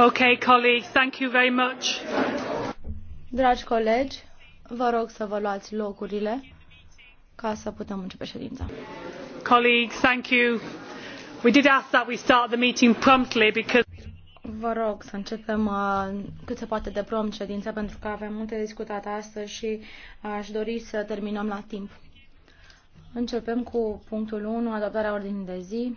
Okay, colleagues, thank Dragi colegi, vă rog să vă luați locurile ca să putem începe ședința. Colleagues, thank you. We did ask that we start the meeting promptly because Vă rog să începem uh, cât se poate de prompt ședința pentru că avem multe discutate astăzi și aș dori să terminăm la timp. Începem cu punctul 1, adoptarea ordinii de zi.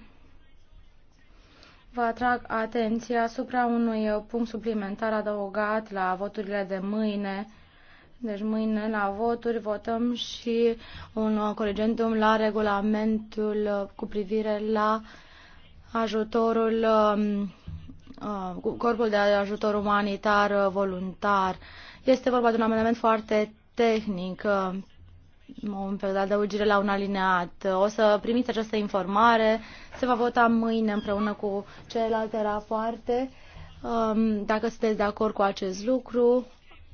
Vă atrag atenția asupra unui uh, punct suplimentar adăugat la voturile de mâine. Deci mâine la voturi votăm și un uh, colegentum la regulamentul uh, cu privire la ajutorul, um, corpul de ajutor umanitar voluntar. Este vorba de un amendament foarte tehnic un fel de adăugire la un alineat. O să primiți această informare, se va vota mâine împreună cu celelalte rapoarte. Um, dacă sunteți de acord cu acest lucru,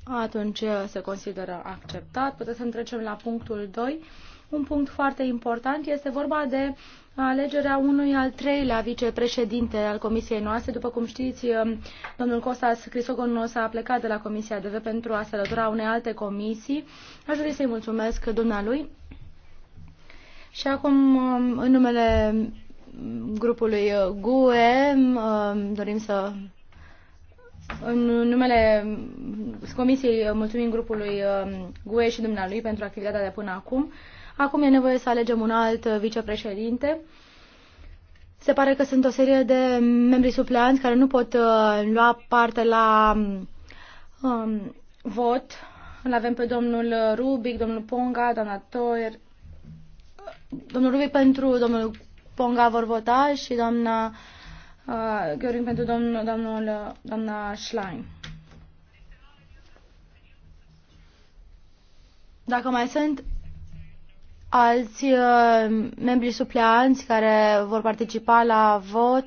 atunci se consideră acceptat. Puteți să trecem la punctul 2. Un punct foarte important este vorba de alegerea unui al treilea vicepreședinte al comisiei noastre. După cum știți, um, domnul Costas Crisogonos a plecat de la Comisia DV pentru a se alătura unei alte comisii. Aș dori să-i mulțumesc dumnealui. Și acum, um, în numele grupului GUE, um, dorim să în numele Comisiei mulțumim grupului GUE și dumnealui pentru activitatea de până acum. Acum e nevoie să alegem un alt vicepreședinte. Se pare că sunt o serie de membri supleanți care nu pot uh, lua parte la um, vot. Îl avem pe domnul Rubic, domnul Ponga, doamna Toier. Domnul Rubic pentru domnul Ponga vor vota și doamna uh, Gheorghe pentru domnul, domnul, doamna Schlein. Dacă mai sunt alți uh, membri supleanți care vor participa la vot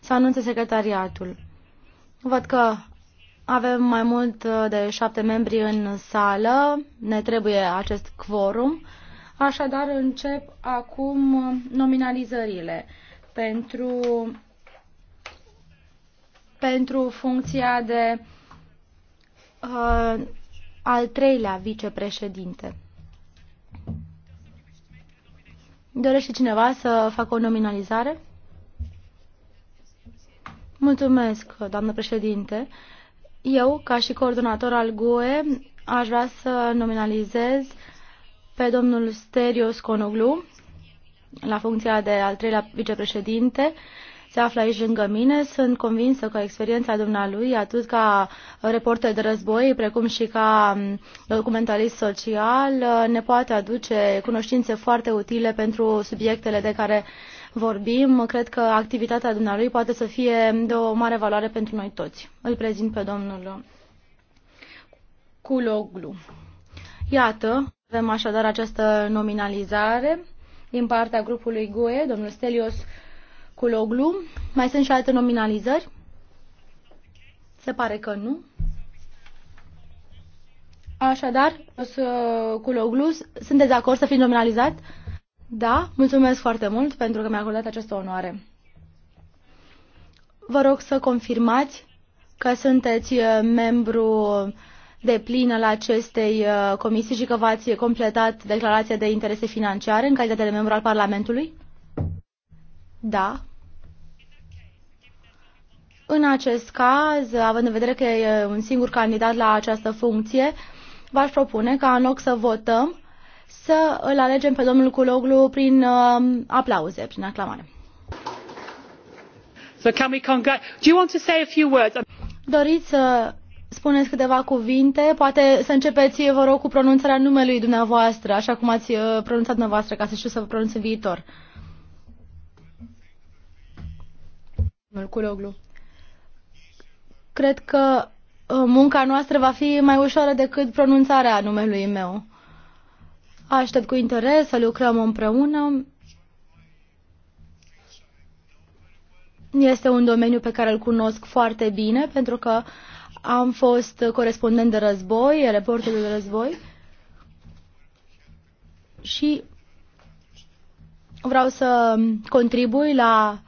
să anunțe secretariatul. Văd că avem mai mult uh, de șapte membri în sală, ne trebuie acest quorum, așadar încep acum uh, nominalizările pentru, pentru funcția de uh, al treilea vicepreședinte. Dorește cineva să facă o nominalizare? Mulțumesc, doamnă președinte. Eu, ca și coordonator al GUE, aș vrea să nominalizez pe domnul Sterios Conoglu la funcția de al treilea vicepreședinte se află aici lângă mine. Sunt convinsă că experiența dumnealui, atât ca reporter de război, precum și ca mm, documentarist social, ne poate aduce cunoștințe foarte utile pentru subiectele de care vorbim. Cred că activitatea dumnealui poate să fie de o mare valoare pentru noi toți. Îl prezint pe domnul Culoglu. Iată, avem așadar această nominalizare din partea grupului GUE, domnul Stelios Culoglu. Mai sunt și alte nominalizări? Se pare că nu. Așadar, Culoglu, sunteți de acord să fiți nominalizat? Da, mulțumesc foarte mult pentru că mi-a acordat această onoare. Vă rog să confirmați că sunteți uh, membru de plin al acestei uh, comisii și că v-ați completat declarația de interese financiare în calitate de membru al Parlamentului? Da, în acest caz, având în vedere că e un singur candidat la această funcție, v-aș propune ca în loc să votăm, să îl alegem pe domnul Culoglu prin uh, aplauze, prin aclamare. So can we Do you want to say a few words? Doriți să spuneți câteva cuvinte? Poate să începeți, vă rog, cu pronunțarea numelui dumneavoastră, așa cum ați uh, pronunțat dumneavoastră, ca să știu să vă pronunț în viitor. Domnul Culoglu cred că uh, munca noastră va fi mai ușoară decât pronunțarea numelui meu. Aștept cu interes să lucrăm împreună. Este un domeniu pe care îl cunosc foarte bine, pentru că am fost corespondent de război, reporter de război și vreau să contribui la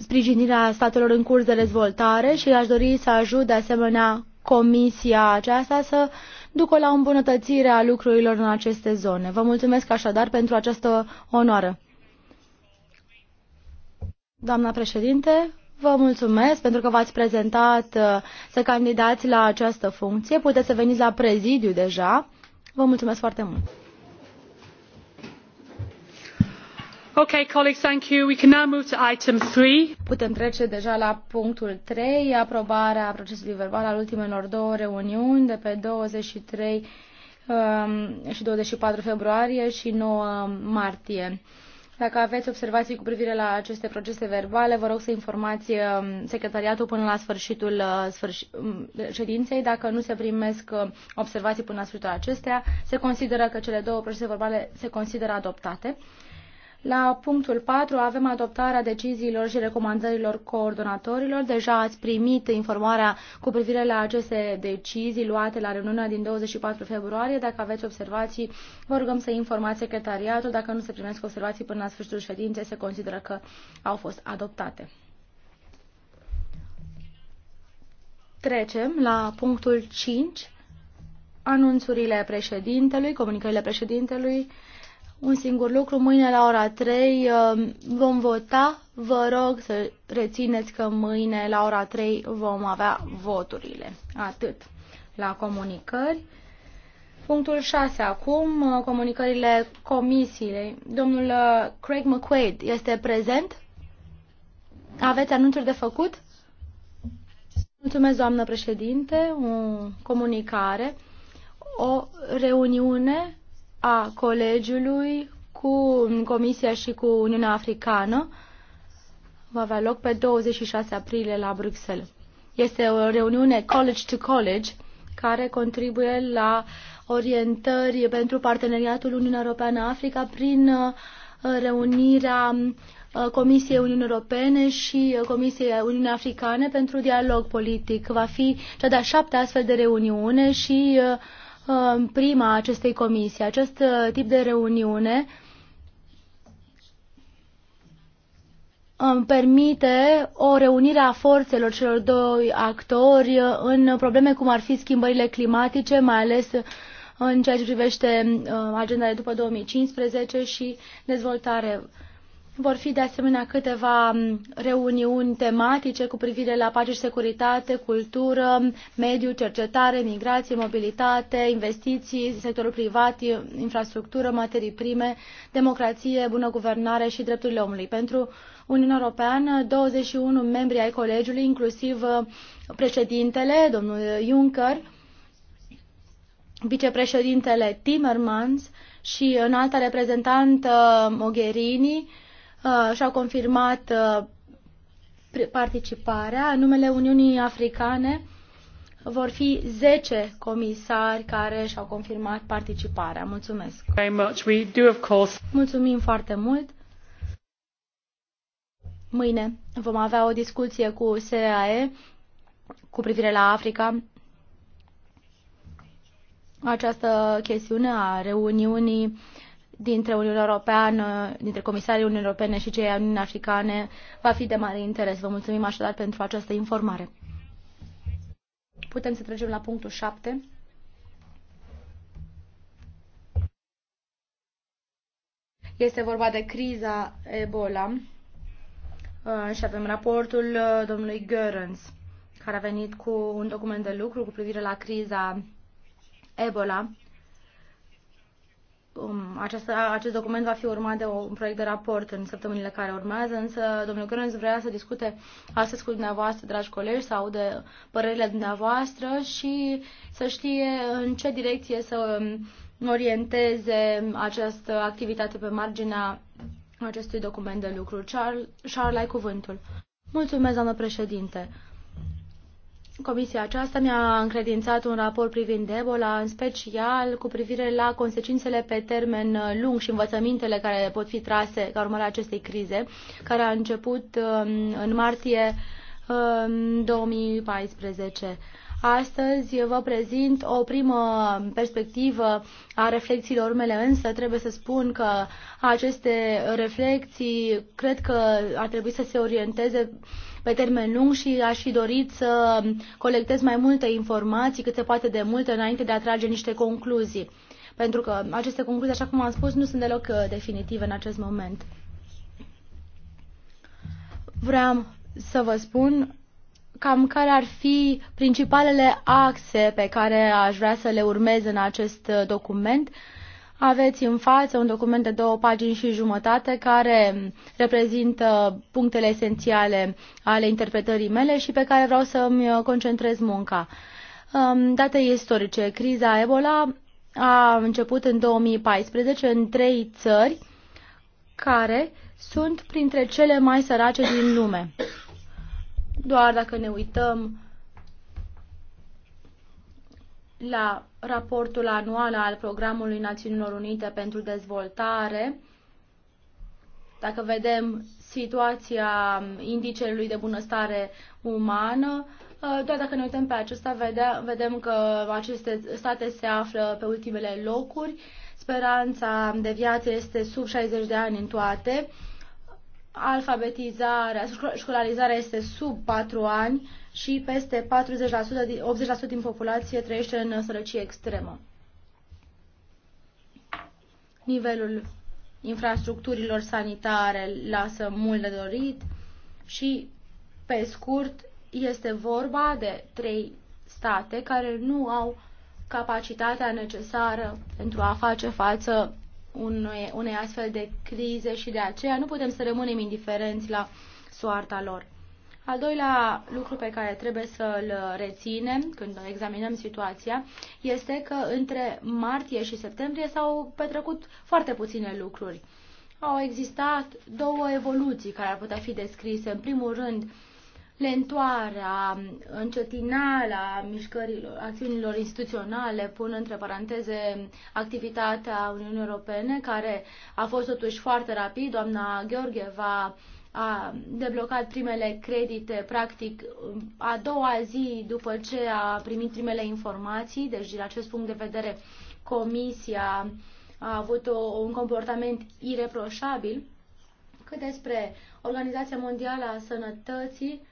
sprijinirea statelor în curs de dezvoltare și aș dori să ajut de asemenea comisia aceasta să ducă la îmbunătățirea lucrurilor în aceste zone. Vă mulțumesc așadar pentru această onoare. Doamna președinte, vă mulțumesc pentru că v-ați prezentat uh, să candidați la această funcție. Puteți să veniți la prezidiu deja. Vă mulțumesc foarte mult. Putem trece deja la punctul trei, aprobarea procesului verbal al ultimelor două reuniuni de pe 23 trei um, și 24 februarie și 9 martie. Dacă aveți observații cu privire la aceste procese verbale, vă rog să informați um, secretariatul până la sfârșitul uh, um, ședinței. Dacă nu se primesc uh, observații până la sfârșitul acestea, se consideră că cele două procese verbale se consideră adoptate. La punctul 4 avem adoptarea deciziilor și recomandărilor coordonatorilor. Deja ați primit informarea cu privire la aceste decizii luate la reuniunea din 24 februarie. Dacă aveți observații, vă rugăm să informați secretariatul. Dacă nu se primesc observații până la sfârșitul ședinței, se consideră că au fost adoptate. Trecem la punctul 5, anunțurile președintelui, comunicările președintelui un singur lucru. Mâine la ora 3 uh, vom vota. Vă rog să rețineți că mâine la ora 3 vom avea voturile. Atât la comunicări. Punctul 6 acum, uh, comunicările comisiei. Domnul uh, Craig McQuaid este prezent? Aveți anunțuri de făcut? Mulțumesc, doamnă președinte, o comunicare, o reuniune a colegiului cu Comisia și cu Uniunea Africană va avea loc pe 26 aprilie la Bruxelles. Este o reuniune college to college care contribuie la orientări pentru parteneriatul Uniunea Europeană-Africa prin uh, reunirea uh, Comisiei Uniunii Europene și uh, Comisiei Uniunii Africane pentru dialog politic. Va fi cea de-a șapte astfel de reuniune și uh, Uh, prima acestei comisii. Acest uh, tip de reuniune permite o reunire a forțelor celor doi actori în probleme cum ar fi schimbările climatice, mai ales în ceea ce privește uh, agenda de după 2015 și dezvoltare vor fi de asemenea câteva reuniuni tematice cu privire la pace și securitate, cultură, mediu, cercetare, migrație, mobilitate, investiții, sectorul privat, infrastructură, materii prime, democrație, bună guvernare și drepturile omului. Pentru Uniunea Europeană, 21 membri ai colegiului, inclusiv uh, președintele, domnul Juncker, vicepreședintele Timmermans și înalta reprezentantă uh, Mogherini, Uh, și-au confirmat uh, participarea. În numele Uniunii Africane vor fi 10 comisari care și-au confirmat participarea. Mulțumesc! Very much. We do, of course. Mulțumim foarte mult! Mâine vom avea o discuție cu SAE cu privire la Africa această chestiune a reuniunii dintre Uniunea Europeană, dintre comisarii Uniunii Europene și cei Uniunii Africane va fi de mare interes. Vă mulțumim așadar pentru această informare. Putem să trecem la punctul 7. Este vorba de criza Ebola uh, și avem raportul uh, domnului Görens, care a venit cu un document de lucru cu privire la criza Ebola Um, această acest document va fi urmat de o, un proiect de raport în săptămânile care urmează, însă domnul Gărânț vrea să discute astăzi cu dumneavoastră, dragi colegi, să audă părerile dumneavoastră și să știe în ce direcție să um, orienteze această activitate pe marginea acestui document de lucru. Charles, Charles ai cuvântul. Mulțumesc, doamnă președinte. Comisia aceasta mi-a încredințat un raport privind Ebola, în special cu privire la consecințele pe termen lung și învățămintele care pot fi trase ca urmare a acestei crize, care a început um, în martie 2014. Um, Astăzi vă prezint o primă perspectivă a reflexiilor mele, însă trebuie să spun că aceste reflexii cred că ar trebui să se orienteze pe termen lung și aș fi dorit să colectez mai multe informații, cât se poate de multe, înainte de a trage niște concluzii. Pentru că aceste concluzii, așa cum am spus, nu sunt deloc uh, definitive în acest moment. Vreau să vă spun cam care ar fi principalele axe pe care aș vrea să le urmez în acest uh, document. Uh, aveți în față un document de două pagini și jumătate care reprezintă punctele esențiale ale interpretării mele și pe care vreau să-mi uh, concentrez munca. Um, date istorice, criza Ebola a început în 2014 în trei țări care sunt printre cele mai sărace din lume. Doar dacă ne uităm la raportul anual al Programului Națiunilor Unite pentru Dezvoltare, dacă vedem situația indicelui de bunăstare umană, uh, doar dacă ne uităm pe acesta, vedea, vedem că aceste state se află pe ultimele locuri, speranța de viață este sub 60 de ani în toate, alfabetizarea, școlarizarea este sub 4 ani și peste 40%, 80% din populație trăiește în sărăcie extremă. Nivelul infrastructurilor sanitare lasă mult de dorit și, pe scurt, este vorba de trei state care nu au capacitatea necesară pentru a face față unei, unei astfel de crize și de aceea nu putem să rămânem indiferenți la soarta lor. Al doilea lucru pe care trebuie să-l reținem când examinăm situația este că între martie și septembrie s-au petrecut foarte puține lucruri. Au existat două evoluții care ar putea fi descrise. În primul rând, lentoarea, încetinala mișcărilor, acțiunilor instituționale, pun între paranteze activitatea Uniunii Europene, care a fost totuși foarte rapid. Doamna Gheorgheva a deblocat primele credite, practic, a doua zi după ce a primit primele informații, deci din acest punct de vedere comisia a avut o, un comportament ireproșabil, cât despre Organizația Mondială a Sănătății,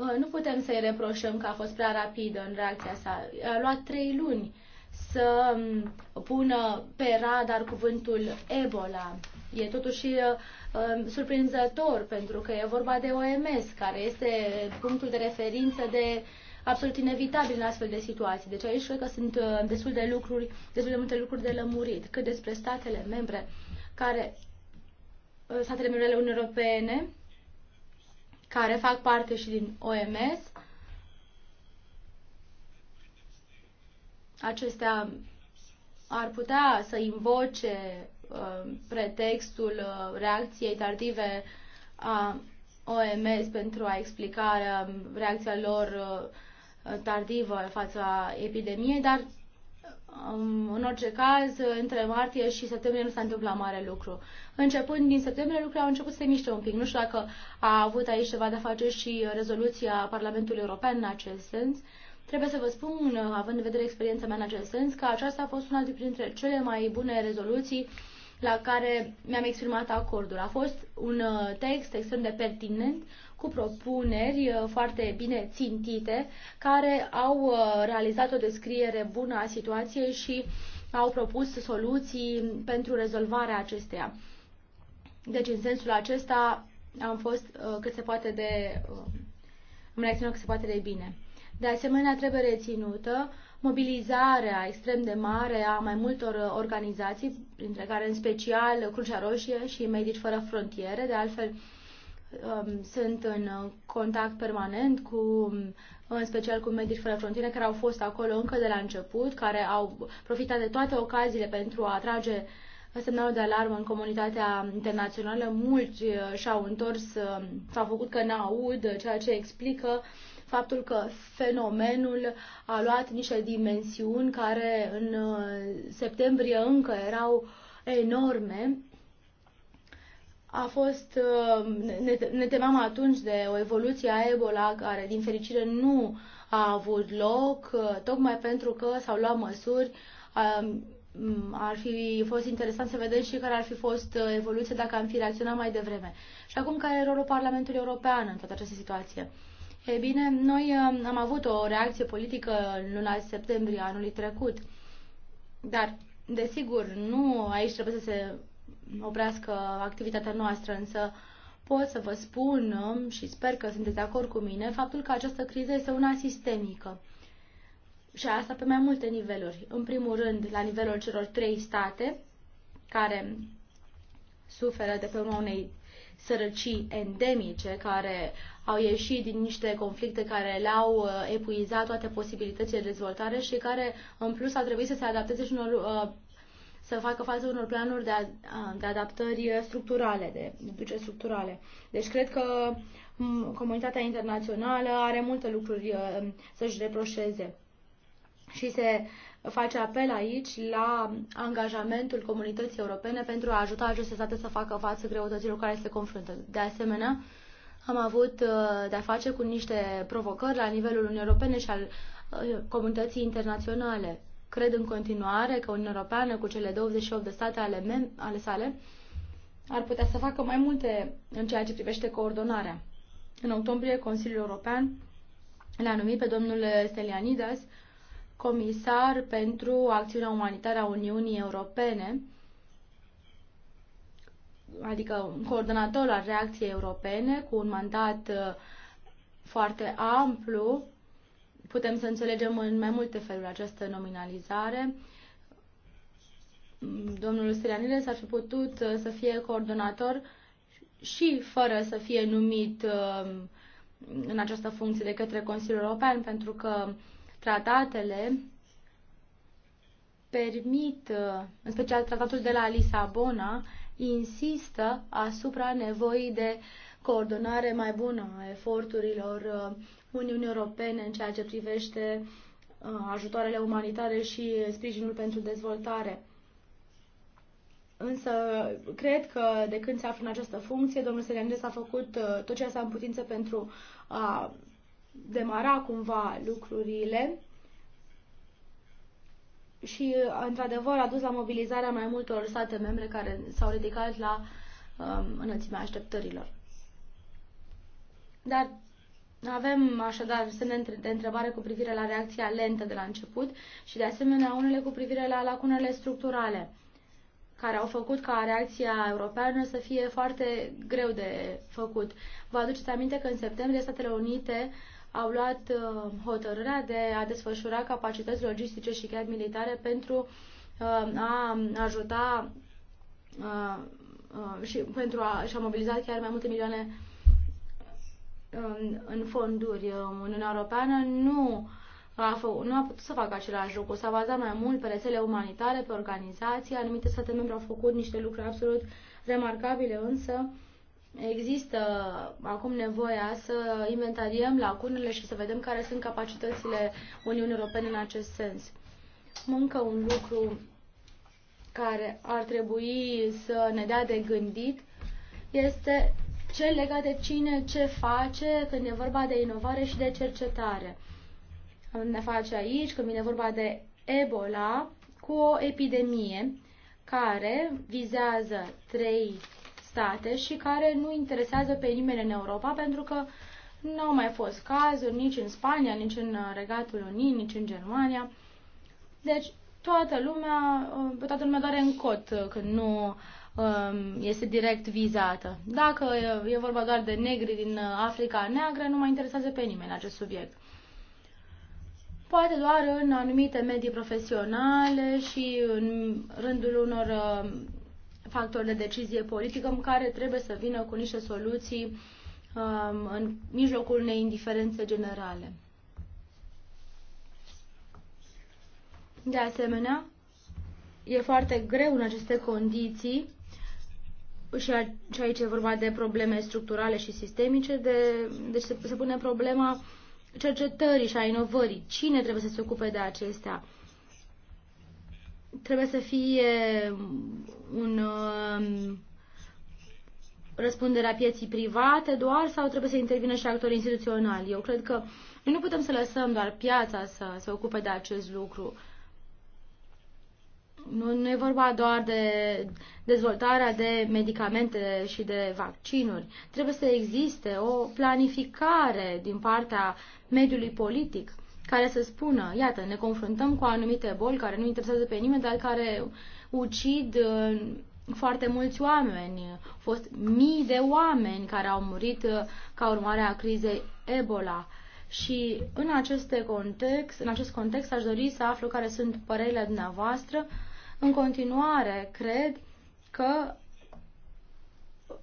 ă, nu putem să-i reproșăm că a fost prea rapidă în reacția sa. A luat trei luni să hm, pună pe radar cuvântul Ebola. E totuși ă, Um, surprinzător, pentru că e vorba de OMS, care este punctul de referință de absolut inevitabil în astfel de situații. Deci aici cred că sunt uh, destul de lucruri, destul de multe lucruri de lămurit. Cât despre statele membre care uh, statele membre ale Uniunii Europene care fac parte și din OMS. Acestea ar putea să invoce Uh, pretextul uh, reacției tardive a OMS pentru a explica uh, reacția lor tardivă fața epidemiei, dar um, în orice caz, între martie și septembrie nu s-a întâmplat mare lucru. Începând din septembrie, lucrurile au început să se miște un pic. Nu știu dacă a avut aici ceva de face și rezoluția Parlamentului European în acest sens. Trebuie să vă spun, având în vedere experiența mea în acest sens, că aceasta a fost una dintre cele mai bune rezoluții uh, la care mi-am exprimat acordul. A fost un uh, text extrem de pertinent cu propuneri uh, foarte bine țintite care au uh, realizat o descriere bună a situației și au propus soluții pentru rezolvarea acesteia. Deci, în sensul acesta, am fost cât se poate de. am reacționat cât se poate de bine. De asemenea, trebuie reținută mobilizarea extrem de mare a mai multor organizații, printre care în special Crucea Roșie și Medici Fără Frontiere. De altfel, um, sunt în contact permanent cu în special cu Medici Fără Frontiere, care au fost acolo încă de la început, care au profitat de toate ocaziile pentru a atrage semnalul de alarmă în comunitatea internațională. Mulți uh, și-au întors, uh, s-au făcut că n-aud, uh, ceea ce explică uh, faptul că fenomenul a luat niște dimensiuni care în uh, septembrie încă erau enorme. A fost, uh, ne, ne temeam atunci de o evoluție a Ebola care, din fericire, nu a avut loc, uh, tocmai pentru că s-au luat măsuri um, ar fi fost interesant să vedem și care ar fi fost evoluția dacă am fi reacționat mai devreme. Și acum, care e rolul Parlamentului European în toată această situație? E bine, noi um, am avut o reacție politică în luna septembrie anului trecut, dar, desigur, nu aici trebuie să se oprească activitatea noastră, însă pot să vă spun um, și sper că sunteți de acord cu mine faptul că această criză este una sistemică. Și asta pe mai multe niveluri. În primul rând, la nivelul celor trei state care suferă de pe urma unei sărăcii endemice, care au ieșit din niște conflicte care le-au uh, epuizat toate posibilitățile de dezvoltare și care, în plus, au trebuit să se adapteze și unor, uh, să facă față unor planuri de, uh, de adaptări structurale, de duce structurale. Deci, cred că comunitatea internațională are multe lucruri să-și reproșeze. Și se face apel aici la angajamentul comunității europene pentru a ajuta aceste state să facă față greutăților care se confruntă. De asemenea, am avut uh, de-a face cu niște provocări la nivelul Uniunii Europene și al uh, comunității internaționale. Cred în continuare că Uniunea Europeană, cu cele 28 de state ale, mem- ale sale, ar putea să facă mai multe în ceea ce privește coordonarea. În octombrie, Consiliul European l-a numit pe domnul Stelianidas comisar pentru acțiunea umanitară a Uniunii Europene adică un coordonator al reacției europene cu un mandat uh, foarte amplu. Putem să înțelegem în mai multe feluri această nominalizare. Domnul s ar fi putut uh, să fie coordonator și fără să fie numit uh, în această funcție de către Consiliul European, pentru că tratatele permit, în special tratatul de la Lisabona, insistă asupra nevoii de coordonare mai bună a eforturilor uh, Uniunii Europene în ceea ce privește uh, ajutoarele umanitare și sprijinul pentru dezvoltare. Însă, cred că de când se află în această funcție, domnul Seriandes a făcut uh, tot ce a în putință pentru a demara cumva lucrurile și, într-adevăr, a dus la mobilizarea mai multor state membre care s-au ridicat la um, înălțimea așteptărilor. Dar avem așadar semne de întrebare cu privire la reacția lentă de la început și, de asemenea, unele cu privire la lacunele structurale, care au făcut ca reacția europeană să fie foarte greu de făcut. Vă aduceți aminte că în septembrie Statele Unite uh, au luat uh, hotărârea de a desfășura capacități logistice și chiar militare pentru uh, a ajuta uh, și pentru a, și a mobiliza chiar mai multe milioane în, um, în fonduri. Uniunea Europeană nu a, fă, nu a putut să facă același lucru. S-a bazat mai mult pe rețele umanitare, pe organizații. Anumite state membre au făcut niște lucruri absolut remarcabile, însă uh, Există acum nevoia să inventariem lacunele și să vedem care sunt capacitățile Uniunii Europene în acest sens. Încă un lucru care ar trebui să ne dea de gândit este ce legat de cine ce face când e vorba de inovare și de cercetare. Ne face aici când vine vorba de Ebola cu o epidemie care vizează trei state și care nu interesează pe nimeni în Europa pentru că nu au mai fost cazuri nici în Spania, nici în Regatul Unit, nici în Germania. Deci toată lumea, uh, toată lumea doare în cot uh, când nu um, este direct vizată. Dacă uh, e vorba doar de negri din Africa Neagră, nu mai interesează pe nimeni acest subiect. Poate doar în anumite medii profesionale și în rândul unor factor de decizie politică în care trebuie să vină cu niște soluții um, în mijlocul unei indiferențe generale. De asemenea, e foarte greu în aceste condiții și, și aici e vorba de probleme structurale și sistemice, de, deci se, se pune problema cercetării și a inovării. Cine trebuie să se ocupe de acestea? trebuie să fie un um, răspunderea pieții private doar sau trebuie să intervină și actorii instituționali? Eu cred că noi nu putem să lăsăm doar piața să se ocupe de acest lucru. Nu, nu e vorba doar de dezvoltarea de medicamente și de vaccinuri. Trebuie să existe o planificare din partea mediului politic care să spună, iată, ne confruntăm cu anumite boli care nu interesează pe nimeni, dar care ucid uh, foarte mulți oameni. Au fost mii de oameni care au murit uh, ca urmare a crizei Ebola. Și în, aceste context, în acest context aș dori să aflu care sunt părerile dumneavoastră. În continuare, cred că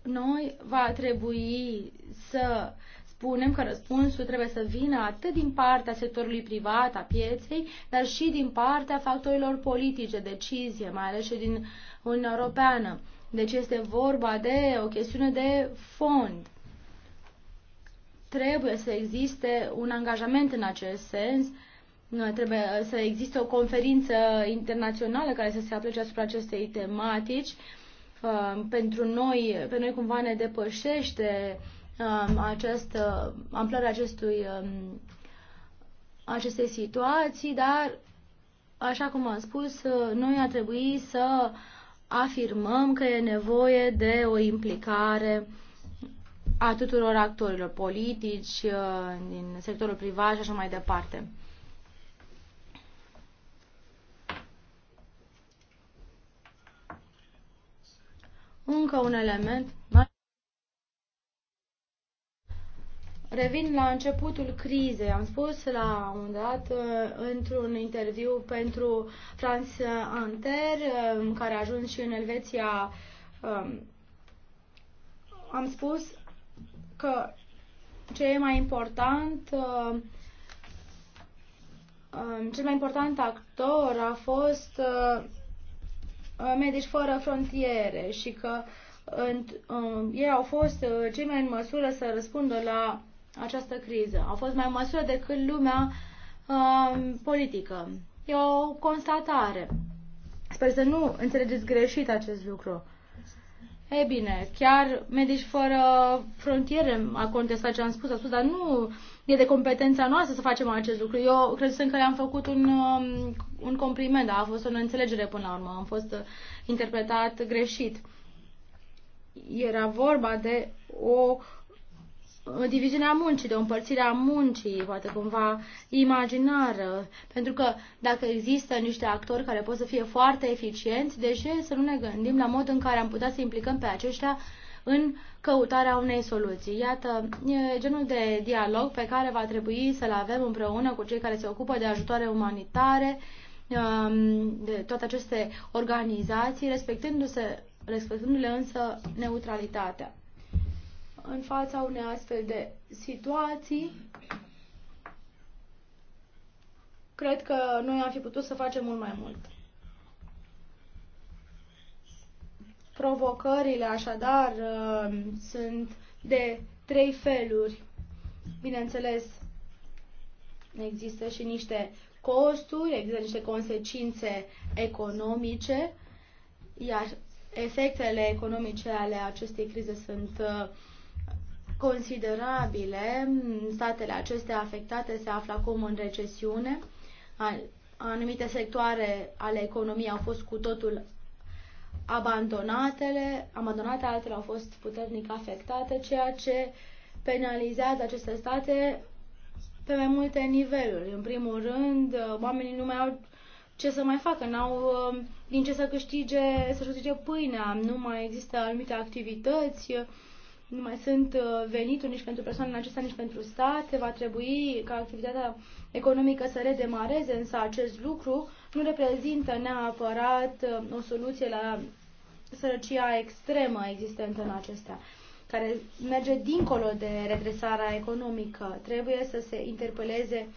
noi va trebui să spunem că răspunsul trebuie să vină atât din partea sectorului privat, a pieței, dar și din partea factorilor politice, decizie, mai ales și din Uniunea Europeană. Deci este vorba de o chestiune de fond. Trebuie să existe un angajament în acest sens, trebuie să existe o conferință internațională care să se aplece asupra acestei tematici. Uh, pentru noi, pe noi cumva ne depășește uh, Um, acest, uh, amplarea acestui, um, acestei situații, dar, așa cum am spus, uh, noi ar trebui să afirmăm că e nevoie de o implicare a tuturor actorilor politici, uh, din sectorul privat și așa mai departe. Încă un element. Revin la începutul crizei. Am spus la un dat uh, într-un interviu pentru France Inter, um, care a ajuns și în Elveția, um, am spus că ce e mai important, uh, um, cel mai important actor a fost uh, Medici Fără Frontiere și că ei au fost cei mai în măsură să răspundă la această criză. Au fost mai măsură decât lumea uh, politică. E o constatare. Sper să nu înțelegeți greșit acest lucru. E bine, chiar Medici Fără Frontiere a contestat ce am spus, a spus, dar nu e de competența noastră să facem acest lucru. Eu cred că le-am făcut un, um, un compliment, dar a fost o înțelegere până la urmă, am fost interpretat greșit. Era vorba de o diviziunea muncii, de o împărțire a muncii, poate cumva imaginară. Pentru că dacă există niște actori care pot să fie foarte eficienți, de ce să nu ne gândim la modul în care am putea să implicăm pe aceștia în căutarea unei soluții. Iată, e genul de dialog pe care va trebui să-l avem împreună cu cei care se ocupă de ajutoare umanitare, um, de toate aceste organizații, respectându-se, respectându-le însă neutralitatea în fața unei astfel de situații. Cred că noi am fi putut să facem mult mai mult. Provocările, așadar, uh, sunt de trei feluri. Bineînțeles, există și niște costuri, există niște consecințe economice, iar efectele economice ale acestei crize sunt uh, considerabile. Statele acestea afectate se află acum în recesiune. Anumite sectoare ale economiei au fost cu totul abandonatele, abandonate, altele au fost puternic afectate, ceea ce penalizează aceste state pe mai multe niveluri. În primul rând, oamenii nu mai au ce să mai facă, Nu au um, din ce să câștige, să câștige pâinea, nu mai există anumite activități, nu mai sunt uh, venituri nici pentru persoanele acestea, nici pentru stat, va trebui ca activitatea economică să redemareze, însă acest lucru nu reprezintă neapărat uh, o soluție la sărăcia extremă existentă în acestea, care merge dincolo de redresarea economică. Trebuie să se interpeleze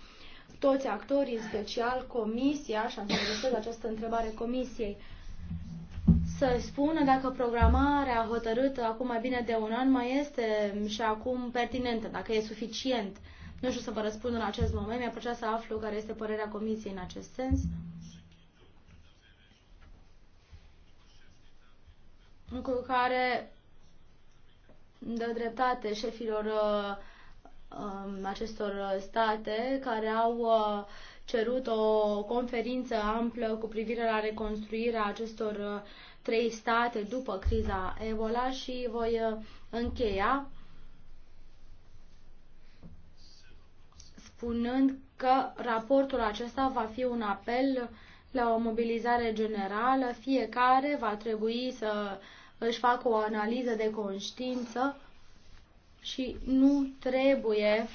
toți actorii, în special Comisia, și am să adresez această întrebare Comisiei, să spună dacă programarea hotărâtă acum mai bine de un an mai este și acum pertinentă, dacă e suficient. Nu știu să vă răspund în acest moment, mi-a plăcea să aflu care este părerea Comisiei în acest sens. Cu care dă dreptate șefilor uh, acestor state care au uh, cerut o conferință amplă cu privire la reconstruirea acestor uh, trei state după criza Ebola și voi uh, încheia spunând că raportul acesta va fi un apel la o mobilizare generală. Fiecare va trebui să își facă o analiză de conștiință și nu trebuie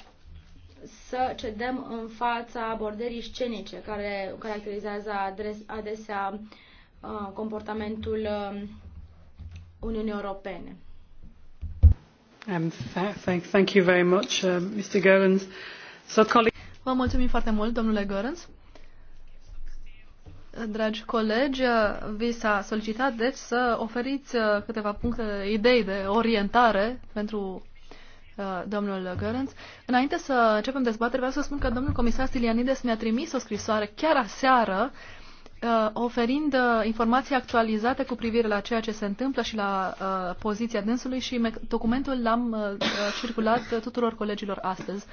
să cedem în fața abordării scenice care caracterizează adesea Uh, comportamentul uh, Uniunii Europene. Um, thank, thank you very much, uh, Mr. Goerens. So, colleague... Vă mulțumim foarte mult, domnule Goerens. Dragi colegi, uh, vi s-a solicitat deci să oferiți câteva puncte, idei de orientare pentru domnul Gărânț. Înainte să începem dezbaterea, vreau să spun că domnul comisar Stilianides mi-a trimis o scrisoare chiar aseară uh, Uh, oferind uh, informații actualizate cu privire la ceea ce se întâmplă și la uh, poziția dânsului și documentul l-am circulat tuturor colegilor astăzi.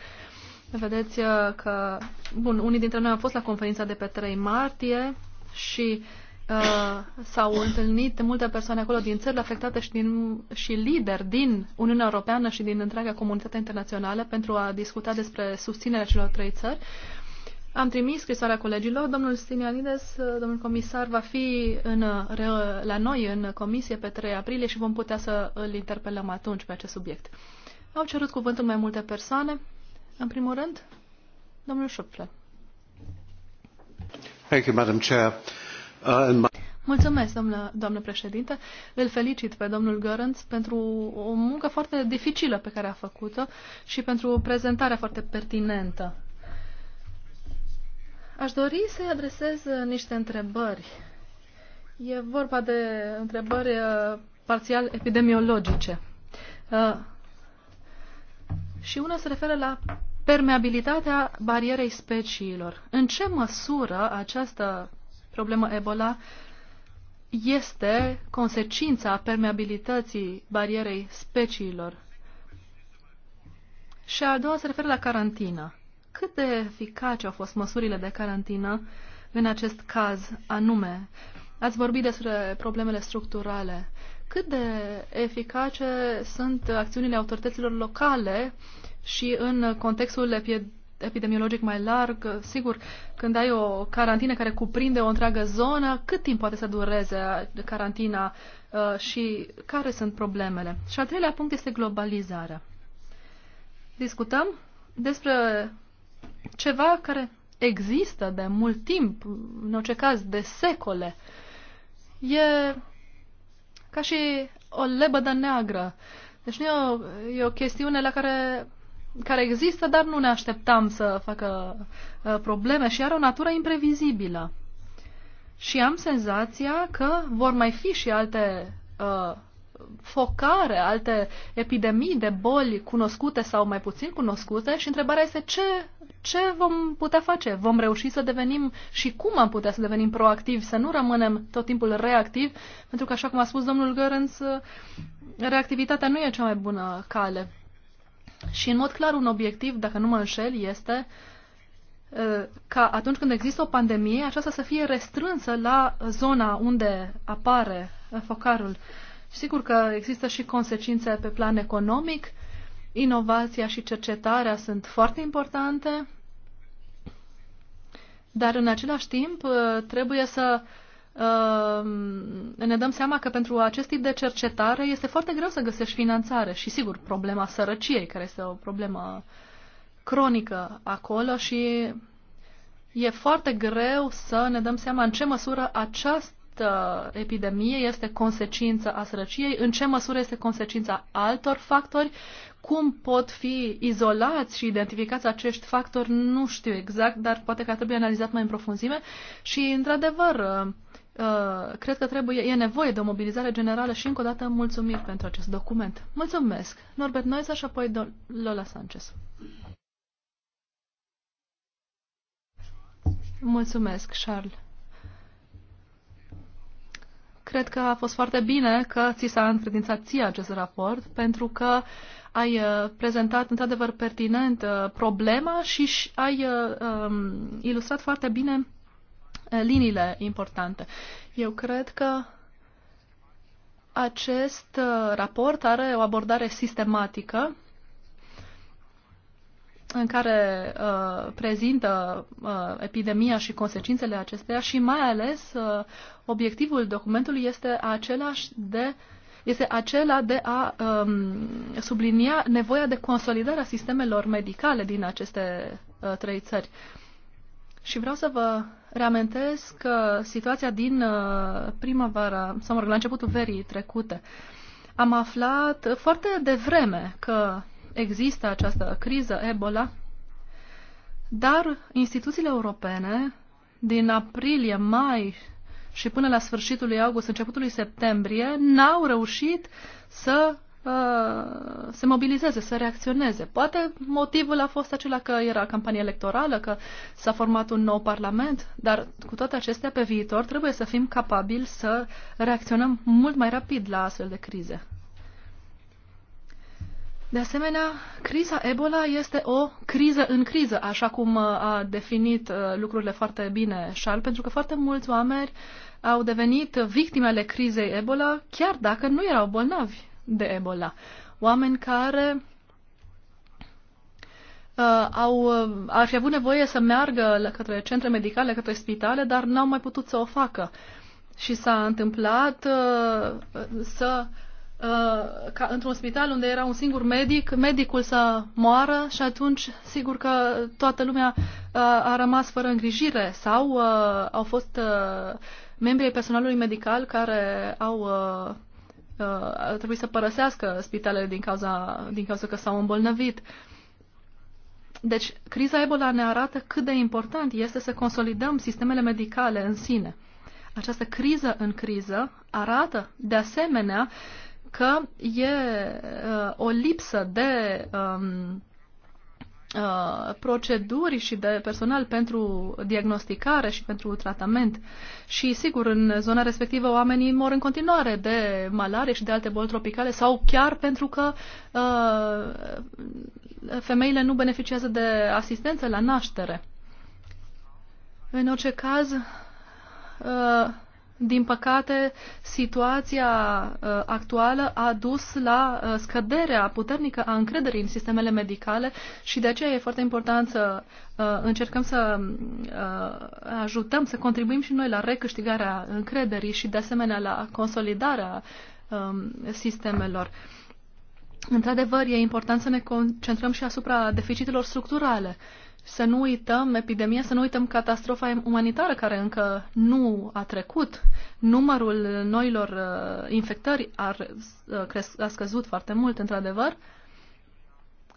Vedeți că, bun, unii dintre noi am fost la conferința de pe 3 martie și uh, s-au întâlnit multe persoane acolo din țările afectate și, din, și lideri din Uniunea Europeană și din întreaga comunitate internațională pentru a discuta despre susținerea celor trei țări. Uh, am trimis scrisoarea colegilor. Domnul Stinianides, domnul comisar, va fi în, la noi în comisie pe 3 aprilie și vom putea să îl interpelăm atunci pe acest subiect. Au cerut cuvântul mai multe persoane. În primul rând, domnul Șupfle. Thank you, Madam Chair. Uh, Mulțumesc, doamnă, doamnă președinte. Îl felicit pe domnul Gărânț pentru o muncă foarte dificilă pe care a făcut-o și pentru prezentarea foarte pertinentă. Aș dori să-i adresez uh, niște întrebări. E vorba de întrebări uh, parțial epidemiologice. Uh, și una se referă la permeabilitatea barierei speciilor. În ce măsură această problemă Ebola este consecința permeabilității barierei speciilor? Și a doua se referă la carantină cât de eficace au fost măsurile de carantină în acest caz anume. Ați vorbit despre problemele structurale. Cât de eficace sunt acțiunile autorităților locale și în contextul epidemiologic mai larg, sigur, când ai o carantină care cuprinde o întreagă zonă, cât timp poate să dureze carantina uh, și care sunt problemele? Și al treilea punct este globalizarea. Discutăm despre ceva care există de mult timp, în orice caz de secole. E ca și o lebădă neagră. Deci nu e o, e o chestiune la care, care există, dar nu ne așteptam să facă uh, probleme și are o natură imprevizibilă. Și am senzația că vor mai fi și alte uh, focare, alte epidemii de boli cunoscute sau mai puțin cunoscute și întrebarea este ce, ce vom putea face? Vom reuși să devenim și cum am putea să devenim proactivi, să nu rămânem tot timpul reactivi, pentru că, așa cum a spus domnul Gărânț, reactivitatea nu e cea mai bună cale. Și, în mod clar, un obiectiv, dacă nu mă înșel, este ca atunci când există o pandemie, aceasta să fie restrânsă la zona unde apare focarul. Sigur că există și consecințe pe plan economic. Inovația și cercetarea sunt foarte importante, dar în același timp uh, trebuie să uh, ne dăm seama că pentru acest tip de cercetare este foarte greu să găsești finanțare și sigur problema sărăciei, care este o problemă cronică acolo și e foarte greu să ne dăm seama în ce măsură aceast, această epidemie este consecință a sărăciei, în ce măsură este consecința altor factori, cum pot fi izolați și identificați acești factori, nu știu exact, dar poate că trebuie analizat mai în profunzime și, într-adevăr, uh, uh, cred că trebuie, e nevoie de o mobilizare generală și, încă o dată, mulțumim pentru acest document. Mulțumesc! Norbert Noiza și apoi Lola Sanchez. Mulțumesc, Charles cred că a fost foarte bine că ți s-a încredințat ție acest raport, pentru că ai uh, prezentat într-adevăr pertinent uh, problema și ai uh, um, ilustrat foarte bine liniile importante. Eu cred că acest raport are o abordare sistematică în care uh, prezintă uh, epidemia și consecințele acesteia și mai ales uh, obiectivul documentului este același de este acela de a um, sublinia nevoia de consolidare a sistemelor medicale din aceste uh, trei țări. Și vreau să vă reamintesc că situația din uh, primăvara, sau mă rog, la începutul verii trecute, am aflat foarte devreme că există această criză Ebola, dar instituțiile europene din aprilie, mai și până la sfârșitul lui august, începutul lui septembrie, n-au reușit să uh, se mobilizeze, să reacționeze. Poate motivul a fost acela că era campanie electorală, că s-a format un nou parlament, dar cu toate acestea, pe viitor trebuie să fim capabili să reacționăm mult mai rapid la astfel de crize. De asemenea, criza Ebola este o criză în criză, așa cum uh, a definit uh, lucrurile foarte bine Șal, pentru că foarte mulți oameni au devenit victime ale crizei Ebola, chiar dacă nu erau bolnavi de Ebola. Oameni care uh, au, uh, ar fi avut nevoie să meargă către centre medicale, către spitale, dar n-au mai putut să o facă. Și s-a întâmplat uh, să uh, Uh, ca într-un spital unde era un singur medic, medicul să moară și atunci sigur că toată lumea uh, a rămas fără îngrijire sau uh, au fost membrii personalului medical care au a trebuit să părăsească spitalele din cauza, din cauza că s-au îmbolnăvit. Deci, criza Ebola ne arată cât de important este să consolidăm sistemele medicale în sine. Această criză în criză arată, de asemenea, uh, că e uh, o lipsă de um, uh, proceduri și de personal pentru diagnosticare și pentru tratament. Și, sigur, în zona respectivă oamenii mor în continuare de malarie și de alte boli tropicale sau chiar pentru că uh, femeile nu beneficiază de asistență la naștere. În orice caz, uh, din păcate, situația uh, actuală a dus la uh, scăderea puternică a încrederii în sistemele medicale și de aceea e foarte important să uh, încercăm să ajutăm, să contribuim și noi la recâștigarea încrederii și de asemenea la consolidarea um, sistemelor. Într-adevăr, e important să ne concentrăm și asupra deficitelor structurale. Uh, să nu uităm epidemia, să nu uităm catastrofa umanitară care încă nu a trecut. Numărul noilor uh, infectări ar, uh, a scăzut foarte mult, într-adevăr.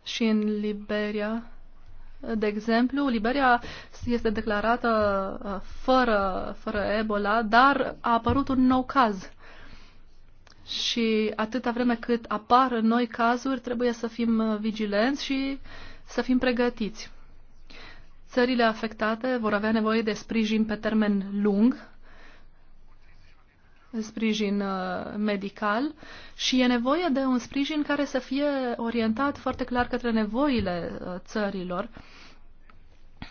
Și în Liberia, de exemplu, Liberia este declarată uh, fără, fără Ebola, dar a apărut un nou caz. Și atâta vreme cât apar noi cazuri, trebuie să fim uh, vigilenți și să fim pregătiți. Țările afectate vor avea nevoie de sprijin pe termen lung, sprijin uh, medical și e nevoie de un sprijin care să fie orientat foarte clar către nevoile uh, țărilor.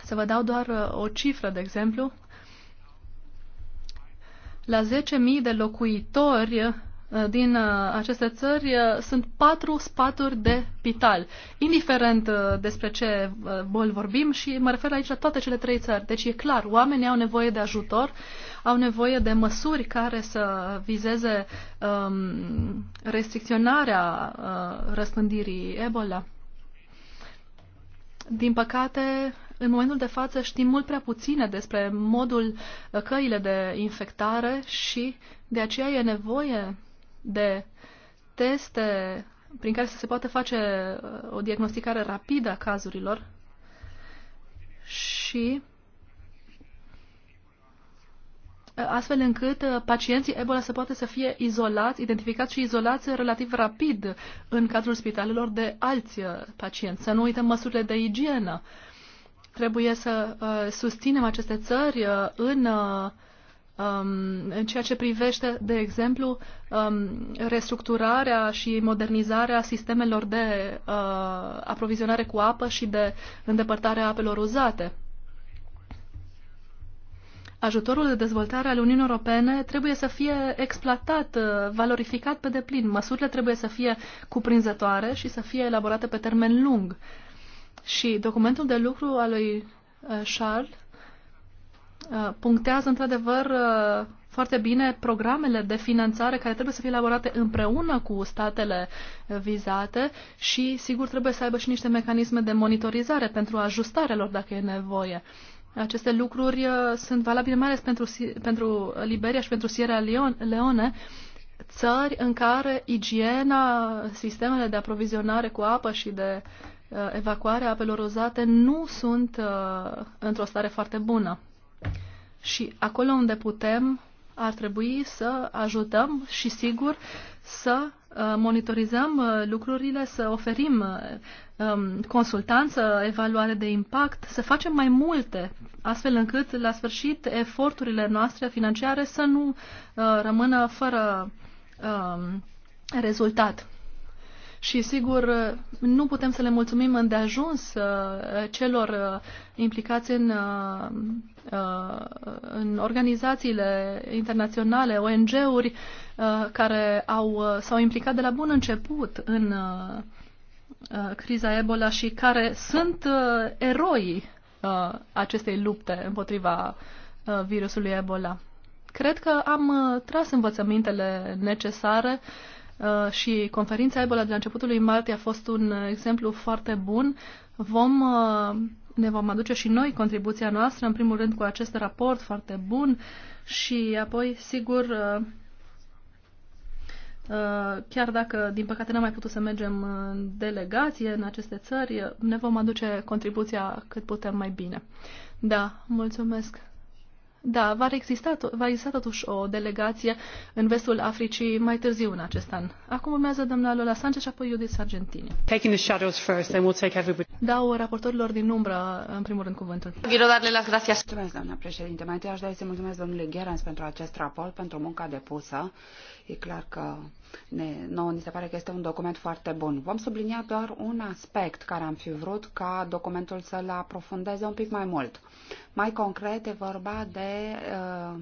Să vă dau doar uh, o cifră, de exemplu. La 10.000 de locuitori Uh, din uh, aceste țări uh, sunt patru spaturi de pital, indiferent despre ce boli vorbim și mă refer aici la toate cele trei țări. Deci e clar, oamenii au nevoie de ajutor, au nevoie de măsuri care să vizeze um, restricționarea uh, răspândirii Ebola. Din păcate, în momentul de față știm mult prea puține despre modul căile de infectare și de aceea e nevoie de teste prin care să se poată face uh, o diagnosticare rapidă a cazurilor și uh, astfel încât uh, pacienții Ebola să poată să fie izolați, identificați și izolați relativ rapid în cadrul spitalelor de alți pacienți. Să nu uităm măsurile de igienă. Trebuie să susținem aceste țări în Um, în ceea ce privește, de exemplu, um, restructurarea și modernizarea sistemelor de uh, aprovizionare cu apă și de îndepărtare a apelor uzate. Ajutorul de dezvoltare al Uniunii Europene trebuie să fie exploatat, uh, valorificat pe deplin. Măsurile trebuie să fie cuprinzătoare și să fie elaborate pe termen lung. Și documentul de lucru al lui uh, Charles Uh, punctează într-adevăr uh, foarte bine programele de finanțare care trebuie să fie elaborate împreună cu statele vizate și, sigur, trebuie să aibă și niște mecanisme de monitorizare pentru ajustarea lor dacă e nevoie. Aceste lucruri uh, sunt valabile mai ales pentru, pentru Liberia și pentru Sierra Leone, țări în care igiena, sistemele de aprovizionare cu apă și de evacuare a apelor uzate nu sunt într-o stare foarte bună. Și acolo unde putem, ar trebui să ajutăm și, sigur, să uh, monitorizăm uh, lucrurile, să oferim uh, um, consultanță, evaluare de impact, să facem mai multe, astfel încât, la sfârșit, eforturile noastre financiare să nu rămână fără um, rezultat. Și sigur, nu putem să le mulțumim îndeajuns uh, celor uh, implicați în, uh, în organizațiile internaționale, ONG-uri, care au, s-au implicat de la bun început în criza Ebola și care sunt eroi acestei lupte împotriva virusului Ebola. Cred că am tras învățămintele necesare uh, Uh, și conferința Ebola de la începutul lui martie a fost un uh, exemplu foarte bun. Vom, uh, ne vom aduce și noi contribuția noastră, în primul rând cu acest raport foarte bun și apoi, sigur, chiar dacă, din păcate, n-am mai putut să mergem în delegație în aceste țări, ne vom aduce contribuția cât putem mai bine. Da, mulțumesc. Da, va exista, va exista totuși o delegație în vestul Africii mai târziu în acest an. Acum urmează doamna Lola Sanchez și apoi Judith Sargentini. Taking the shadows first, then we'll take everybody. Dau raportorilor din umbră, în primul rând, cuvântul. Vreau darle las gracias. Mulțumesc, doamna președinte. Mai întâi aș dori să mulțumesc domnului Gerens pentru acest raport, pentru munca depusă. E clar că ne, nouă ni se pare că este un document foarte bun. Vom sublinia doar un aspect care am fi vrut ca documentul să-l aprofundeze un pic mai mult. Mai concret e vorba de uh,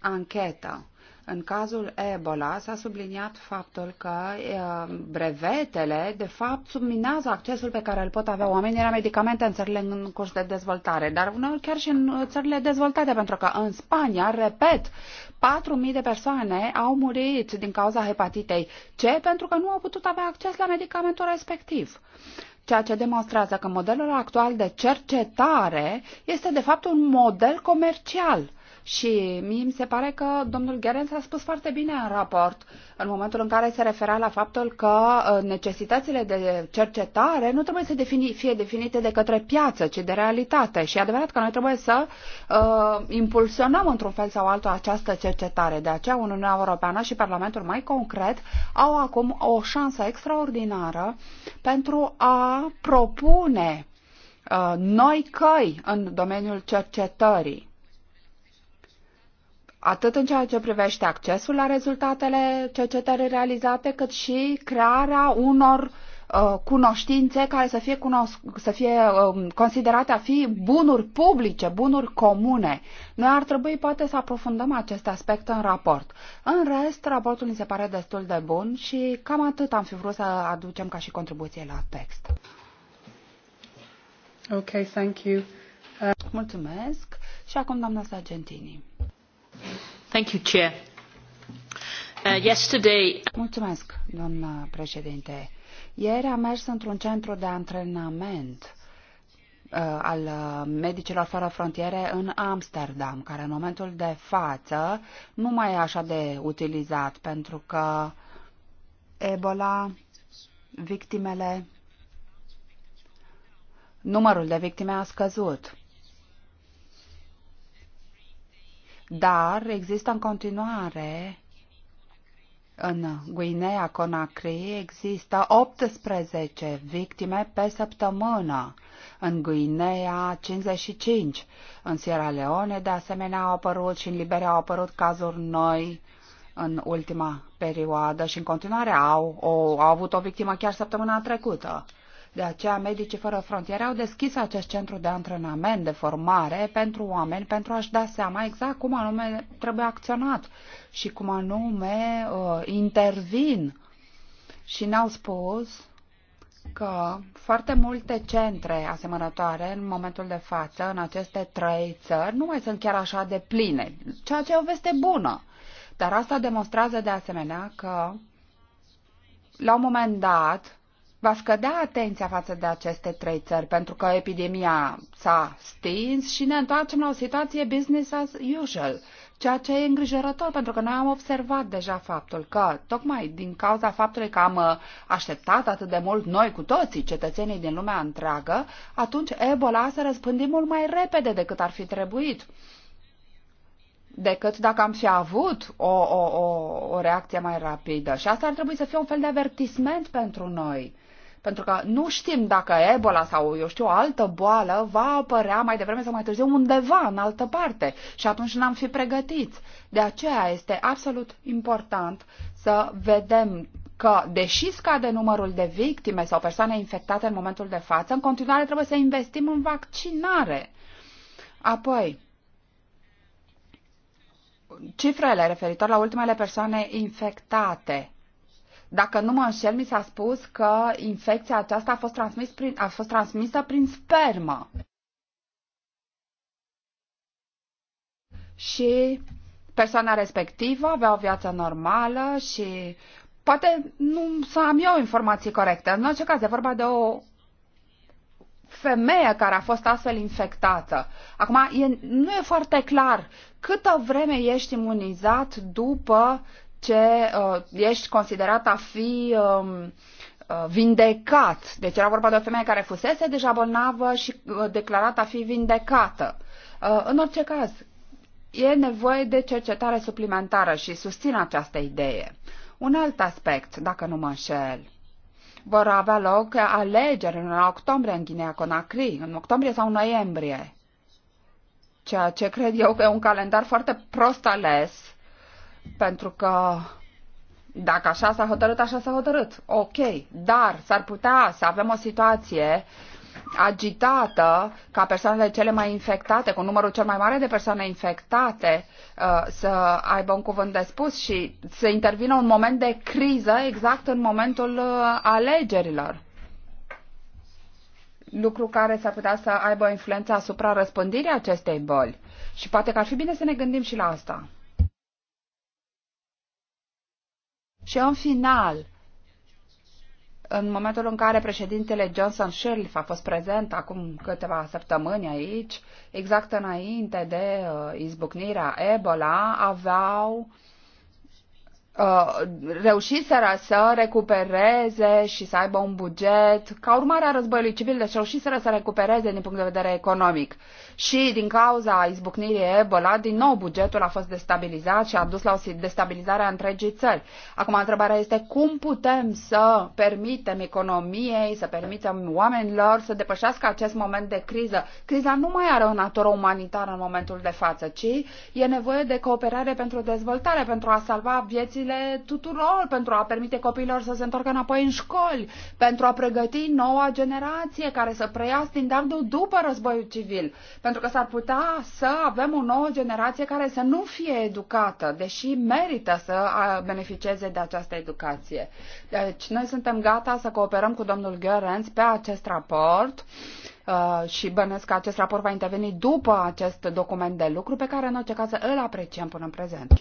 anchetă. În cazul Ebola s-a subliniat faptul că e, uh, brevetele, de fapt, subminează accesul pe care îl pot avea oamenii la medicamente în țările în curs de dezvoltare, dar uneori chiar și în uh, țările dezvoltate, pentru că în Spania, repet, 4.000 de persoane au murit din cauza hepatitei C pentru că nu au putut avea acces la medicamentul respectiv ceea ce demonstrează că modelul actual de cercetare este de fapt un model comercial și mie mi se pare că domnul Gerenț a spus foarte bine în raport, în momentul în care se referea la faptul că uh, necesitățile de cercetare nu trebuie să defini, fie definite de către piață, ci de realitate. Și e adevărat că noi trebuie să uh, impulsionăm într-un fel sau altul această cercetare. De aceea Uniunea Europeană și Parlamentul mai concret au acum o șansă extraordinară pentru a propune uh, noi căi în domeniul cercetării atât în ceea ce privește accesul la rezultatele cercetării realizate, cât și crearea unor uh, cunoștințe care să fie, cunosc- să fie um, considerate a fi bunuri publice, bunuri comune. Noi ar trebui poate să aprofundăm acest aspect în raport. În rest, raportul mi se pare destul de bun și cam atât am fi vrut să aducem ca și contribuție la text. Ok, thank you. Uh... Mulțumesc. Și acum doamna Sargentini. Uh, Mulțumesc, doamnă președinte. Ieri am mers într-un centru de antrenament uh, al Medicilor Fără Frontiere în Amsterdam, care în momentul de față nu mai e așa de utilizat pentru că Ebola, victimele, numărul de victime a scăzut. dar există în continuare în Guinea Conakry există 18 victime pe săptămână, în Guinea 55, în Sierra Leone de asemenea au apărut și în Liberia au apărut cazuri noi în ultima perioadă și în continuare au, au, au avut o victimă chiar săptămâna trecută. De aceea, Medicii Fără Frontiere au deschis acest centru de antrenament, de formare pentru oameni, pentru a-și da seama exact cum anume trebuie acționat și cum anume uh, intervin. Și ne-au spus că foarte multe centre asemănătoare în momentul de față, în aceste trei țări, nu mai sunt chiar așa de pline, ceea ce e o veste bună. Dar asta demonstrează de asemenea că la un moment dat va scădea atenția față de aceste trei țări, pentru că epidemia s-a stins și ne întoarcem la o situație business as usual, ceea ce e îngrijorător, pentru că noi am observat deja faptul că, tocmai din cauza faptului că am uh, așteptat atât de mult noi cu toții, cetățenii din lumea întreagă, atunci Ebola se răspândi mult mai repede decât ar fi trebuit decât dacă am fi avut o, o, o, o reacție mai rapidă. Și asta ar trebui să fie un fel de avertisment pentru noi pentru că nu știm dacă Ebola sau, eu știu, o altă boală va apărea mai devreme sau mai târziu undeva în altă parte și atunci n-am fi pregătiți. De aceea este absolut important să vedem că, deși scade numărul de victime sau persoane infectate în momentul de față, în continuare trebuie să investim în vaccinare. Apoi, cifrele referitor la ultimele persoane infectate. Dacă nu mă înșel, mi s-a spus că infecția aceasta a fost, transmis prin, a fost transmisă prin spermă. Și persoana respectivă avea o viață normală și poate nu să am eu informații corecte. În orice caz, e vorba de o femeie care a fost astfel infectată. Acum, e, nu e foarte clar câtă vreme ești imunizat după ce uh, ești considerat a fi um, uh, vindecat. Deci era vorba de o femeie care fusese deja bolnavă și uh, declarată a fi vindecată. Uh, în orice caz, e nevoie de cercetare suplimentară și susțin această idee. Un alt aspect, dacă nu mă înșel, vor avea loc alegeri în octombrie în Guinea-Conakry, în octombrie sau noiembrie, ceea ce cred eu că e un calendar foarte prost ales pentru că dacă așa s-a hotărât, așa s-a hotărât. Ok, dar s-ar putea să avem o situație agitată ca persoanele cele mai infectate, cu numărul cel mai mare de persoane infectate, uh, să aibă un cuvânt de spus și să intervină un moment de criză exact în momentul uh, alegerilor. Lucru care s-ar putea să aibă influență asupra răspândirii acestei boli. Și poate că ar fi bine să ne gândim și la asta. Și în final, în momentul în care președintele Johnson Sirleaf a fost prezent acum câteva săptămâni aici, exact înainte de uh, izbucnirea Ebola, aveau uh, reușiseră să recupereze și să aibă un buget ca urmare a războiului civil, deci reușiseră să recupereze din punct de vedere economic și din cauza izbucnirii Ebola, din nou bugetul a fost destabilizat și a dus la o destabilizare a întregii țări. Acum întrebarea este cum putem să permitem economiei, să permitem oamenilor să depășească acest moment de criză. Criza nu mai are o natură umanitară în momentul de față, ci e nevoie de cooperare pentru dezvoltare, pentru a salva viețile tuturor, pentru a permite copiilor să se întoarcă înapoi în școli, pentru a pregăti noua generație care să preia standardul după războiul civil, pentru că s-ar putea să avem o nouă generație care să nu fie educată, deși merită să beneficieze de această educație. Deci noi suntem gata să cooperăm cu domnul Görens pe acest raport uh, și bănesc că acest raport va interveni după acest document de lucru pe care în orice caz îl apreciem până în prezent.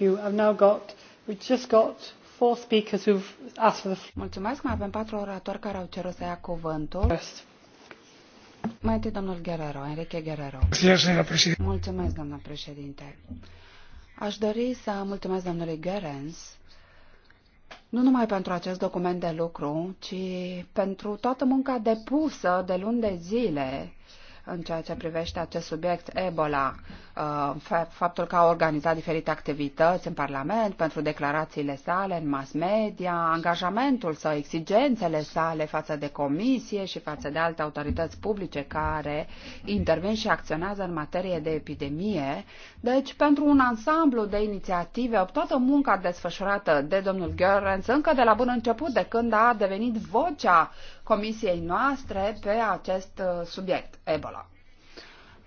Mulțumesc, mai avem patru oratori care au cerut să ia cuvântul. First. Mai întâi domnul Guerrero, Enrique Guerrero. Mulțumesc, doamna președinte. Aș dori să mulțumesc domnului Gerens nu numai pentru acest document de lucru, ci pentru toată munca depusă de luni de zile în ceea ce privește acest subiect Ebola. Uh, faptul că a organizat diferite activități în Parlament pentru declarațiile sale în mass media, angajamentul sau exigențele sale față de comisie și față de alte autorități publice care intervin și acționează în materie de epidemie. Deci, pentru un ansamblu de inițiative, toată munca desfășurată de domnul Görens încă de la bun început, de când a devenit vocea comisiei noastre pe acest uh, subiect, Ebola.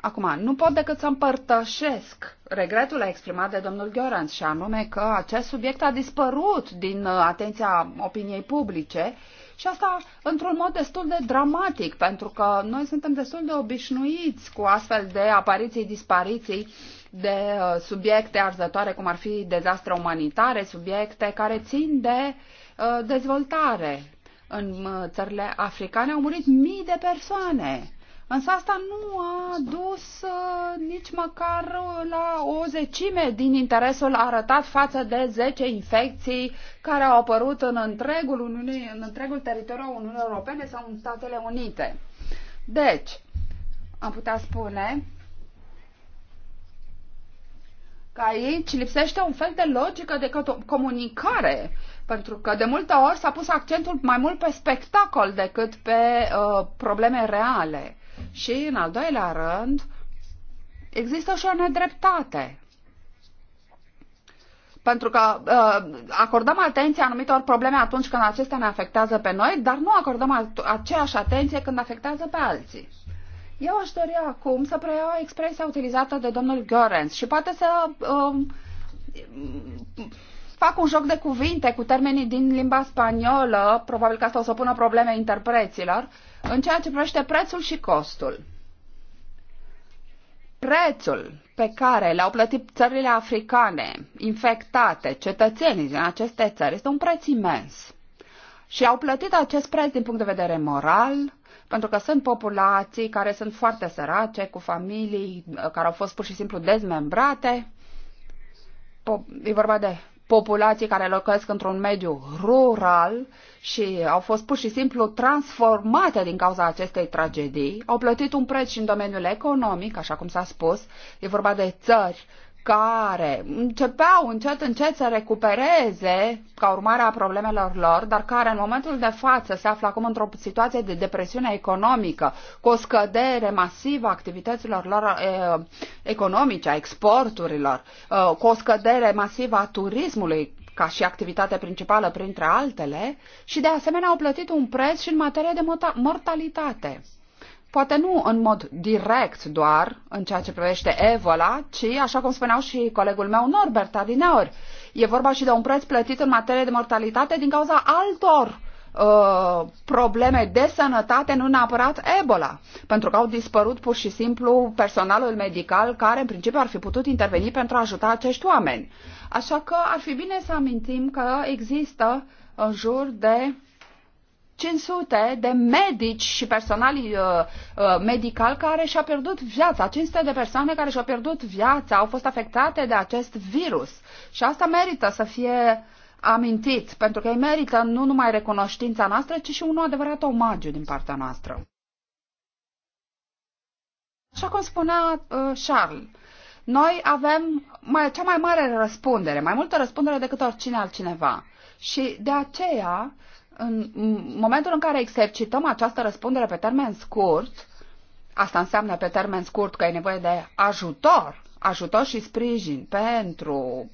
Acum, nu pot decât să împărtășesc regretul exprimat de domnul Gheorenț și anume că acest subiect a dispărut din uh, atenția opiniei publice și asta într-un mod destul de dramatic, pentru că noi suntem destul de obișnuiți cu astfel de apariții, dispariții de uh, subiecte arzătoare, cum ar fi dezastre umanitare, subiecte care țin de dezvoltare, în uh, țările africane au murit mii de persoane. Însă asta nu a dus uh, nici măcar uh, la o zecime din interesul arătat față de 10 infecții care au apărut în întregul, Uniunii, în întregul teritoriu al Uniunii Europene sau în Statele Unite. Deci, am putea spune că aici lipsește un fel de logică de comunicare pentru că de multe ori s-a pus accentul mai mult pe spectacol decât pe uh, probleme reale. Și, în al doilea rând, există și o nedreptate pentru că uh, acordăm atenție anumitor probleme atunci când acestea ne afectează pe noi, dar nu acordăm aceeași atenție când afectează pe alții. Eu aș dori acum să preiau expresia utilizată de domnul Görens și poate să uh, fac un joc de cuvinte cu termenii din limba spaniolă, probabil că asta o să pună probleme interpreților, în ceea ce privește prețul și costul. Prețul pe care l-au plătit țările africane infectate, cetățenii din aceste țări, este un preț imens. Și au plătit acest preț din punct de vedere moral, pentru că sunt populații care sunt foarte sărace, cu familii care au fost pur și simplu dezmembrate. Po- e vorba de populații care locuiesc într-un mediu rural și au fost pur și simplu transformate din cauza acestei tragedii, au plătit un preț și în domeniul economic, așa cum s-a spus, e vorba de țări care începeau încet, încet să recupereze ca urmare a problemelor lor, dar care în momentul de față se află acum într-o situație de depresiune economică, cu o scădere masivă a activităților lor e, eh, economice, a exporturilor, e, eh, cu o scădere masivă a turismului ca și activitate principală printre altele, și de asemenea au plătit un preț și în materie de mortalitate poate nu în mod direct doar în ceea ce privește Evola, ci, așa cum spuneau și colegul meu Norbert Adineori, e vorba și de un preț plătit în materie de mortalitate din cauza altor uh, probleme de sănătate, nu neapărat Ebola, pentru că au dispărut pur și simplu personalul medical care în principiu ar fi putut interveni pentru a ajuta acești oameni. Așa că ar fi bine să amintim că există în jur de 500 de medici și personal uh, uh, medical care și-a pierdut viața, 500 de persoane care și-au pierdut viața, au fost afectate de acest virus. Și asta merită să fie amintit, pentru că ei merită nu numai recunoștința noastră, ci și un adevărat omagiu din partea noastră. Așa cum spunea uh, Charles, noi avem mai, cea mai mare răspundere, mai multă răspundere decât oricine altcineva. Și de aceea, uh, în momentul în care exercităm această răspundere pe termen scurt, asta înseamnă pe termen scurt că e nevoie de ajutor, ajutor și sprijin pentru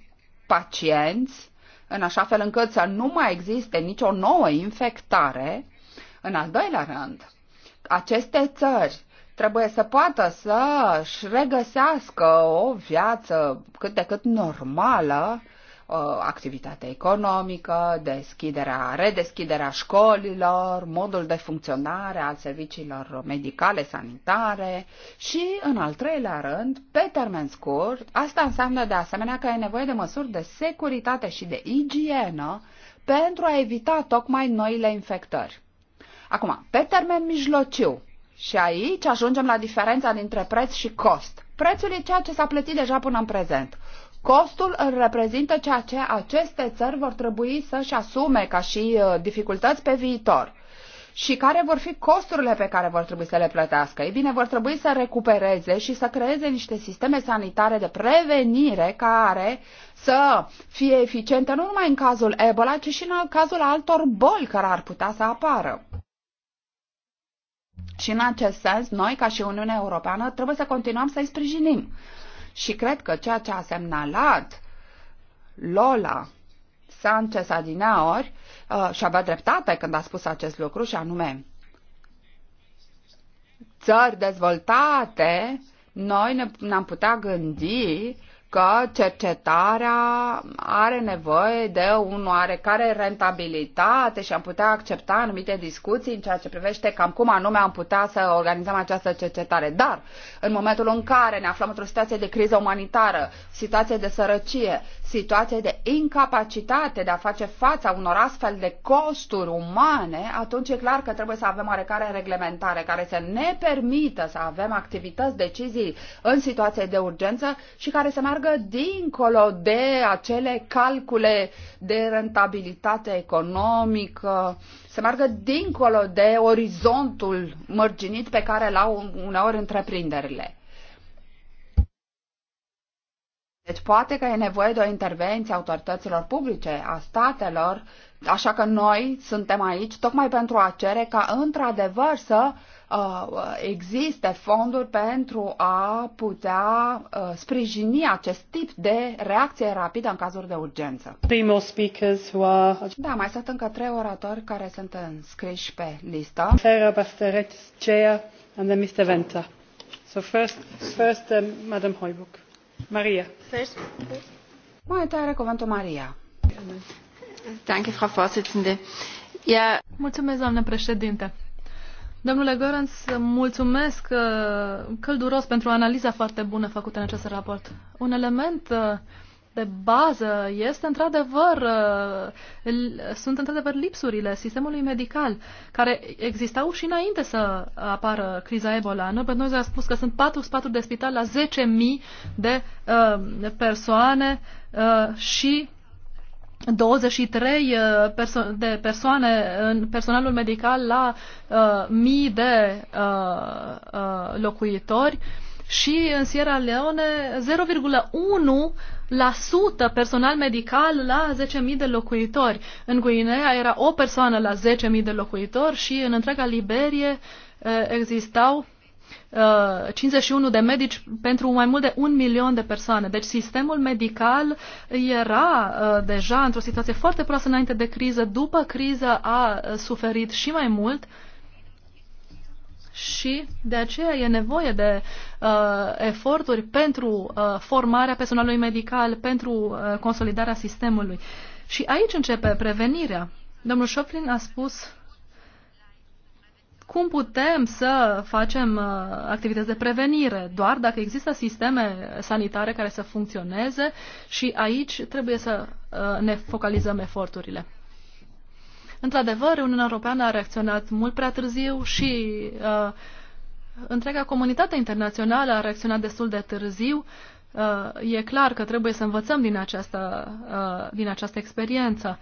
pacienți, în așa fel încât să nu mai existe nicio nouă infectare. În al doilea rând, aceste țări trebuie să poată să-și regăsească o viață cât de cât normală Uh, activitate economică, deschiderea, redeschiderea școlilor, modul de funcționare al serviciilor medicale, sanitare și, în al treilea rând, pe termen scurt, asta înseamnă de asemenea că e nevoie de măsuri de securitate și de igienă pentru a evita tocmai noile infectări. Acum, pe termen mijlociu, și aici ajungem la diferența dintre preț și cost. Prețul e ceea ce s-a plătit deja până în prezent. Costul îl reprezintă ceea ce aceste țări vor trebui să-și asume ca și uh, dificultăți pe viitor și care vor fi costurile pe care vor trebui să le plătească. Ei bine, vor trebui să recupereze și să creeze niște sisteme sanitare de prevenire care să fie eficiente nu numai în cazul Ebola, ci și în cazul altor boli care ar putea să apară. Și în acest sens, noi, ca și Uniunea Europeană, trebuie să continuăm să-i sprijinim. Și cred că ceea ce a semnalat Lola Sanchez Adinaori uh, și avea dreptate când a spus acest lucru și anume țări dezvoltate, noi ne, ne-am putea gândi că cercetarea are nevoie de un oarecare rentabilitate și am putea accepta anumite discuții în ceea ce privește cam cum anume am putea să organizăm această cercetare. Dar în momentul în care ne aflăm într-o situație de criză umanitară, situație de sărăcie, situație de incapacitate de a face fața unor astfel de costuri umane, atunci e clar că trebuie să avem oarecare reglementare care să ne permită să avem activități, decizii în situație de urgență și care să meargă dincolo de acele calcule de rentabilitate economică, să meargă dincolo de orizontul mărginit pe care l-au uneori întreprinderile. Deci poate că e nevoie de o intervenție a autorităților publice, a statelor, așa că noi suntem aici tocmai pentru a cere ca într-adevăr să uh, existe fonduri pentru a putea uh, sprijini acest tip de reacție rapidă în cazuri de urgență. Are... Da, mai sunt încă trei oratori care sunt înscriși pe listă. Sarah Basterec, Cea and then Mr. Venta. So first, first um, Madam Hoibuch. Maria. Maria. Mulțumesc, doamnă președinte. Domnule goerens mulțumesc uh, călduros pentru analiza foarte bună făcută în acest raport. Un element că uh, de bază este într-adevăr, uh, sunt într-adevăr lipsurile sistemului medical, care existau și înainte să apară criza Ebola. Noi, pe noi a spus că sunt 44 de spital la 10.000 de uh, persoane uh, și 23 de persoane în personalul medical la mii de locuitori și în Sierra Leone 0,1 la sută personal medical la 10.000 de locuitori. În Guinea era o persoană la 10.000 de locuitori și în întreaga Liberie eh, existau 51 eh, de medici pentru mai mult de un milion de persoane. Deci sistemul medical era eh, deja într-o situație foarte proastă înainte de criză. După criză a suferit și mai mult și de aceea e nevoie de uh, eforturi pentru uh, formarea personalului medical, pentru uh, consolidarea sistemului. Și aici începe prevenirea. Domnul Șoplin a spus cum putem să facem uh, activități de prevenire, doar dacă există sisteme sanitare care să funcționeze și aici trebuie să uh, ne focalizăm eforturile. Într-adevăr, Uniunea Europeană a reacționat mult prea târziu și uh, întreaga comunitate internațională a reacționat destul de târziu. Uh, e clar că trebuie să învățăm din această, uh, din această experiență.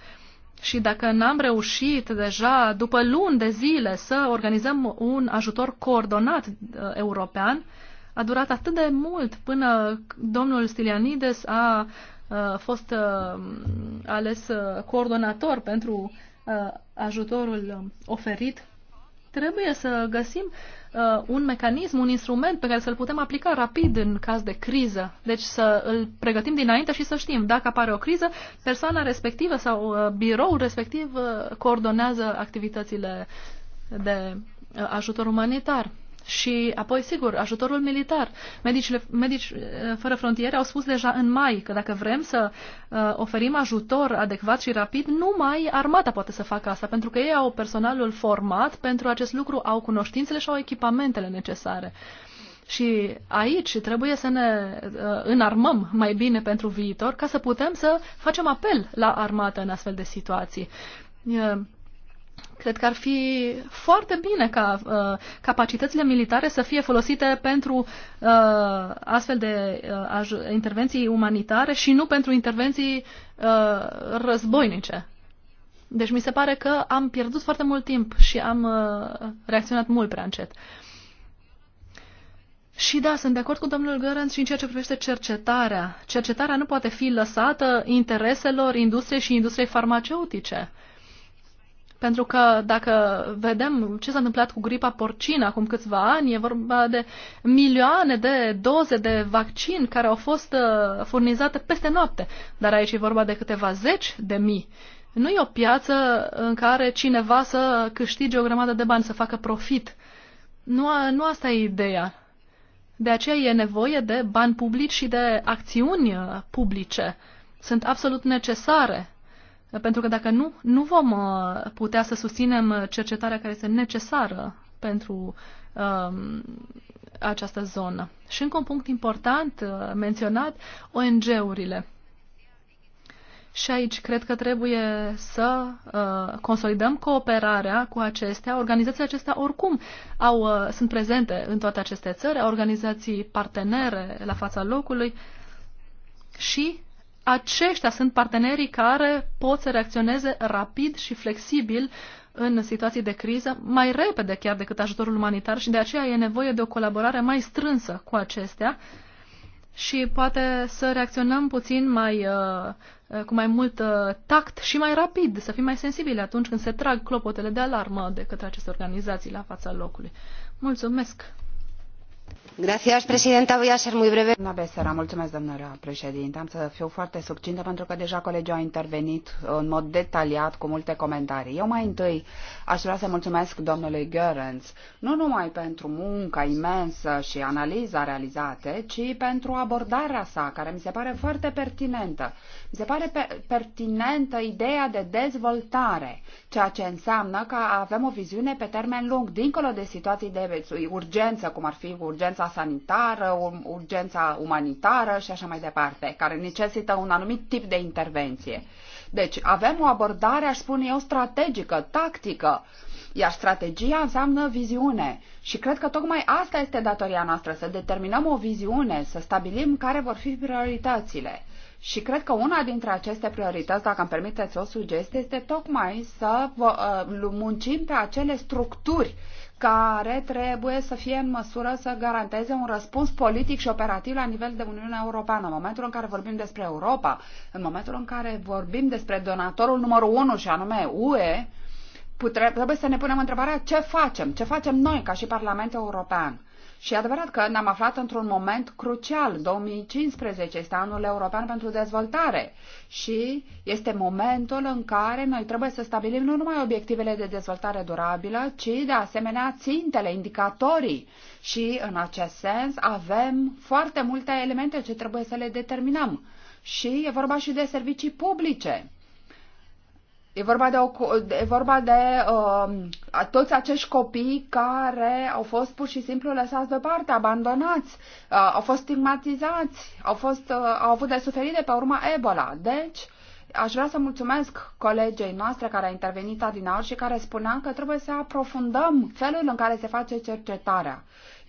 Și dacă n-am reușit deja după luni de zile să organizăm un ajutor coordonat uh, european, a durat atât de mult până domnul Stilianides a uh, fost uh, ales uh, coordonator pentru Uh, ajutorul uh, oferit, trebuie să găsim uh, un mecanism, un instrument pe care să-l putem aplica rapid în caz de criză. Deci să îl pregătim dinainte și să știm dacă apare o criză, persoana respectivă sau biroul respectiv coordonează activitățile de ajutor umanitar. Și apoi, sigur, ajutorul militar. Medicile, medici eh, fără frontiere au spus deja în mai că dacă vrem să uh, oferim ajutor adecvat și rapid, numai armata poate să facă asta, pentru că ei au personalul format pentru acest lucru, au cunoștințele și au echipamentele necesare. Și aici trebuie să ne uh, înarmăm mai bine pentru viitor ca să putem să facem apel la armată în astfel de situații. Uh, Cred că ar fi foarte bine ca uh, capacitățile militare să fie folosite pentru uh, astfel de uh, intervenții umanitare și nu pentru intervenții uh, războinice. Deci mi se pare că am pierdut foarte mult timp și am uh, reacționat mult prea încet. Și da, sunt de acord cu domnul Gărânț și în ceea ce privește cercetarea. Cercetarea nu poate fi lăsată intereselor industriei și industriei farmaceutice. Uh, pentru că dacă vedem ce s-a întâmplat cu gripa porcină acum câțiva ani, e vorba de milioane de doze de vaccin care au fost uh, furnizate peste noapte. Dar aici e vorba de câteva zeci de mii. Nu e o piață în care cineva să câștige o grămadă de bani, să facă profit. Nu, nu asta e ideea. De aceea e nevoie de bani publici și de acțiuni uh, publice. Sunt absolut necesare pentru că dacă nu, nu vom uh, putea să susținem cercetarea care este necesară pentru um, această zonă. Și încă un punct important uh, menționat, ONG-urile. Și aici cred că trebuie să uh, consolidăm cooperarea cu acestea. Organizațiile acestea oricum au, uh, sunt prezente în toate aceste țări, au organizații partenere la fața locului și aceștia sunt partenerii care pot să reacționeze rapid și flexibil în situații de criză, mai repede chiar decât ajutorul umanitar și de aceea e nevoie de o colaborare mai strânsă cu acestea și poate să reacționăm puțin mai, uh, uh, cu mai mult uh, tact și mai rapid, să fim mai sensibili atunci când se trag clopotele de alarmă de către aceste organizații la fața locului. Mulțumesc! Gracias, presidenta. Voy a ser muy breve. Doamna Besera, mulțumesc, domnule Președintă, Am să fiu foarte succintă pentru că deja colegii au intervenit în mod detaliat cu multe comentarii. Eu mai întâi aș vrea să mulțumesc domnului Görens, nu numai pentru munca imensă și analiza realizate, ci pentru abordarea sa, care mi se pare foarte pertinentă. Mi se pare pe- pertinentă ideea de dezvoltare, ceea ce înseamnă că avem o viziune pe termen lung, dincolo de situații de urgență, cum ar fi urgența sanitară, um, urgența umanitară și așa mai departe, care necesită un anumit tip de intervenție. Deci avem o abordare, aș spune eu, strategică, tactică, iar strategia înseamnă viziune. Și cred că tocmai asta este datoria noastră, să determinăm o viziune, să stabilim care vor fi prioritățile. Și cred că una dintre aceste priorități, dacă îmi permiteți o sugestie, este tocmai să uh, muncim pe acele structuri care trebuie să fie în măsură să garanteze un răspuns politic și operativ la nivel de Uniunea Europeană. În momentul în care vorbim despre Europa, în momentul în care vorbim despre donatorul numărul 1 și anume UE, trebuie să ne punem întrebarea ce facem, ce facem noi ca și Parlament European și e adevărat că ne-am aflat într-un moment crucial. 2015 este anul european pentru dezvoltare și este momentul în care noi trebuie să stabilim nu numai obiectivele de dezvoltare durabilă, ci de asemenea țintele, indicatorii. Și în acest sens avem foarte multe elemente ce trebuie să le determinăm. Și e vorba și de servicii publice E vorba de, o, e vorba de uh, toți acești copii care au fost pur și simplu lăsați deoparte, abandonați, uh, au fost stigmatizați, au, fost, uh, au avut de suferit de pe urma Ebola. Deci, aș vrea să mulțumesc colegei noastre care a intervenit adinaur și care spunea că trebuie să aprofundăm felul în care se face cercetarea.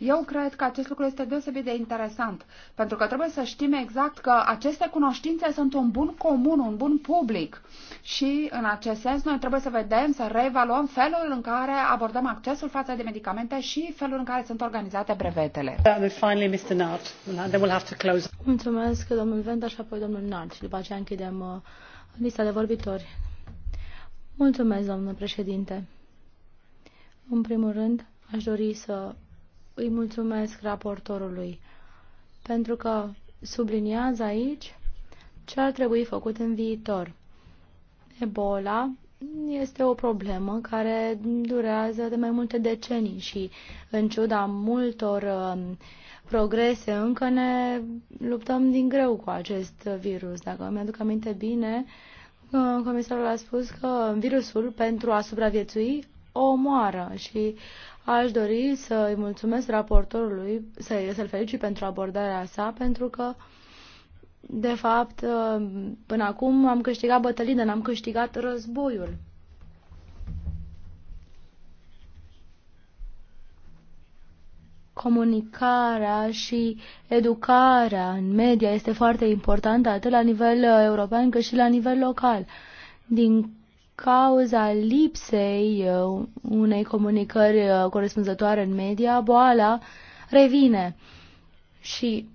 Eu cred că acest lucru este deosebit de interesant, pentru că trebuie să știm exact că aceste cunoștințe sunt un bun comun, un bun public. Și, în acest sens, noi trebuie să vedem, să reevaluăm felul în care abordăm accesul față de medicamente și felul în care sunt organizate brevetele. Uh, Mulțumesc, domnul Venta și apoi domnul Nard. Și după aceea închidem uh, lista de vorbitori. Mulțumesc, domnule președinte. În primul rând, aș dori să îi mulțumesc raportorului, pentru că subliniază aici ce ar trebui făcut în viitor. Ebola este o problemă care durează de mai multe decenii și, în ciuda multor um, progrese, încă ne luptăm din greu cu acest virus. Dacă mi-aduc aminte bine, uh, comisarul a spus că virusul, pentru a supraviețui, o omoară și Aș dori să îi mulțumesc raportorului, să-l felicit pentru abordarea sa, pentru că, de fapt, până acum am câștigat bătălii, dar n-am câștigat războiul. comunicarea și educarea în media este foarte importantă atât la nivel european cât și la nivel local. Din cauza lipsei uh, unei comunicări uh, corespunzătoare în media, boala revine. Și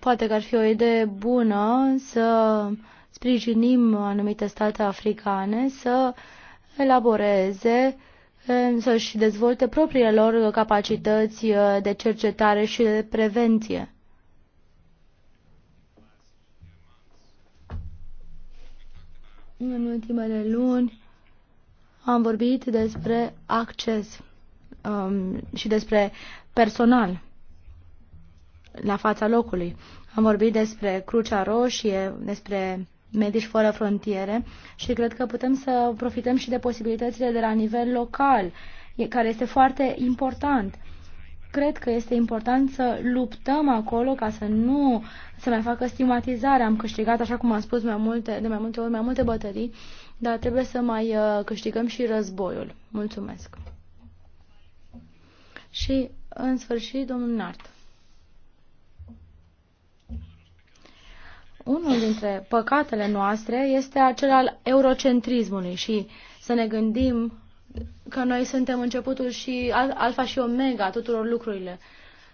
poate că ar fi o idee bună să sprijinim anumite state africane să elaboreze uh, să-și dezvolte propriile lor capacități uh, de cercetare și de prevenție. În ultimele luni am vorbit despre acces um, și despre personal la fața locului. Am vorbit despre Crucea Roșie, despre Medici Fără Frontiere și cred că putem să profităm și de posibilitățile de la nivel local, care este foarte important. Cred că este important să luptăm acolo ca să nu se mai facă stigmatizare. Am câștigat, așa cum am spus mai multe, de mai multe ori, mai multe bătării, dar trebuie să mai uh, câștigăm și războiul. Mulțumesc! Și, în sfârșit, domnul Nart. Unul dintre păcatele noastre este acel al eurocentrismului și să ne gândim că noi suntem începutul și alfa și omega tuturor lucrurile,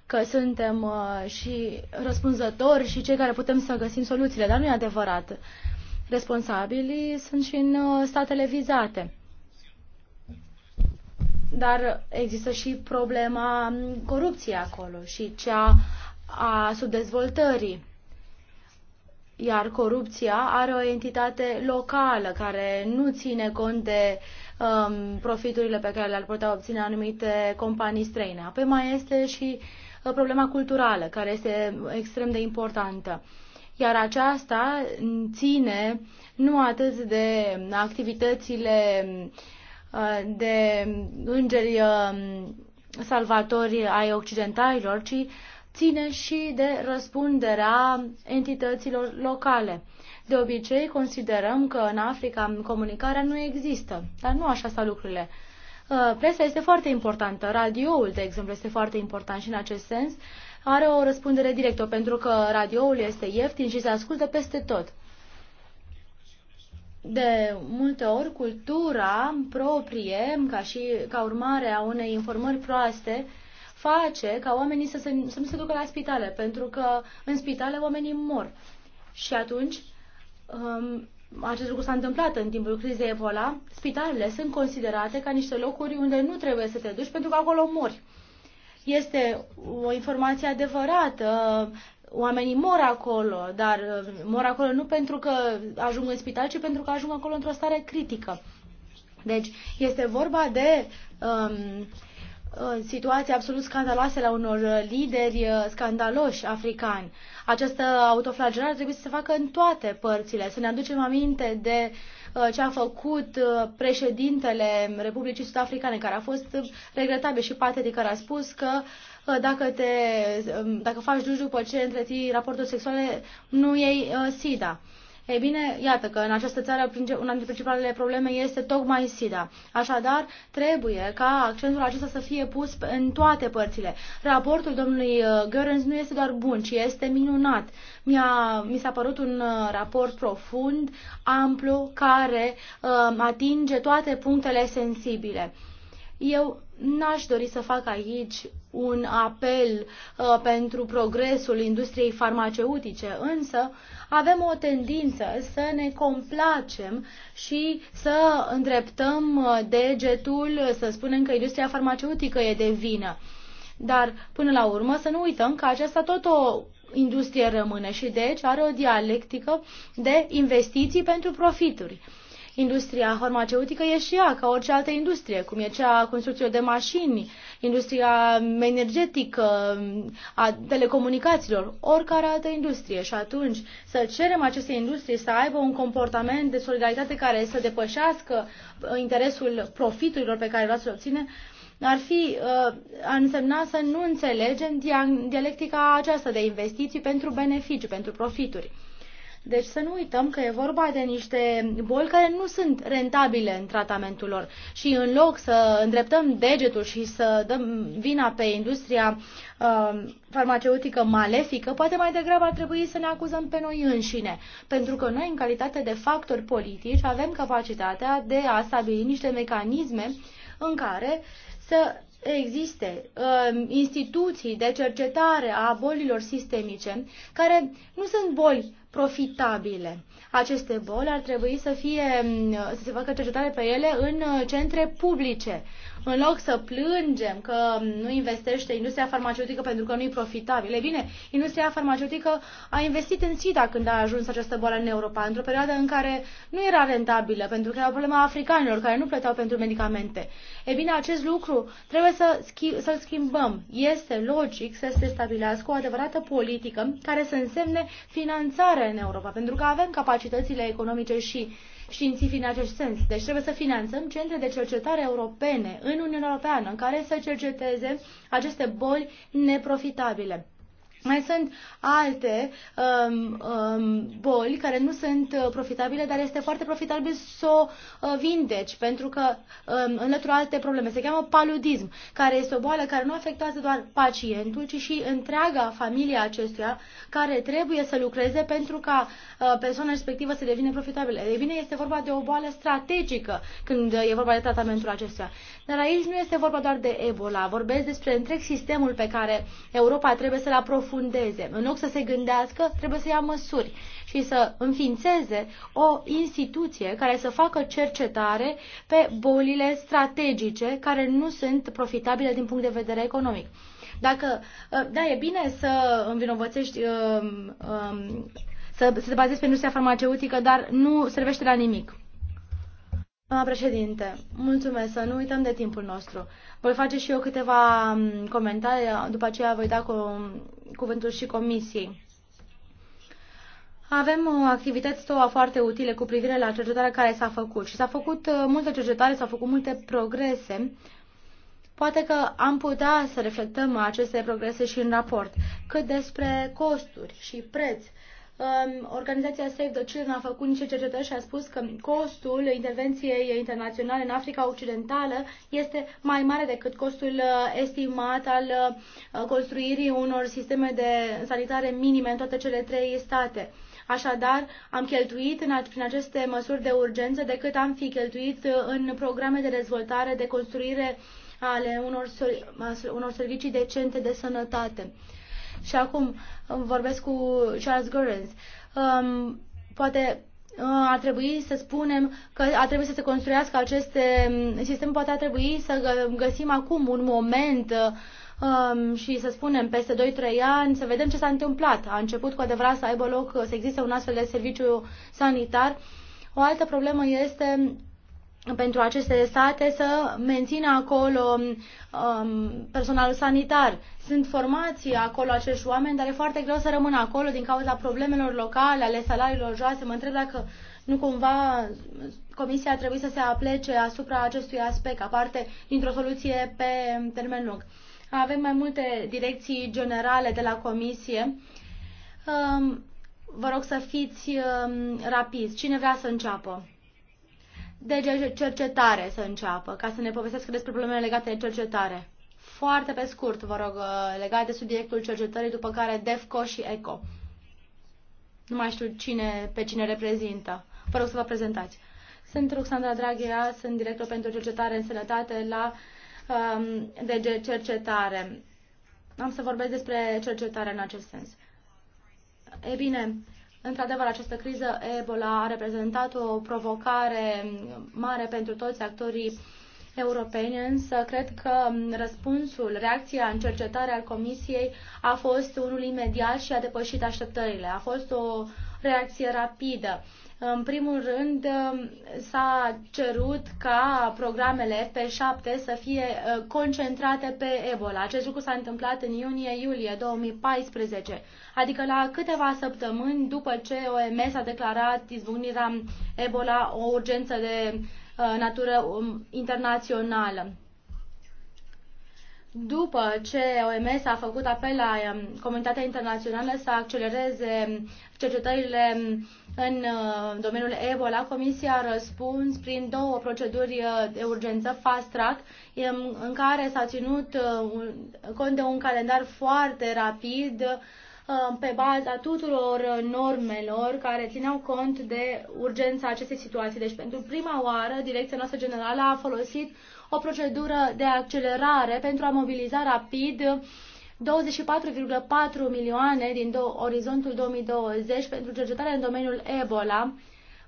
că suntem uh, și răspunzători și cei care putem să găsim soluțiile, dar nu e adevărat. Responsabilii sunt și în uh, statele vizate. Dar există și problema um, corupției acolo și cea a subdezvoltării iar corupția are o entitate locală care nu ține cont de um, profiturile pe care le-ar putea obține anumite companii străine. Apoi mai este și uh, problema culturală, care este extrem de importantă. Iar aceasta ține nu atât de activitățile uh, de îngeri um, salvatori ai occidentalilor, ci ține și de răspunderea entităților locale. De obicei, considerăm că în Africa comunicarea nu există, dar nu așa stau lucrurile. Uh, presa este foarte importantă, radioul, de exemplu, este foarte important și în acest sens are o răspundere directă, pentru că radioul este ieftin și se ascultă peste tot. De multe ori, cultura proprie, ca și ca urmare a unei informări proaste, face ca oamenii să, se, să nu se ducă la spitale, pentru că în spitale oamenii mor. Și atunci, um, acest lucru s-a întâmplat în timpul crizei Ebola, spitalele sunt considerate ca niște locuri unde nu trebuie să te duci pentru că acolo mori. Este o informație adevărată, oamenii mor acolo, dar uh, mor acolo nu pentru că ajung în spital, ci pentru că ajung acolo într-o stare critică. Deci este vorba de um, Uh, situații absolut scandaloase la unor uh, lideri uh, scandaloși africani. Această autoflagelare trebuie să se facă în toate părțile, să ne aducem aminte de ce a făcut președintele Republicii Sud-Africane, care a fost regretabil și patetic, care a spus că dacă, te, um, dacă faci duș după ce întreții raporturi sexuale, nu iei SIDA. Ei bine, iată că în această țară una dintre principalele probleme este tocmai SIDA. Așadar, trebuie ca accentul acesta să fie pus în toate părțile. Raportul domnului uh, Görens nu este doar bun, ci este minunat. Mi-a, mi s-a părut un uh, raport profund, amplu, care uh, atinge toate punctele sensibile. Eu n-aș dori să fac aici un apel uh, pentru progresul industriei farmaceutice, însă avem o tendință să ne complacem și să îndreptăm uh, degetul, să spunem că industria farmaceutică e de vină. Dar, până la urmă, să nu uităm că aceasta tot o industrie rămâne și deci are o dialectică de investiții pentru profituri. Industria farmaceutică e și ea, ca orice altă industrie, cum e cea a construcției de mașini, industria energetică, a telecomunicațiilor, oricare altă industrie. Și atunci să cerem aceste industrie să aibă un comportament de solidaritate care să depășească interesul profiturilor pe care vreau să le obține, ar fi, uh, ar însemna să nu înțelegem dialectica aceasta de investiții pentru beneficii, pentru profituri. Deci să nu uităm că e vorba de niște boli care nu sunt rentabile în tratamentul lor. Și în loc să îndreptăm degetul și să dăm vina pe industria uh, farmaceutică malefică, poate mai degrabă ar trebui să ne acuzăm pe noi înșine. Pentru că noi, în calitate de factori politici, avem capacitatea de a stabili niște mecanisme în care să existe uh, instituții de cercetare a bolilor sistemice, care nu sunt boli profitabile. Aceste boli ar trebui să fie să se facă cercetare pe ele în uh, centre publice în loc să plângem că nu investește industria farmaceutică pentru că nu e profitabil. E bine, industria farmaceutică a investit în SIDA când a ajuns această boală în Europa, într-o perioadă în care nu era rentabilă, pentru că era problema africanilor care nu plăteau pentru medicamente. E bine, acest lucru trebuie să schi- să-l schimbăm. Este logic să se stabilească o adevărată politică care să însemne finanțare în Europa, pentru că avem capacitățile economice și științific în acest sens. Deci trebuie să finanțăm centre de cercetare europene în Uniunea Europeană în care să cerceteze aceste boli neprofitabile. Mai sunt alte um, um, boli care nu sunt uh, profitabile, dar este foarte profitabil să o uh, vindeci, pentru că um, înlătură alte probleme. Se cheamă paludism, care este o boală care nu afectează doar pacientul, ci și întreaga familie acestuia, care trebuie să lucreze pentru ca uh, persoana respectivă să devină profitabilă. Ei bine, este vorba de o boală strategică când e vorba de tratamentul acestuia. Dar aici nu este vorba doar de Ebola, vorbesc despre întreg sistemul pe care Europa trebuie să-l aprofundeze aprofundeze. În loc să se gândească, trebuie să ia măsuri și să înființeze o instituție care să facă cercetare pe bolile strategice care nu sunt profitabile din punct de vedere economic. Dacă, uh, da, e bine să învinovățești uh, um, să, să te bazezi pe industria farmaceutică, dar nu servește la nimic. Doamna președinte, mulțumesc, să nu uităm de timpul nostru. Voi face și eu câteva um, comentarii, după aceea voi da cu um, cuvântul și Comisiei. Avem uh, activități două foarte utile cu privire la cercetarea care s-a făcut și s-a făcut uh, multe cercetare, s-au făcut multe progrese. Poate că am putea să reflectăm aceste progrese și în raport. Cât despre costuri și preț, Um, organizația Save the Children a făcut niște cercetări și a spus că costul intervenției internaționale în Africa Occidentală este mai mare decât costul uh, estimat al uh, construirii unor sisteme de sanitare minime în toate cele trei state. Așadar, am cheltuit în, prin aceste măsuri de urgență decât am fi cheltuit uh, în programe de dezvoltare, de construire ale unor, unor servicii decente de sănătate. Și acum vorbesc cu Charles Gurens. Um, poate uh, ar trebui să spunem că ar trebui să se construiască aceste um, sisteme, poate ar trebui să găsim acum un moment uh, um, și să spunem peste 2-3 ani, să vedem ce s-a întâmplat. A început cu adevărat să aibă loc, să existe un astfel de serviciu sanitar. O altă problemă este pentru aceste state să mențină acolo um, personalul sanitar. Sunt formații acolo acești oameni, dar e foarte greu să rămână acolo din cauza problemelor locale, ale salariilor joase. Mă întreb dacă nu cumva Comisia trebuie să se aplece asupra acestui aspect, aparte dintr-o soluție pe termen lung. Avem mai multe direcții generale de la Comisie. Um, vă rog să fiți um, rapizi. Cine vrea să înceapă? de cercetare să înceapă, ca să ne povestesc despre problemele legate de cercetare. Foarte pe scurt, vă rog, uh, legat de subiectul cercetării, după care DEFCO și ECO. Nu mai știu cine, pe cine reprezintă. Vă rog să vă prezentați. Sunt Roxandra Draghea, sunt director pentru cercetare în sănătate la um, DG Cercetare. Am să vorbesc despre cercetare în acest sens. E bine, Într-adevăr, această criză Ebola a reprezentat o provocare mare pentru toți actorii europeni, însă cred că răspunsul, reacția în cercetare al Comisiei a fost unul imediat și a depășit așteptările. A fost o reacție rapidă în primul rând, um, s-a cerut ca programele FP7 să fie uh, concentrate pe Ebola. Acest lucru s-a întâmplat în iunie-iulie 2014, adică la câteva săptămâni după ce OMS a declarat izbucnirea Ebola o urgență de uh, natură um, internațională după ce OMS a făcut apel la um, comunitatea internațională să accelereze um, cercetările um, în uh, domeniul Ebola, Comisia a răspuns prin două proceduri uh, de urgență, fast track, în care s-a ținut uh, cont de un calendar foarte rapid pe baza tuturor normelor care țineau cont de urgența acestei situații. Deci, pentru prima oară, Direcția noastră generală a folosit o procedură de accelerare pentru a mobiliza rapid 24,4 milioane din orizontul 2020 pentru cercetare în domeniul Ebola,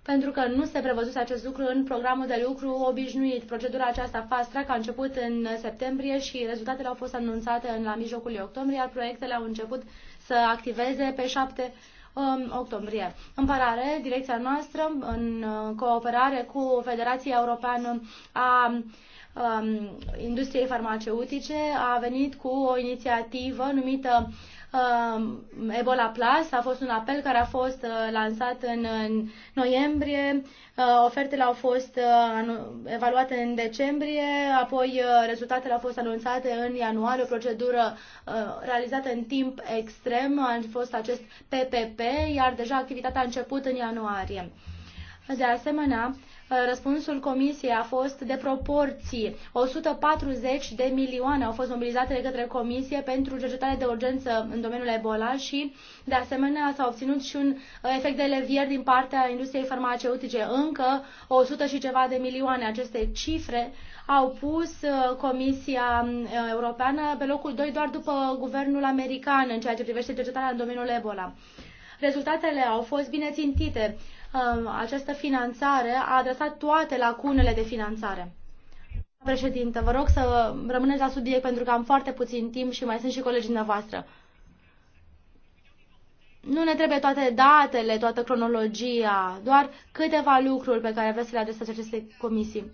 pentru că nu se prevăzuse acest lucru în programul de lucru obișnuit. Procedura aceasta fast track a început în septembrie și rezultatele au fost anunțate în la mijlocul octombrie, iar proiectele au început să activeze pe 7 um, octombrie. În paralel, direcția noastră, în uh, cooperare cu Federația Europeană a um, industriei farmaceutice a venit cu o inițiativă numită um, Ebola Plus. A fost un apel care a fost uh, lansat în, în noiembrie. Uh, ofertele au fost uh, evaluate în decembrie, apoi uh, rezultatele au fost anunțate în ianuarie, o procedură uh, realizată în timp extrem. A fost acest PPP, iar deja activitatea a început în ianuarie. De asemenea, uh, Eh, răspunsul comisiei a fost de proporții. 140 de milioane au fost mobilizate de către comisie pentru cercetare de urgență în domeniul Ebola și, de asemenea, s-a obținut și un eh, efect de levier din partea industriei farmaceutice. Încă 100 și ceva de milioane aceste cifre au pus eh, Comisia Europeană pe locul 2 doar după guvernul american în ceea ce privește cercetarea în domeniul Ebola. Rezultatele au fost bine țintite. Um, această finanțare a adresat toate lacunele de finanțare. Președinte, vă rog să rămâneți la subiect pentru că am foarte puțin timp și mai sunt și colegii dumneavoastră. Nu ne trebuie toate datele, toată cronologia, doar câteva lucruri pe care vreți să le adresați acestei comisii.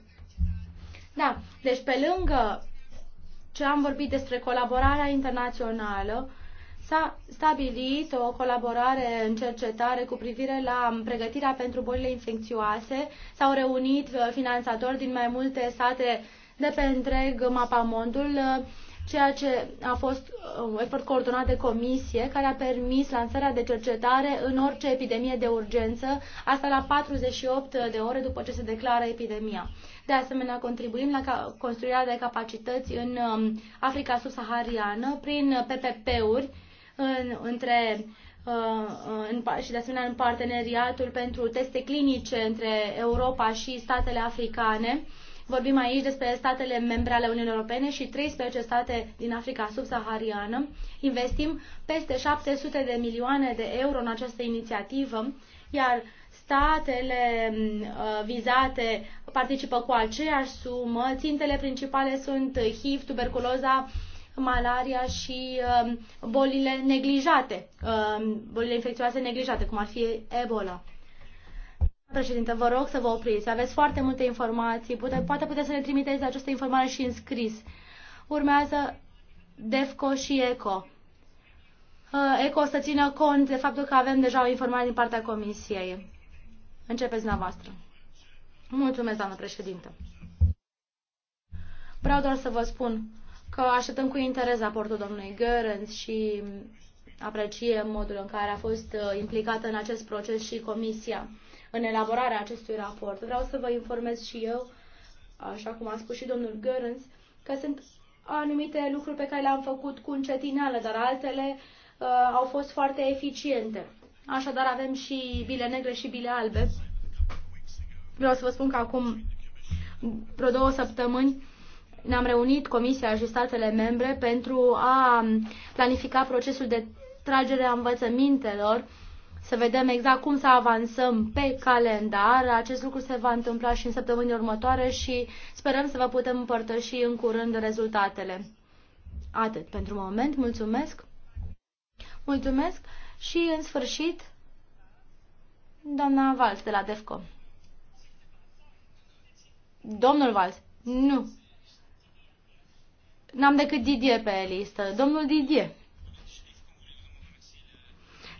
Da, deci pe lângă ce am vorbit despre colaborarea internațională, S-a stabilit o colaborare în cercetare cu privire la pregătirea pentru bolile infecțioase. S-au reunit uh, finanțatori din mai multe sate de pe întreg mapamondul, uh, ceea ce a fost un uh, efort coordonat de comisie care a permis lansarea de cercetare în orice epidemie de urgență, asta la 48 de ore după ce se declară epidemia. De asemenea, contribuim la construirea de capacități în um, Africa subsahariană prin PPP-uri, în, între uh, uh, în, și de asemenea în parteneriatul pentru teste clinice între Europa și statele africane. Vorbim aici despre statele membre ale Uniunii Europene și 13 state din Africa subsahariană. Investim peste 700 de milioane de euro în această inițiativă, iar statele uh, vizate participă cu aceeași sumă. Țintele principale sunt HIV, tuberculoza, malaria și um, bolile neglijate, um, bolile infecțioase neglijate, cum ar fi Ebola. Președinte, vă rog să vă opriți. Aveți foarte multe informații. Pute, poate puteți să ne trimiteți această informare și în scris. Urmează DEFCO și ECO. Uh, ECO o să țină cont de faptul că avem deja o informare din partea Comisiei. Începeți dumneavoastră. Mulțumesc, doamnă președintă. Vreau doar să vă spun că așteptăm cu interes raportul domnului Görens și apreciem modul în care a fost uh, implicată în acest proces și comisia în elaborarea acestui raport. Vreau să vă informez și eu, așa cum a spus și domnul Görens, că sunt anumite lucruri pe care le-am făcut cu încetineală, dar altele uh, au fost foarte eficiente. Așadar avem și bile negre și bile albe. Vreau să vă spun că acum vreo două săptămâni ne-am reunit Comisia și statele membre pentru a planifica procesul de tragere a învățămintelor, să vedem exact cum să avansăm pe calendar. Acest lucru se va întâmpla și în săptămânile următoare și sperăm să vă putem împărtăși în curând rezultatele. Atât pentru moment. Mulțumesc. Mulțumesc. Și în sfârșit, doamna Valls de la DEFCO. Domnul Valls. Nu, N-am decât Didier pe listă. Domnul Didier.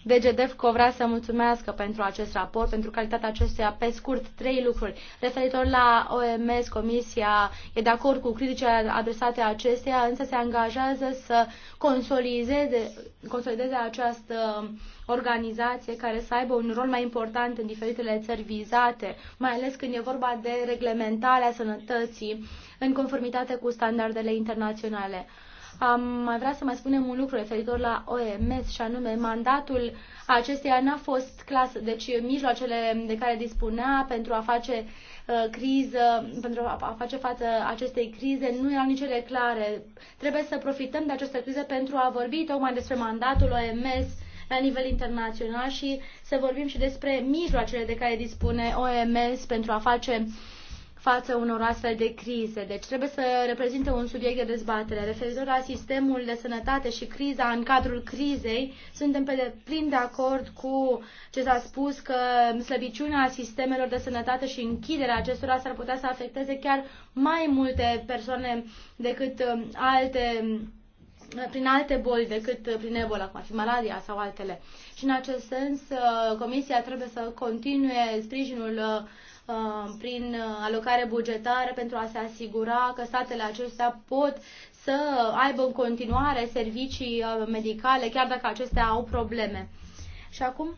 DGDEFCO vrea să mulțumească pentru acest raport, pentru calitatea acestuia. Pe scurt, trei lucruri. Referitor la OMS, Comisia e de acord cu criticile adresate acesteia, însă se angajează să consolideze, consolideze această organizație care să aibă un rol mai important în diferitele țări vizate, mai ales când e vorba de reglementarea sănătății în conformitate cu standardele internaționale. Am mai vrea să mai spunem un lucru referitor la OMS și anume mandatul acesteia n-a fost clar, deci mijloacele de care dispunea pentru a face uh, criză, pentru a face față acestei crize nu erau nici ele clare. Trebuie să profităm de această criză pentru a vorbi tocmai despre mandatul OMS la nivel internațional și să vorbim și despre mijloacele de care dispune OMS pentru a face uh, față unor astfel de crize. Deci trebuie să reprezinte un subiect de dezbatere. Referitor la sistemul de sănătate și criza în cadrul crizei, suntem pe plin de acord cu ce s-a spus că slăbiciunea sistemelor de sănătate și închiderea acestora s-ar putea să afecteze chiar mai multe persoane decât um, alte um, prin alte boli decât uh, prin ebola, cum ar fi malaria sau altele. Și în acest sens, uh, Comisia trebuie să continue sprijinul uh, Uh, prin uh, alocare bugetară pentru a se asigura că statele acestea pot să aibă în continuare servicii uh, medicale, chiar dacă acestea au probleme. Și acum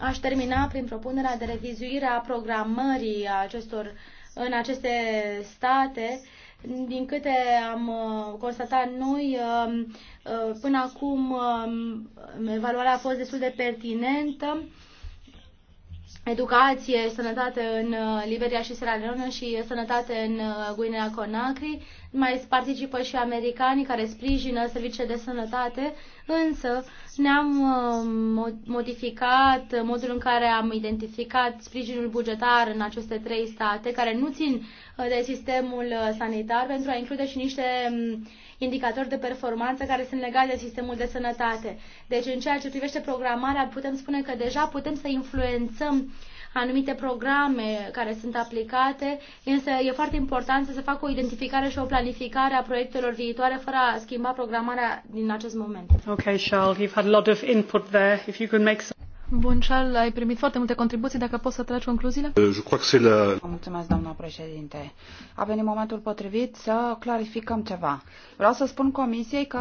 aș termina prin propunerea de revizuire a programării acestor, în aceste state. Din câte am constatat noi, până acum um, evaluarea a fost destul de pertinentă educație, sănătate în uh, Liberia și Sierra Leone și sănătate în uh, Guinea Conakry. Mai participă și americanii care sprijină serviciile de sănătate, însă ne-am uh, modificat modul în care am identificat sprijinul bugetar în aceste trei state care nu țin de sistemul sanitar pentru a include și niște mm, indicatori de performanță care sunt legate de sistemul de sănătate. Deci, în ceea ce privește programarea, putem spune că deja putem să influențăm anumite programe care sunt aplicate, însă e foarte important să se facă o identificare și o planificare a proiectelor viitoare fără a schimba programarea din acest moment. Okay, Charles, you've had a lot of input there. If you could make some... Bun, Charles, ai primit foarte multe contribuții, dacă poți să tragi concluziile. Uh, la... Mulțumesc, doamna președinte. A venit momentul potrivit să clarificăm ceva. Vreau să spun comisiei că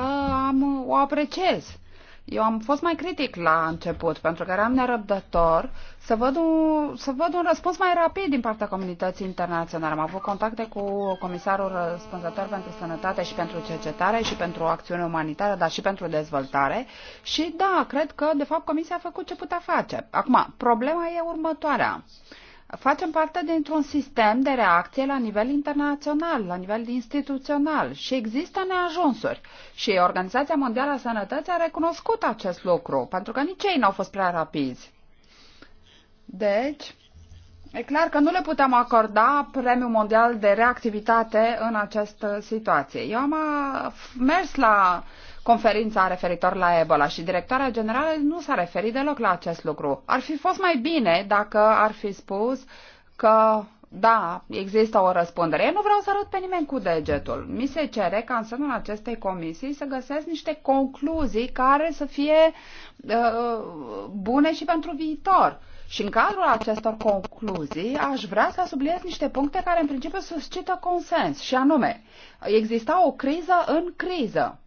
am, o apreciez eu am fost mai critic la început, pentru că eram nerăbdător să văd, un, să văd un răspuns mai rapid din partea comunității internaționale. Am avut contacte cu comisarul răspunzător pentru sănătate și pentru cercetare și pentru acțiune umanitară, dar și pentru dezvoltare. Și da, cred că, de fapt, comisia a făcut ce putea face. Acum, problema e următoarea. Uh, facem parte dintr-un sistem de reacție la nivel internațional, la nivel instituțional și există neajunsuri. Și Organizația Mondială a Sănătății a recunoscut acest lucru, pentru că nici ei n-au fost prea rapizi. Deci, e clar că nu le putem acorda Premiul Mondial de Reactivitate în această situație. Eu am uh, mers la uh, conferința referitor la Ebola și directoarea generală nu s-a referit deloc la acest lucru. Ar fi fost mai bine dacă ar fi spus că da, există o răspundere. Eu nu vreau să arăt pe nimeni cu degetul. Mi se cere ca în sânul acestei comisii să găsesc niște concluzii care să fie uh, bune și pentru viitor. Și în cadrul acestor concluzii aș vrea să subliniez niște puncte care în principiu suscită consens și anume, exista o criză în criză.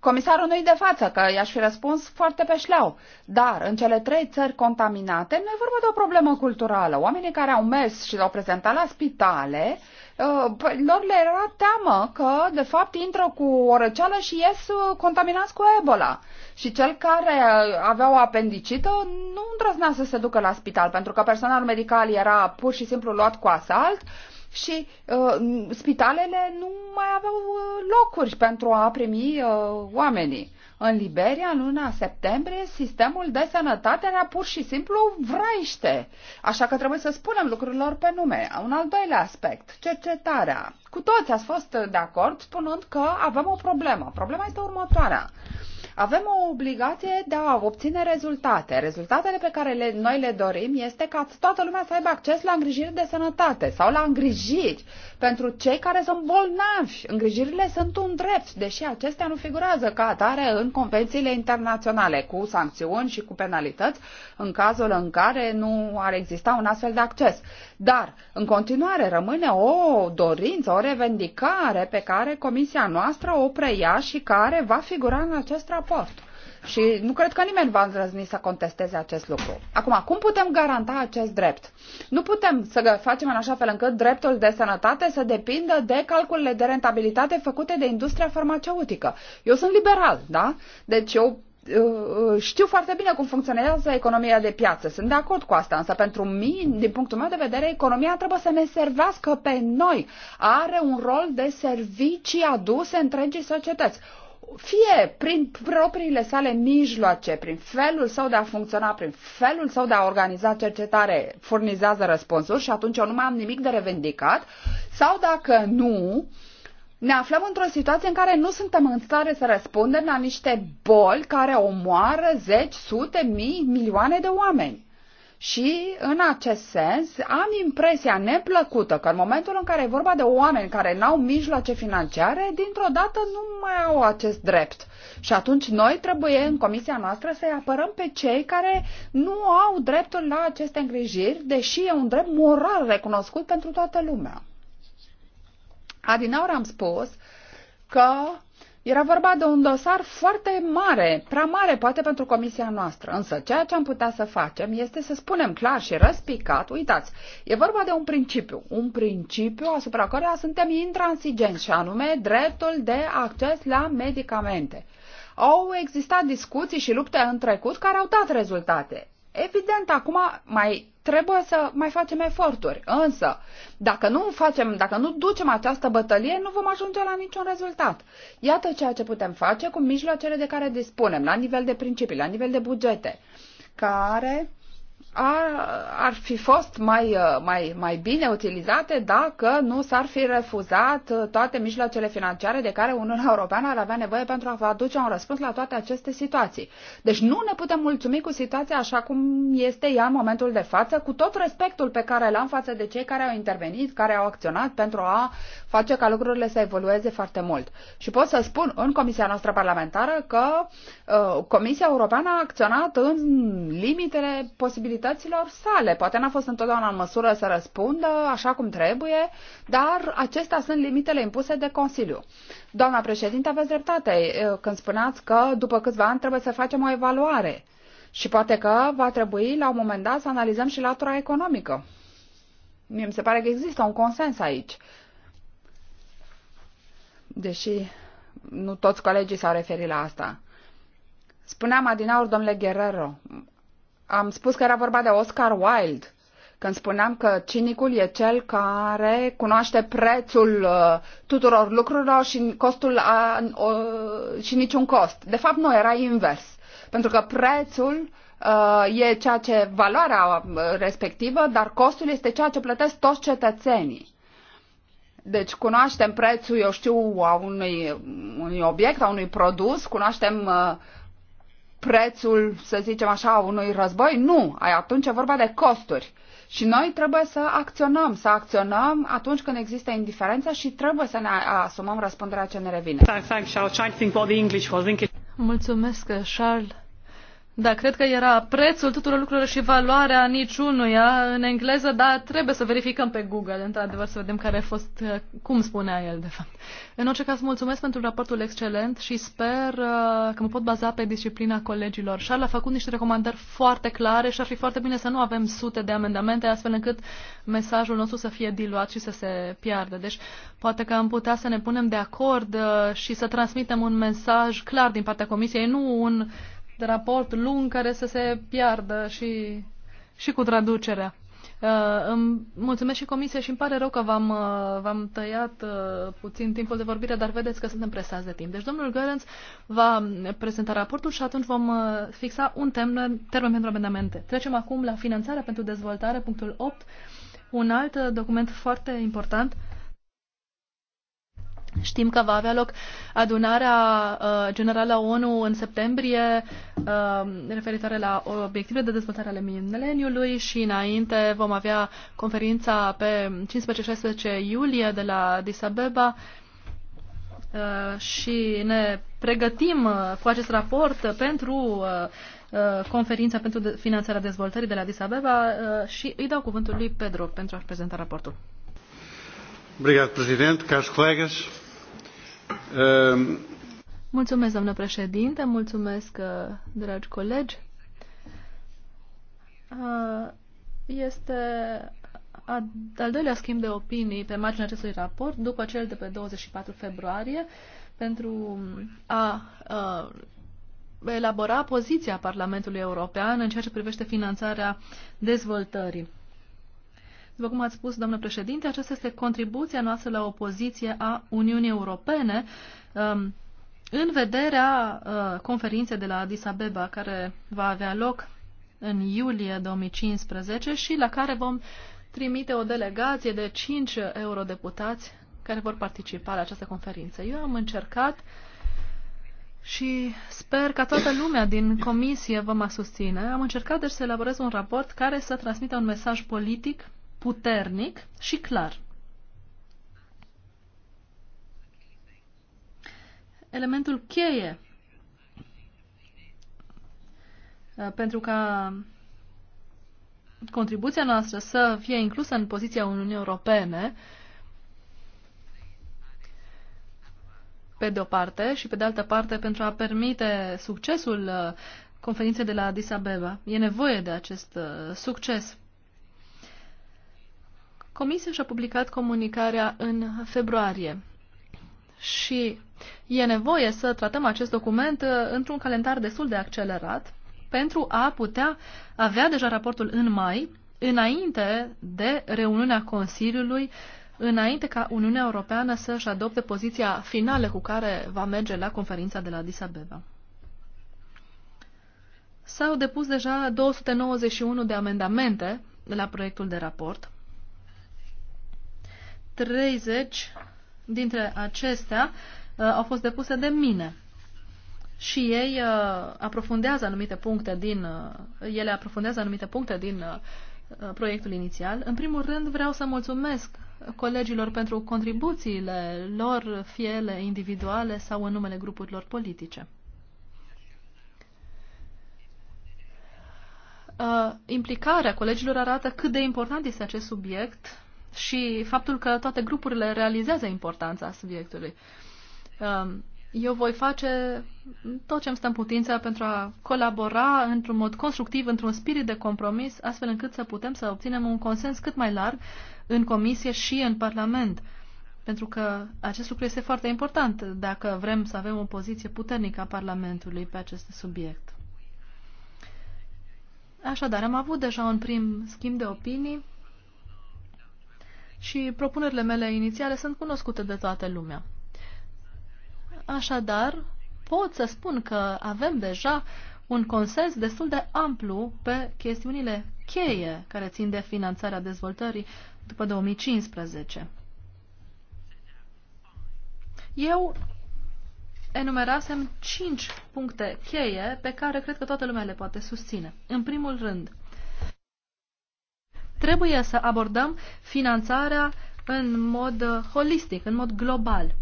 Comisarul nu-i de față, că i-aș fi răspuns foarte pe șleau. Dar în cele trei țări contaminate nu e vorba de o problemă culturală. Oamenii care au mers și l-au prezentat la spitale, ă, păi, lor le era teamă că, de fapt, intră cu o răceală și ies ă, contaminați cu Ebola. Și cel care avea o apendicită nu îndrăznea să se ducă la spital, pentru că personalul medical era pur și simplu luat cu asalt, și uh, spitalele nu mai aveau uh, locuri pentru a primi uh, oamenii. În Liberia, în luna septembrie, sistemul de sănătate era pur și simplu vraiște. Așa că trebuie să spunem lucrurilor pe nume. Un al doilea aspect, cercetarea. Cu toți ați fost de acord spunând că avem o problemă. Problema este următoarea. Avem o obligație de a obține rezultate. Rezultatele pe care le, noi le dorim este ca toată lumea să aibă acces la îngrijiri de sănătate sau la îngrijiri pentru cei care sunt bolnavi. Îngrijirile sunt un drept, deși acestea nu figurează ca atare în convențiile internaționale, cu sancțiuni și cu penalități în cazul în care nu ar exista un astfel de acces. Dar, în continuare, rămâne o dorință, o revendicare pe care Comisia noastră o preia și care va figura în acest raport raport. Și nu cred că nimeni va îndrăzni să contesteze acest lucru. Acum, cum putem garanta acest drept? Nu putem să facem în așa fel încât dreptul de sănătate să depindă de calculele de rentabilitate făcute de industria farmaceutică. Eu sunt liberal, da? Deci eu uh, uh, știu foarte bine cum funcționează economia de piață. Sunt de acord cu asta, însă pentru mine, din punctul meu de vedere, economia trebuie să ne servească pe noi. Are un rol de servicii aduse întregii societăți fie prin propriile sale mijloace, prin felul său de a funcționa, prin felul său de a organiza cercetare, furnizează răspunsuri și atunci eu nu mai am nimic de revendicat, sau dacă nu, ne aflăm într-o situație în care nu suntem în stare să răspundem la niște boli care omoară zeci, sute, mii, milioane de oameni. Și în acest sens am impresia neplăcută că în momentul în care e vorba de oameni care n-au mijloace financiare, dintr-o dată nu mai au acest drept. Și atunci noi trebuie în comisia noastră să-i apărăm pe cei care nu au dreptul la aceste îngrijiri, deși e un drept moral recunoscut pentru toată lumea. Adinaur am spus că era vorba de un dosar foarte mare, prea mare poate pentru comisia noastră, însă ceea ce am putea să facem este să spunem clar și răspicat, uitați, e vorba de un principiu, un principiu asupra căruia suntem intransigenți și anume dreptul de acces la medicamente. Au existat discuții și lupte în trecut care au dat rezultate. Evident, acum mai trebuie să mai facem eforturi, însă dacă nu facem, dacă nu ducem această bătălie, nu vom ajunge la niciun rezultat. Iată ceea ce putem face cu mijloacele de care dispunem, la nivel de principii, la nivel de bugete, care ar, ar fi fost mai, uh, mai, mai bine utilizate dacă nu s-ar fi refuzat uh, toate mijloacele financiare de care Uniunea Europeană ar avea nevoie pentru a aduce un răspuns la toate aceste situații. Deci nu ne putem mulțumi cu situația așa cum este ea în momentul de față, cu tot respectul pe care l-am față de cei care au intervenit, care au acționat pentru a face ca lucrurile să evolueze foarte mult. Și pot să spun în Comisia noastră parlamentară că uh, Comisia Europeană a acționat în limitele posibilității abilităților sale. Poate n-a fost întotdeauna în măsură să răspundă așa cum trebuie, dar acestea sunt limitele impuse de Consiliu. Doamna președinte, aveți dreptate când spuneați că după câțiva ani trebuie să facem o evaluare și poate că va trebui la un moment dat să analizăm și latura economică. Mie mi se pare că există un consens aici. Deși nu toți colegii s-au referit la asta. Spuneam adinaur, domnule Guerrero, am spus că era vorba de Oscar Wilde, când spuneam că cinicul e cel care cunoaște prețul uh, tuturor lucrurilor și costul a, o, și niciun cost. De fapt, nu, era invers. Pentru că prețul uh, e ceea ce valoarea uh, respectivă, dar costul este ceea ce plătesc toți cetățenii. Deci cunoaștem prețul, eu știu, a unui, unui obiect, a unui produs, cunoaștem uh, prețul, să zicem așa, unui război? Nu, atunci e vorba de costuri. Și noi trebuie să acționăm, să acționăm atunci când există indiferență și trebuie să ne asumăm răspunderea ce ne revine. Mulțumesc, Charles. Da, cred că era prețul tuturor lucrurilor și valoarea niciunuia în engleză, dar trebuie să verificăm pe Google, într-adevăr, să vedem care a fost, uh, cum spunea el, de fapt. În orice caz, mulțumesc pentru raportul excelent și sper uh, că mă pot baza pe disciplina colegilor. Charles a făcut niște recomandări foarte clare și ar fi foarte bine să nu avem sute de amendamente, astfel încât mesajul nostru să fie diluat și să se piardă. Deci, poate că am putea să ne punem de acord uh, și să transmitem un mesaj clar din partea Comisiei, nu un raport lung care să se piardă și, și cu traducerea. Uh, îmi mulțumesc și comisie și îmi pare rău că v-am, uh, v-am tăiat uh, puțin timpul de vorbire, dar vedeți că suntem presați de timp. Deci domnul Gărenț va prezenta raportul și atunci vom uh, fixa un termen, termen pentru amendamente. Trecem acum la finanțarea pentru dezvoltare, punctul 8, un alt uh, document foarte important uh, Știm că va avea loc adunarea uh, generală a ONU în septembrie uh, referitoare la obiectivele de dezvoltare ale mileniului și înainte vom avea conferința pe 15-16 iulie de la Disabeba uh, și ne pregătim uh, cu acest raport pentru conferința pentru finanțarea dezvoltării de la Disabeba uh, și îi dau cuvântul lui Pedro pentru a-și prezenta raportul. Obrigado, Presidente. Caros colegas, Ehm, mulțumesc, doamnă președinte, mulțumesc, uh, dragi colegi. Uh, este al doilea schimb de opinii pe marginea acestui raport, după cel de pe 24 februarie, pentru a uh, elabora poziția Parlamentului European în ceea ce privește finanțarea dezvoltării. După cum ați spus, domnule președinte, aceasta este contribuția noastră la opoziție a Uniunii Europene um, în vederea uh, conferinței de la Addis Abeba, care va avea loc în iulie 2015 și la care vom trimite o delegație de 5 eurodeputați care vor participa la această conferință. Eu am încercat și sper ca toată lumea din comisie vă mă susține. Am încercat deci să elaborez un raport care să transmită un mesaj politic puternic și clar. Elementul cheie uh, pentru ca contribuția noastră să fie inclusă în poziția Uniunii Europene, pe de o parte, și pe de altă parte pentru a permite succesul uh, conferinței de la Addis Abeba. E nevoie de acest uh, succes. Comisia și-a publicat comunicarea în februarie și e nevoie să tratăm acest document uh, într-un calendar destul de accelerat pentru a putea avea deja raportul în mai, înainte de reuniunea Consiliului, înainte ca Uniunea Europeană să-și adopte poziția finală cu care va merge la conferința de la Addis Abeba. S-au depus deja 291 de amendamente la proiectul de raport 30 dintre acestea uh, au fost depuse de mine. Și ei uh, aprofundează anumite puncte din uh, ele aprofundează anumite puncte din uh, uh proiectul inițial. În primul rând vreau să mulțumesc colegilor pentru contribuțiile lor, fie ele individuale sau în numele grupurilor politice. Uh, implicarea colegilor arată cât de important este acest subiect și faptul că toate grupurile realizează importanța subiectului. Um, eu voi face tot ce îmi stă în putință pentru a colabora într-un mod constructiv, într-un spirit de compromis, astfel încât să putem să obținem un consens cât mai larg în comisie și în Parlament. Pentru că acest lucru este foarte important dacă vrem să avem o poziție puternică a Parlamentului pe acest subiect. Așadar, am avut deja un prim schimb de opinii și propunerile mele inițiale sunt cunoscute de toată lumea. Așadar, pot să spun că avem deja un consens destul de amplu pe chestiunile cheie care țin de finanțarea dezvoltării după 2015. Eu enumerasem cinci puncte cheie pe care cred că toată lumea le poate susține. În primul rând, Trebuie să abordăm finanțarea în mod uh, holistic, în mod global.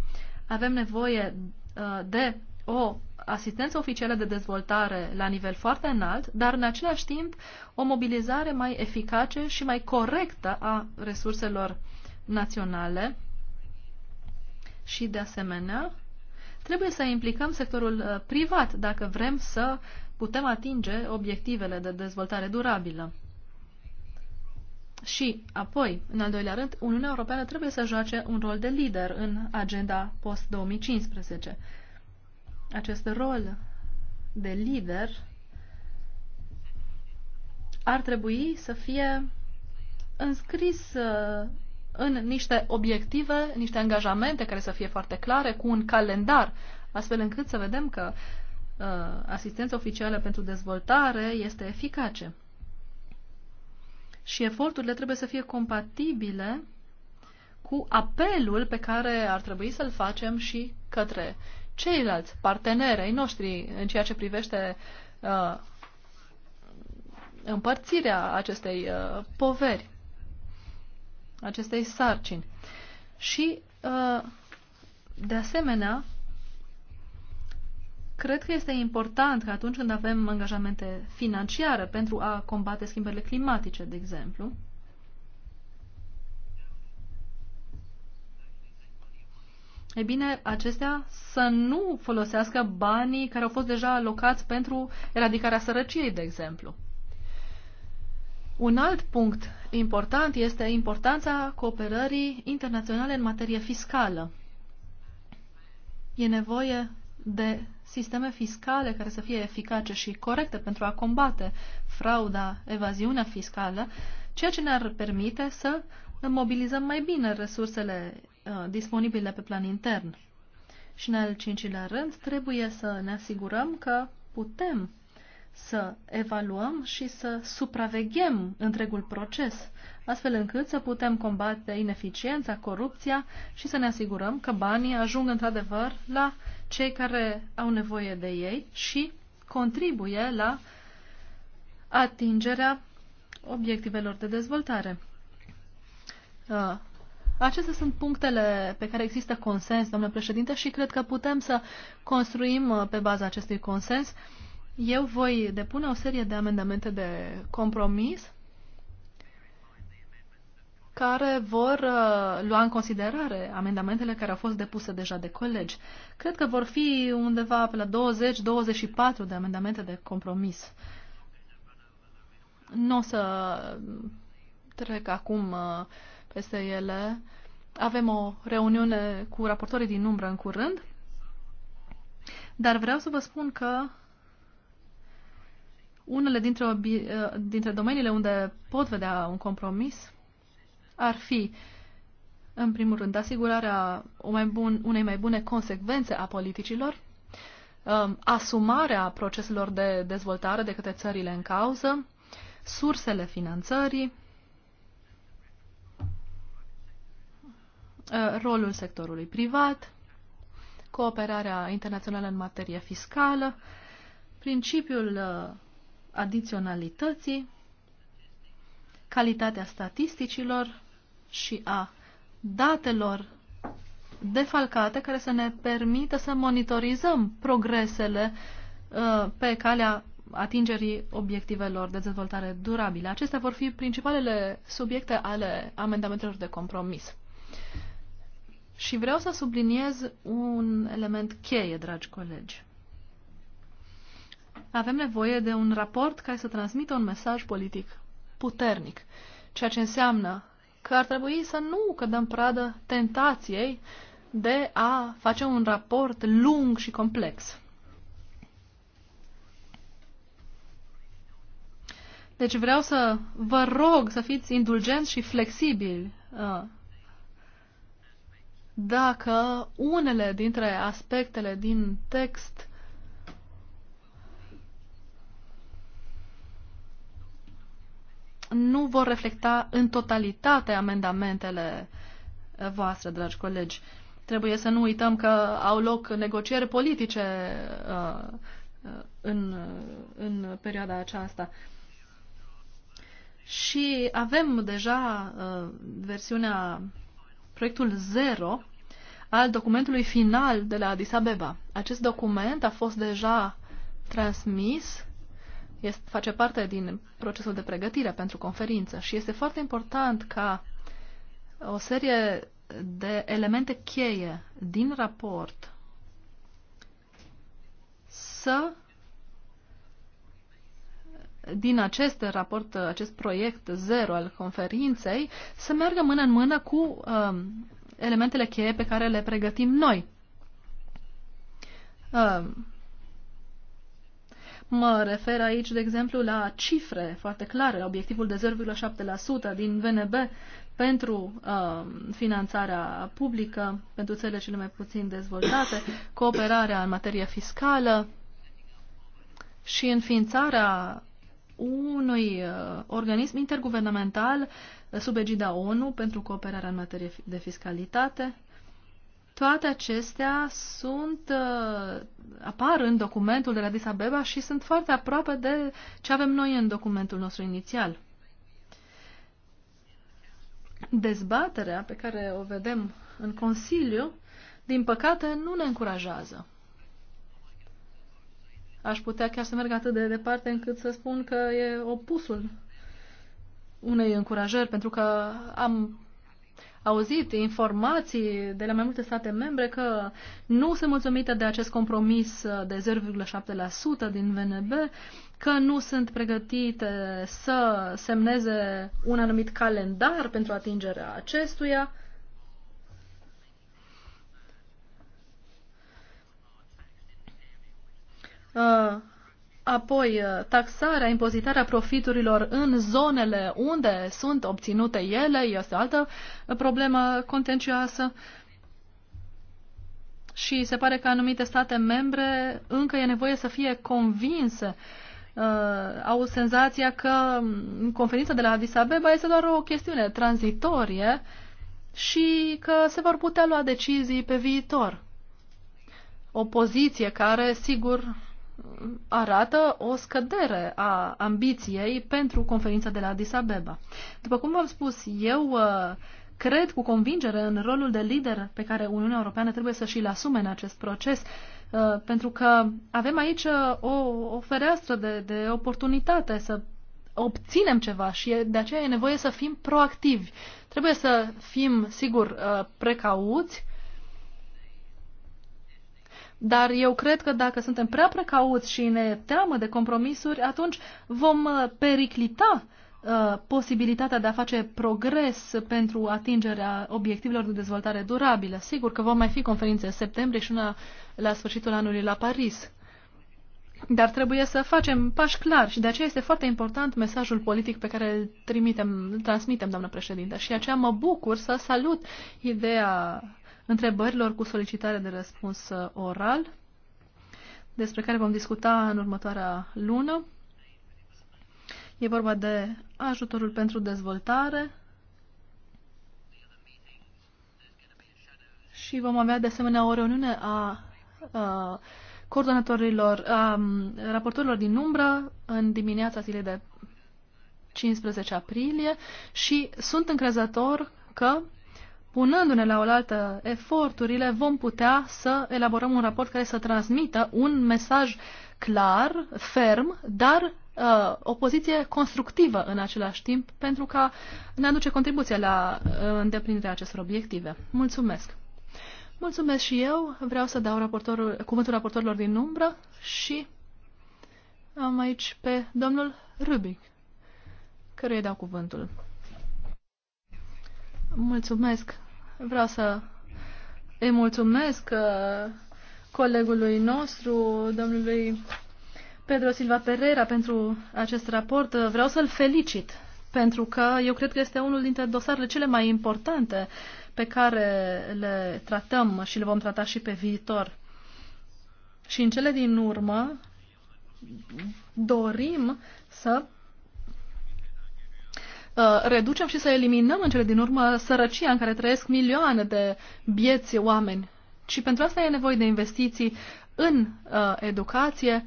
Avem nevoie uh, de o asistență oficială de dezvoltare la nivel foarte înalt, dar în același timp o mobilizare mai eficace și mai corectă a resurselor naționale și, de asemenea, trebuie să implicăm sectorul uh, privat dacă vrem să putem atinge obiectivele de dezvoltare durabilă. Și apoi, în al doilea rând, Uniunea Europeană trebuie să joace un rol de lider în agenda post-2015. Acest rol de lider ar trebui să fie înscris uh, în niște obiective, niște angajamente care să fie foarte clare, cu un calendar, astfel încât să vedem că uh, asistența oficială pentru dezvoltare este eficace și eforturile trebuie să fie compatibile cu apelul pe care ar trebui să-l facem și către ceilalți parteneri ai noștri în ceea ce privește uh, împărțirea acestei uh, poveri, acestei sarcini. Și, uh, de asemenea, Cred că este important că atunci când avem angajamente financiare pentru a combate schimbările climatice, de exemplu, E bine, acestea să nu folosească banii care au fost deja alocați pentru eradicarea sărăciei, de exemplu. Un alt punct important este importanța cooperării internaționale în materie fiscală. E nevoie de sisteme fiscale care să fie eficace și corecte pentru a combate frauda, evaziunea fiscală, ceea ce ne-ar permite să mobilizăm mai bine resursele uh, disponibile pe plan intern. Și în al cincilea rând, trebuie să ne asigurăm că putem să evaluăm și să supraveghem întregul proces, astfel încât să putem combate ineficiența, corupția și să ne asigurăm că banii ajung într-adevăr la uh, cei care au nevoie de ei și contribuie la atingerea obiectivelor de dezvoltare. Uh, acestea sunt punctele pe care există consens, domnule președinte, și cred că putem să construim uh, pe baza acestui consens. Eu voi depune o serie de amendamente de compromis care vor uh, lua în considerare amendamentele care au fost depuse deja de colegi. Cred că vor fi undeva pe la 20-24 de amendamente de compromis. Nu o să trec acum uh, peste ele. Avem o reuniune cu raportorii din umbră în curând, dar vreau să vă spun că unele dintre, uh, dintre domeniile unde pot vedea un compromis ar fi, în primul rând, asigurarea o mai bun, unei mai bune consecvențe a politicilor, um, asumarea proceselor de dezvoltare de către țările în cauză, sursele finanțării, uh, rolul sectorului privat, cooperarea internațională în materie fiscală, principiul uh, adiționalității, calitatea statisticilor, și a datelor defalcate care să ne permită să monitorizăm progresele uh, pe calea atingerii obiectivelor de dezvoltare durabilă. Acestea vor fi principalele subiecte ale amendamentelor de compromis. Și vreau să subliniez un element cheie, dragi colegi. Avem nevoie de un raport care să transmită un mesaj politic puternic, ceea ce înseamnă că ar trebui să nu cădem pradă tentației de a face un raport lung și complex. Deci vreau să vă rog să fiți indulgenți și flexibili uh, dacă unele dintre aspectele din text nu vor reflecta în totalitate amendamentele eh, voastre, dragi colegi. Trebuie să nu uităm că au loc negocieri politice eh, eh, în, în perioada aceasta. Și avem deja versiunea, proiectul 0 al documentului final de la Addis Abeba. Acest document a fost deja transmis este, face parte din procesul de pregătire pentru conferință și este foarte important ca o serie de elemente cheie din raport să din acest raport, acest proiect zero al conferinței, să meargă mână în mână cu uh, elementele cheie pe care le pregătim noi. Uh, Mă refer aici, de exemplu, la cifre foarte clare, obiectivul de 0,7% din VNB pentru uh, finanțarea publică, pentru țările cele mai puțin dezvoltate, cooperarea în materie fiscală și înființarea unui uh, organism interguvernamental uh, sub egida ONU pentru cooperarea în materie de fiscalitate, toate acestea sunt, uh, apar în documentul de la Addis Abeba și sunt foarte aproape de ce avem noi în documentul nostru inițial. Dezbaterea pe care o vedem în Consiliu, din păcate, nu ne încurajează. Aș putea chiar să merg atât de departe încât să spun că e opusul unei încurajări, pentru că am auzit informații de la mai multe state membre că nu sunt mulțumite de acest compromis de 0,7% din VNB, că nu sunt pregătite să semneze un anumit calendar pentru atingerea acestuia. Uh, Apoi, uh, taxarea, impozitarea profiturilor în zonele unde sunt obținute ele este o altă uh, problemă contencioasă. Și se pare că anumite state membre încă e nevoie să fie convinse. Uh, au senzația că mm, conferința de la Addis Abeba este doar o chestiune tranzitorie și că se vor putea lua decizii pe viitor. O poziție care, sigur, arată o scădere a ambiției pentru conferința de la Addis Abeba. După cum v-am spus, eu uh, cred cu convingere în rolul de lider pe care Uniunea Europeană trebuie să și-l asume în acest proces, uh, pentru că avem aici uh, o, o fereastră de, de oportunitate să obținem ceva și de aceea e nevoie să fim proactivi. Trebuie să fim, sigur, precauți, dar eu cred că dacă suntem prea precauți și ne teamă de compromisuri, atunci vom uh, periclita uh, posibilitatea de a face progres pentru atingerea obiectivelor de dezvoltare durabilă. Sigur că vom mai fi conferințe în septembrie și una la sfârșitul anului la Paris. Dar trebuie să facem pași clar și de aceea este foarte important mesajul politic pe care îl trimitem, îl transmitem, doamnă președintă. Și aceea mă bucur să salut ideea întrebărilor cu solicitare de răspuns uh, oral, despre care vom discuta în următoarea lună. E vorba de ajutorul pentru dezvoltare și vom avea de asemenea o reuniune a, a uh, coordonatorilor, a, um, raportorilor din umbră în dimineața zilei de 15 aprilie și sunt încrezător că punându-ne la oaltă eforturile, vom putea să elaborăm un raport care să transmită un mesaj clar, ferm, dar uh, o poziție constructivă în același timp pentru că ne aduce contribuția la uh, îndeplinirea acestor obiective. Mulțumesc! Mulțumesc și eu. Vreau să dau raportorul, cuvântul raportorilor din umbră și am aici pe domnul Rubic, căruia îi dau cuvântul. Mulțumesc. Vreau să îi mulțumesc uh, colegului nostru, domnului Pedro Silva Pereira, pentru acest raport. Uh, vreau să-l felicit pentru că eu cred că este unul dintre dosarele cele mai importante pe care le tratăm și le vom trata și pe viitor. Și în cele din urmă dorim să Uh, reducem și să eliminăm în cele din urmă sărăcia în care trăiesc milioane de bieți oameni. Și pentru asta e nevoie de investiții în uh, educație,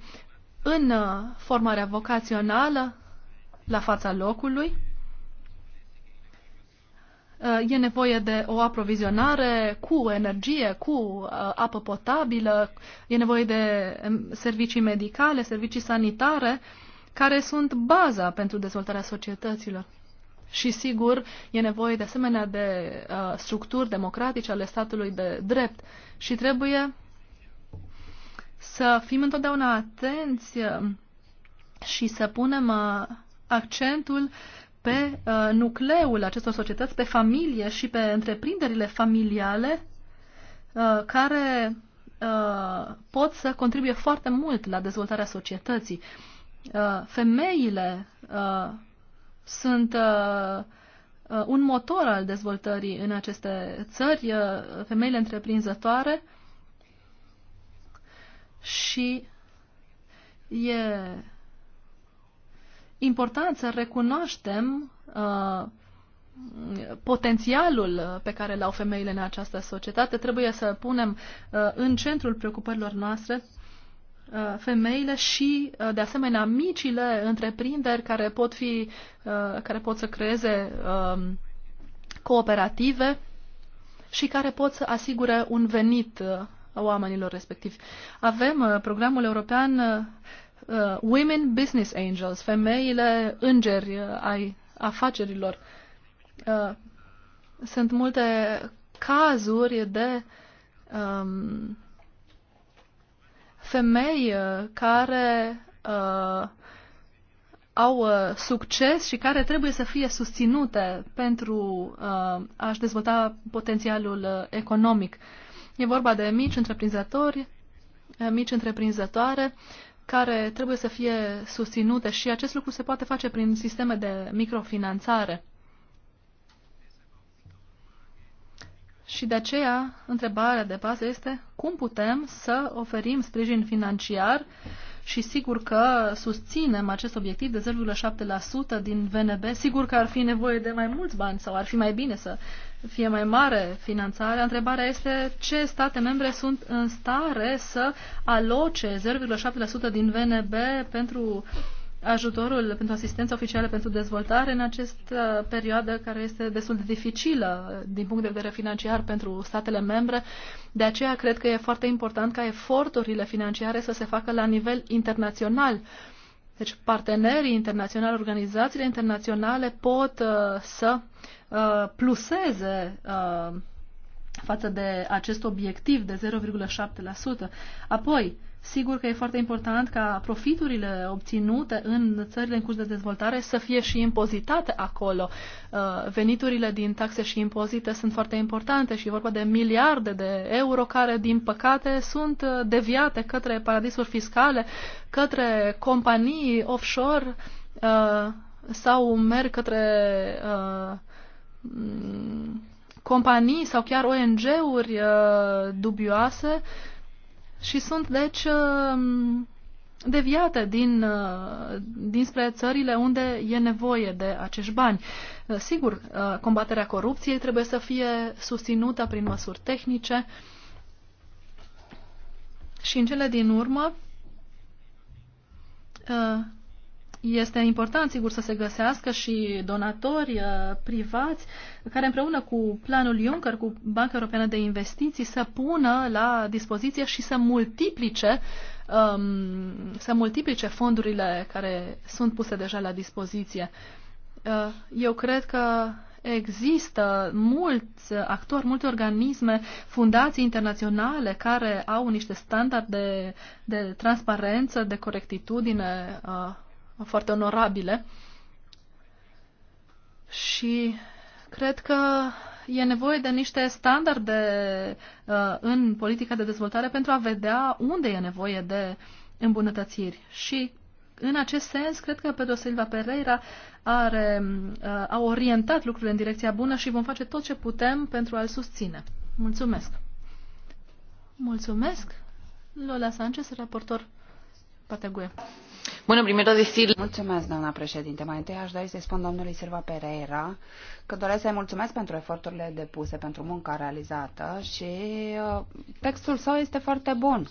în uh, formarea vocațională la fața locului. Uh, e nevoie de o aprovizionare cu energie, cu uh, apă potabilă, e nevoie de um, servicii medicale, servicii sanitare, care sunt baza pentru dezvoltarea societăților. Și sigur, e nevoie de asemenea de uh, structuri democratice ale statului de drept și trebuie să fim întotdeauna atenți uh, și să punem uh, accentul pe uh, nucleul acestor societăți, pe familie și pe întreprinderile familiale uh, care uh, pot să contribuie foarte mult la dezvoltarea societății. Uh, femeile uh, sunt uh, uh, un motor al dezvoltării în aceste țări, uh, femeile întreprinzătoare și e important să recunoaștem uh, potențialul pe care l-au femeile în această societate. Trebuie să punem uh, în centrul preocupărilor noastre Uh, femeile și, uh, de asemenea, micile întreprinderi care pot, fi, uh, care pot să creeze um, cooperative și care pot să asigure un venit oamenilor respectivi. Avem programul european Women Business Angels, femeile îngeri ai afacerilor. Sunt multe cazuri de um, femei uh, care uh, au uh, succes și care trebuie să fie susținute pentru uh, a-și dezvolta potențialul uh, economic. E vorba de mici întreprinzători, uh, mici întreprinzătoare care trebuie să fie susținute și acest lucru se poate face prin sisteme de microfinanțare. Și de aceea, întrebarea de bază este cum putem să oferim sprijin financiar și sigur că susținem acest obiectiv de 0,7% din VNB. Sigur că ar fi nevoie de mai mulți bani sau ar fi mai bine să fie mai mare finanțarea. Întrebarea este ce state membre sunt în stare să aloce 0,7% din VNB pentru uh, ajutorul pentru asistență oficială pentru dezvoltare în această uh, perioadă care este destul de dificilă uh, din punct de vedere financiar pentru statele membre. De aceea cred că e foarte important ca eforturile financiare să se facă la nivel internațional. Deci partenerii internaționali, organizațiile internaționale pot uh, să uh, pluseze uh, față de acest obiectiv de 0,7%. Apoi, uh, Sigur că e foarte important ca profiturile obținute în țările în curs de dezvoltare să fie și impozitate acolo. Uh, veniturile din taxe și impozite sunt foarte importante și e vorba de miliarde de euro care, din păcate, sunt uh, deviate către paradisuri fiscale, către companii offshore uh, sau merg către companii sau chiar ONG-uri dubioase și sunt deci um, deviate din, uh, dinspre țările unde e nevoie de acești bani. Uh, sigur, uh, combaterea corupției trebuie să fie susținută prin măsuri tehnice și în cele din urmă este important, sigur, să se găsească și donatori uh, privați care împreună cu planul Juncker, cu Banca Europeană de Investiții, să pună la dispoziție și să multiplice um, să multiplice fondurile care sunt puse deja la dispoziție. Uh, eu cred că există mulți actori, multe organisme, fundații internaționale care au niște standarde de, de transparență, de corectitudine uh, foarte onorabile. Și cred că e nevoie de niște standarde uh, în politica de dezvoltare pentru a vedea unde e nevoie de îmbunătățiri. Și în acest sens, cred că Pedro Silva Pereira are, uh, a orientat lucrurile în direcția bună și vom face tot ce putem pentru a-l susține. Mulțumesc! Mulțumesc! Lola Sanchez, raportor Pategue. Bună, primero decir... Mulțumesc, doamna președinte. Mai întâi aș dori să-i spun domnului Silva Pereira că doresc să-i mulțumesc pentru eforturile depuse, pentru munca realizată și uh, textul său este foarte bun.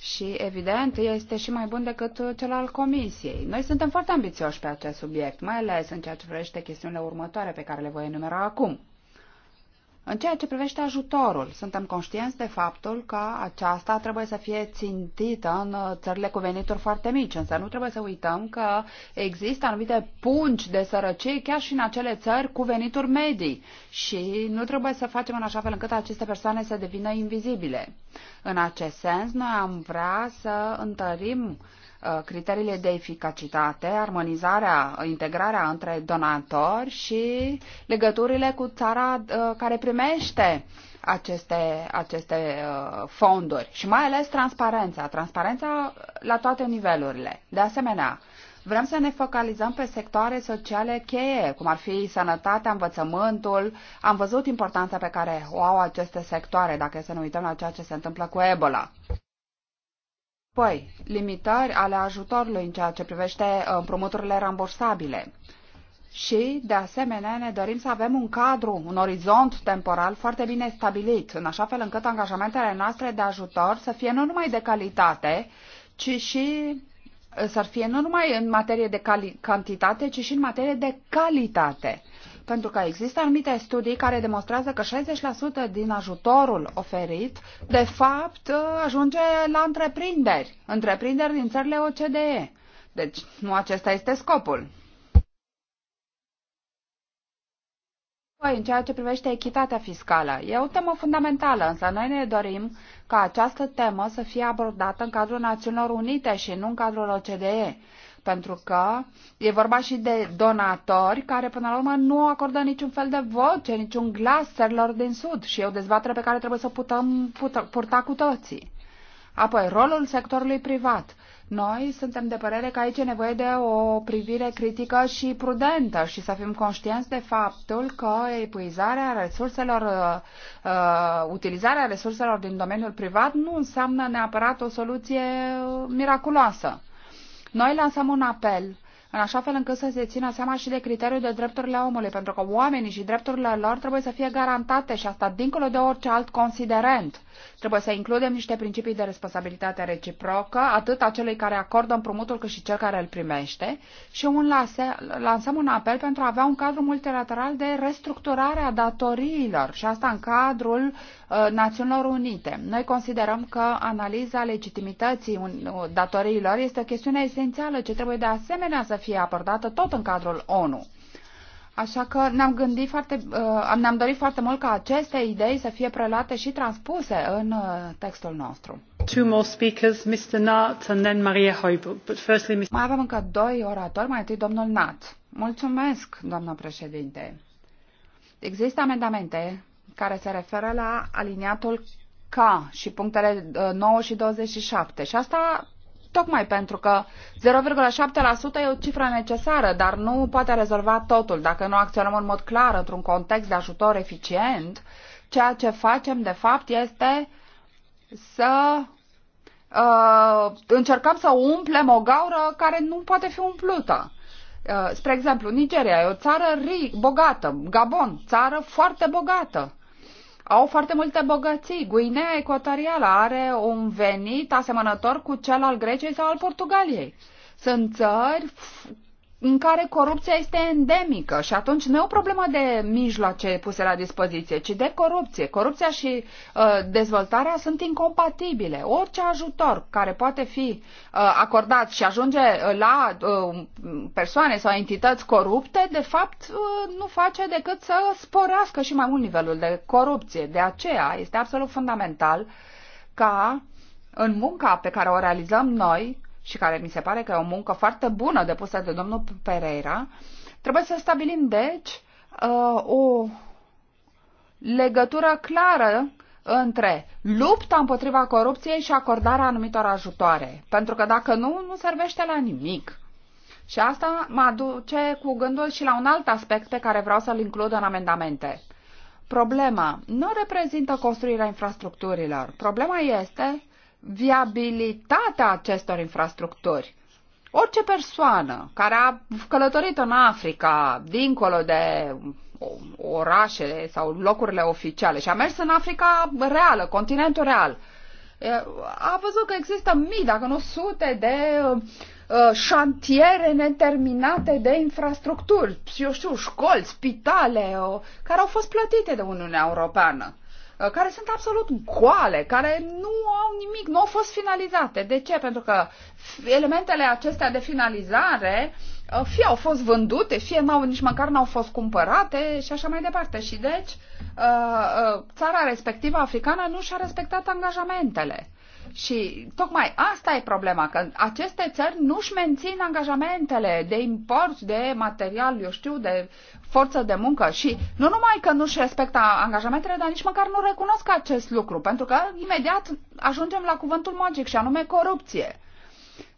Și, evident, este și mai bun decât cel al Comisiei. Noi suntem foarte ambițioși pe acest subiect, mai ales în ceea ce privește chestiunile următoare pe care le voi enumera acum. În ceea ce privește ajutorul, suntem conștienți de faptul că aceasta trebuie să fie țintită în uh, țările cu venituri foarte mici, însă nu trebuie să uităm că există anumite pungi de sărăcie chiar și în acele țări cu venituri medii și nu trebuie să facem în așa fel încât aceste persoane să devină invizibile. În acest sens, noi am vrea să întărim uh, Uh, criteriile de eficacitate, armonizarea, integrarea între donatori și legăturile cu țara uh, care primește aceste, aceste uh, fonduri și mai ales transparența, transparența la toate nivelurile. De asemenea, Vrem să ne focalizăm pe sectoare sociale cheie, cum ar fi sănătatea, învățământul. Am văzut importanța pe care o au aceste sectoare, dacă să ne uităm la ceea ce se întâmplă cu Ebola păi, limitări ale ajutorului în ceea ce privește uh, împrumuturile rambursabile. Și, de asemenea, ne dorim să avem un cadru, un orizont temporal foarte bine stabilit, în așa fel încât angajamentele noastre de ajutor să fie nu numai de calitate, ci și uh, să fie nu numai în materie de cantitate, ci și în materie de calitate. Pentru că există anumite studii care demonstrează că 60% din ajutorul oferit, de fapt, ajunge la întreprinderi, întreprinderi din țările OCDE. Deci, nu acesta este scopul. în ceea ce privește echitatea fiscală, e o temă fundamentală, însă noi ne dorim ca această temă să fie abordată în cadrul Națiunilor Unite și nu în cadrul OCDE pentru că e vorba și de donatori care până la urmă nu acordă niciun fel de voce, niciun glas țărilor din Sud și e o dezbatere pe care trebuie să o putem purta cu toții. Apoi, rolul sectorului privat. Noi suntem de părere că aici e nevoie de o privire critică și prudentă și să fim conștienți de faptul că epuizarea resurselor, uh, uh utilizarea resurselor din domeniul privat nu înseamnă neapărat o soluție miraculoasă. Noi lansăm un apel în așa fel încât să se țină seama și de criteriul de drepturile omului, pentru că oamenii și drepturile lor trebuie să fie garantate și asta dincolo de orice alt considerent. Trebuie să includem niște principii de responsabilitate reciprocă, atât a celui care acordă împrumutul cât și cel care îl primește și un lase, lansăm un apel pentru a avea un cadru multilateral de restructurare a datoriilor și asta în cadrul Uh, Națiunilor Unite. Noi considerăm că analiza legitimității uh, datoriilor este o chestiune esențială ce trebuie de asemenea să fie abordată tot în cadrul ONU. Așa că ne-am gândit foarte, uh, ne-am dorit foarte mult ca aceste idei să fie preluate și transpuse în textul nostru. Two more speakers, Mr. and then Maria But firstly, Mr. Mai avem încă doi oratori, mai întâi domnul Nart. Mulțumesc, doamnă președinte. Există amendamente care se referă la aliniatul K și punctele 9 uh, și 27. Și asta tocmai pentru că 0,7% e o cifră necesară, dar nu poate rezolva totul dacă nu acționăm în mod clar într-un context de ajutor eficient. Ceea ce facem, de fapt, este să uh, încercăm să umplem o gaură care nu poate fi umplută. Uh, spre exemplu, Nigeria e o țară ric, bogată, Gabon, țară foarte bogată au foarte multe bogății. Guinea Ecuatorială are un venit asemănător cu cel al Greciei sau al Portugaliei. Sunt țări în care corupția este endemică și atunci nu e o problemă de mijloace puse la dispoziție, ci de corupție. Corupția și uh, dezvoltarea sunt incompatibile. Orice ajutor care poate fi uh, acordat și ajunge la uh, persoane sau entități corupte, de fapt uh, nu face decât să sporească și mai mult nivelul de corupție. De aceea este absolut fundamental ca în munca pe care o realizăm noi și care mi se pare că e o muncă foarte bună depusă de domnul Pereira, trebuie să stabilim, deci, uh, o legătură clară între lupta împotriva corupției și acordarea anumitor ajutoare. Pentru că dacă nu, nu servește la nimic. Și asta mă aduce cu gândul și la un alt aspect pe care vreau să-l includ în amendamente. Problema nu reprezintă construirea infrastructurilor. Problema este viabilitatea acestor infrastructuri. Orice persoană care a călătorit în Africa, dincolo de orașele sau locurile oficiale și a mers în Africa reală, continentul real, a văzut că există mii, dacă nu sute de șantiere neterminate de infrastructuri, eu știu, școli, spitale, care au fost plătite de Uniunea Europeană. Uh, care sunt absolut goale, care nu au nimic, nu au fost finalizate. De ce? Pentru că elementele acestea de finalizare uh, fie au fost vândute, fie n-au, nici măcar n-au fost cumpărate și așa mai departe. Și deci uh, țara respectivă africană nu și-a respectat angajamentele. Și tocmai asta e problema, că aceste țări nu-și mențin angajamentele de import de material, eu știu, de forță de muncă și nu numai că nu-și respectă angajamentele, dar nici măcar nu recunosc acest lucru, pentru că imediat ajungem la cuvântul magic și anume corupție.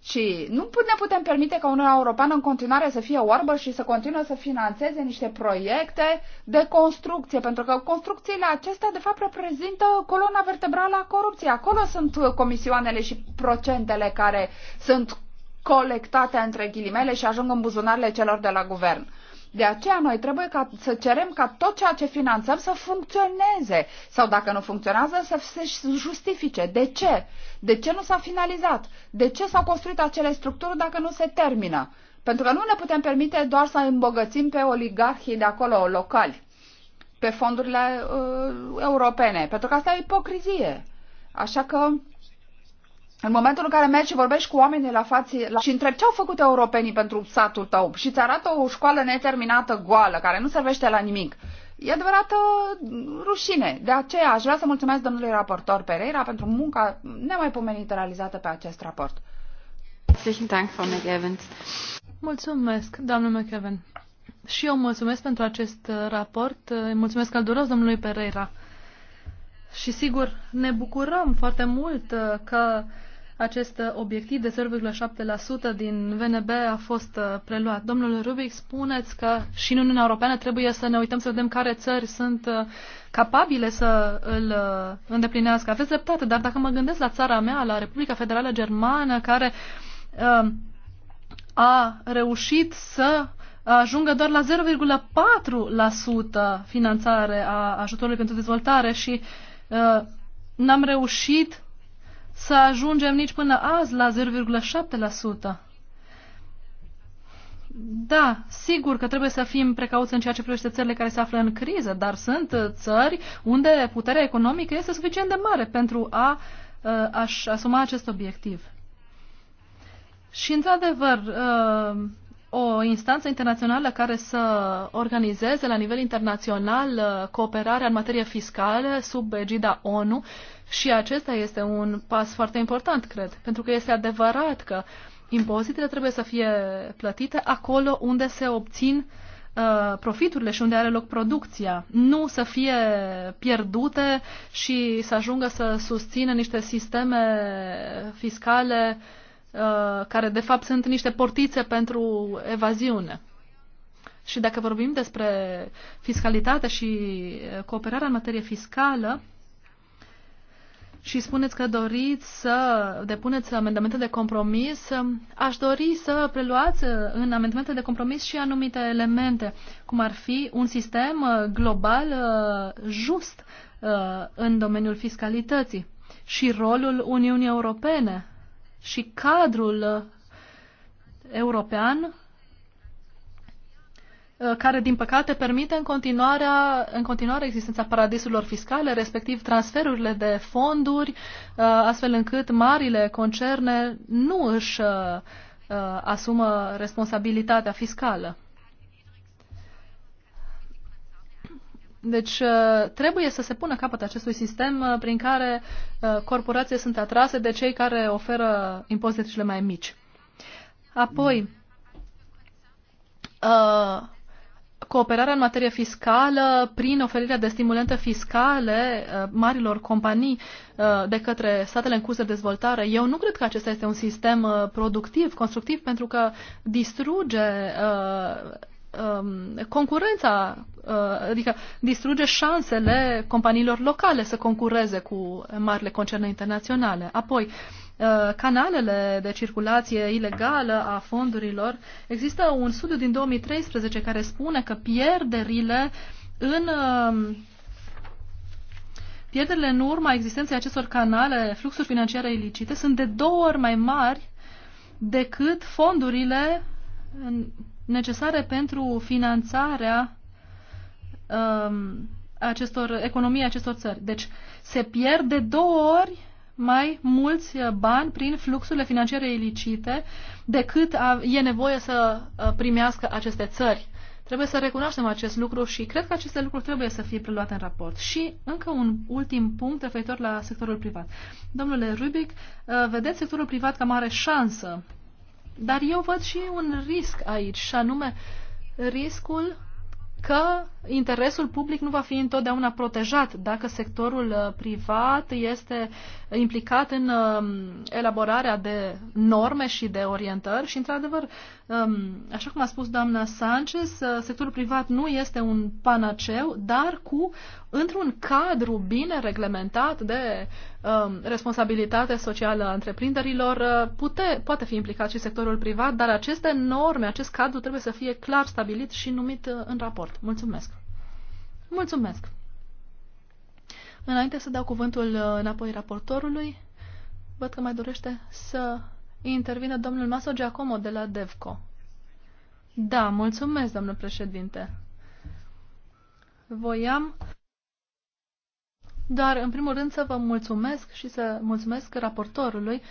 Și nu ne putem permite ca Uniunea Europeană în continuare să fie oarbă și să continue să financeze niște proiecte de construcție, pentru că construcțiile acestea, de fapt, reprezintă coloana vertebrală a corupției. Acolo sunt comisioanele și procentele care sunt colectate între ghilimele și ajung în buzunarele celor de la guvern. De aceea noi trebuie ca, să cerem ca tot ceea ce finanțăm să funcționeze sau dacă nu funcționează să se justifice. De ce? De ce nu s-a finalizat? De ce s-au construit acele structuri dacă nu se termină? Pentru că nu ne putem permite doar să îmbogățim pe oligarhii de acolo locali, pe fondurile uh, europene, pentru că asta e ipocrizie. Așa că în momentul în care mergi și vorbești cu oamenii la față la... și întrebi ce au făcut europenii pentru satul tău și îți arată o școală neterminată goală, care nu servește la nimic, e adevărată uh, rușine. De aceea aș vrea să mulțumesc domnului raportor Pereira pentru munca nemaipomenită realizată pe acest raport. Mulțumesc, doamnă McEwen. Și eu mulțumesc pentru acest uh, raport. Mulțumesc călduros domnului Pereira. Și sigur, ne bucurăm foarte mult uh, că acest uh, obiectiv de 0,7% din VNB a fost uh, preluat. Domnul Rubic, spuneți că și în Uniunea Europeană trebuie să ne uităm să vedem care țări sunt uh, capabile să îl îndeplinească. Aveți dreptate, dar dacă mă gândesc la țara mea, la Republica Federală Germană, care a reușit să ajungă doar la 0,4% finanțare a ajutorului pentru dezvoltare și uh, n-am reușit să ajungem nici până azi la 0,7%. Da, sigur că trebuie să fim precauți în ceea ce privește țările care se află în criză, dar sunt uh, țări unde puterea economică este suficient de mare pentru a, uh, aș asuma acest obiectiv. Și, într-adevăr, uh, o instanță internațională care să organizeze la nivel internațional cooperarea în materie fiscală sub egida ONU și acesta este un pas foarte important, cred, pentru că este adevărat că impozitele trebuie să fie plătite acolo unde se obțin uh, profiturile și unde are loc producția, nu să fie pierdute și să ajungă să susțină niște sisteme fiscale uh, care de fapt sunt niște portițe pentru evaziune. Și dacă vorbim despre fiscalitate și cooperarea în materie fiscală, și spuneți că doriți să depuneți amendamente de compromis, aș dori să preluați în amendamente de compromis și anumite elemente, cum ar fi un sistem uh, global uh, just uh, în domeniul fiscalității și rolul Uniunii Europene și cadrul european Uh, care, din păcate, permite în continuare, în continuare existența paradisurilor fiscale, respectiv transferurile de fonduri, uh, astfel încât marile concerne nu își uh, asumă responsabilitatea fiscală. Deci trebuie să se pună capăt acestui sistem prin care corporații sunt atrase de cei care oferă impozitele mai mici. Apoi, cooperarea în materie fiscală prin oferirea de stimulente fiscale uh, marilor companii uh, de către statele în curs de dezvoltare. Eu nu cred că acesta este un sistem uh, productiv, constructiv, pentru că distruge um, concurența, adică distruge șansele companiilor locale să concureze cu marile concerne internaționale. Apoi, Uh, canalele de circulație ilegală a fondurilor. Există un studiu din 2013 care spune că pierderile în um, pierderile în urma existenței acestor canale, fluxuri financiare ilicite, sunt de două ori mai mari decât fondurile necesare pentru finanțarea um, acestor economii acestor țări. Deci se pierde de două ori mai mulți uh, bani prin fluxurile financiare ilicite decât e nevoie să uh, primească aceste țări. Trebuie să recunoaștem acest lucru și cred că aceste lucruri trebuie să fie preluate în raport. Și încă un ultim punct referitor la sectorul privat. Domnule Rubic, uh, vedeți sectorul privat ca mare șansă, dar eu văd și un risc aici, și anume riscul că interesul public nu va fi întotdeauna protejat dacă sectorul uh, privat este uh, implicat în uh, elaborarea de norme și de orientări și, într-adevăr, Um, așa cum a spus doamna Sanchez, uh, sectorul privat nu este un panaceu, dar cu într-un cadru bine reglementat de um, responsabilitate socială a întreprinderilor, uh, pute, poate fi implicat și sectorul privat, dar aceste norme, acest cadru trebuie să fie clar stabilit și numit uh, în raport. Mulțumesc! Mulțumesc! Înainte să dau cuvântul înapoi raportorului, văd că mai dorește să intervine domnul Maso Giacomo de la DEVCO. Da, mulțumesc, domnul președinte. Voiam doar, în primul rând, să vă mulțumesc și să mulțumesc raportorului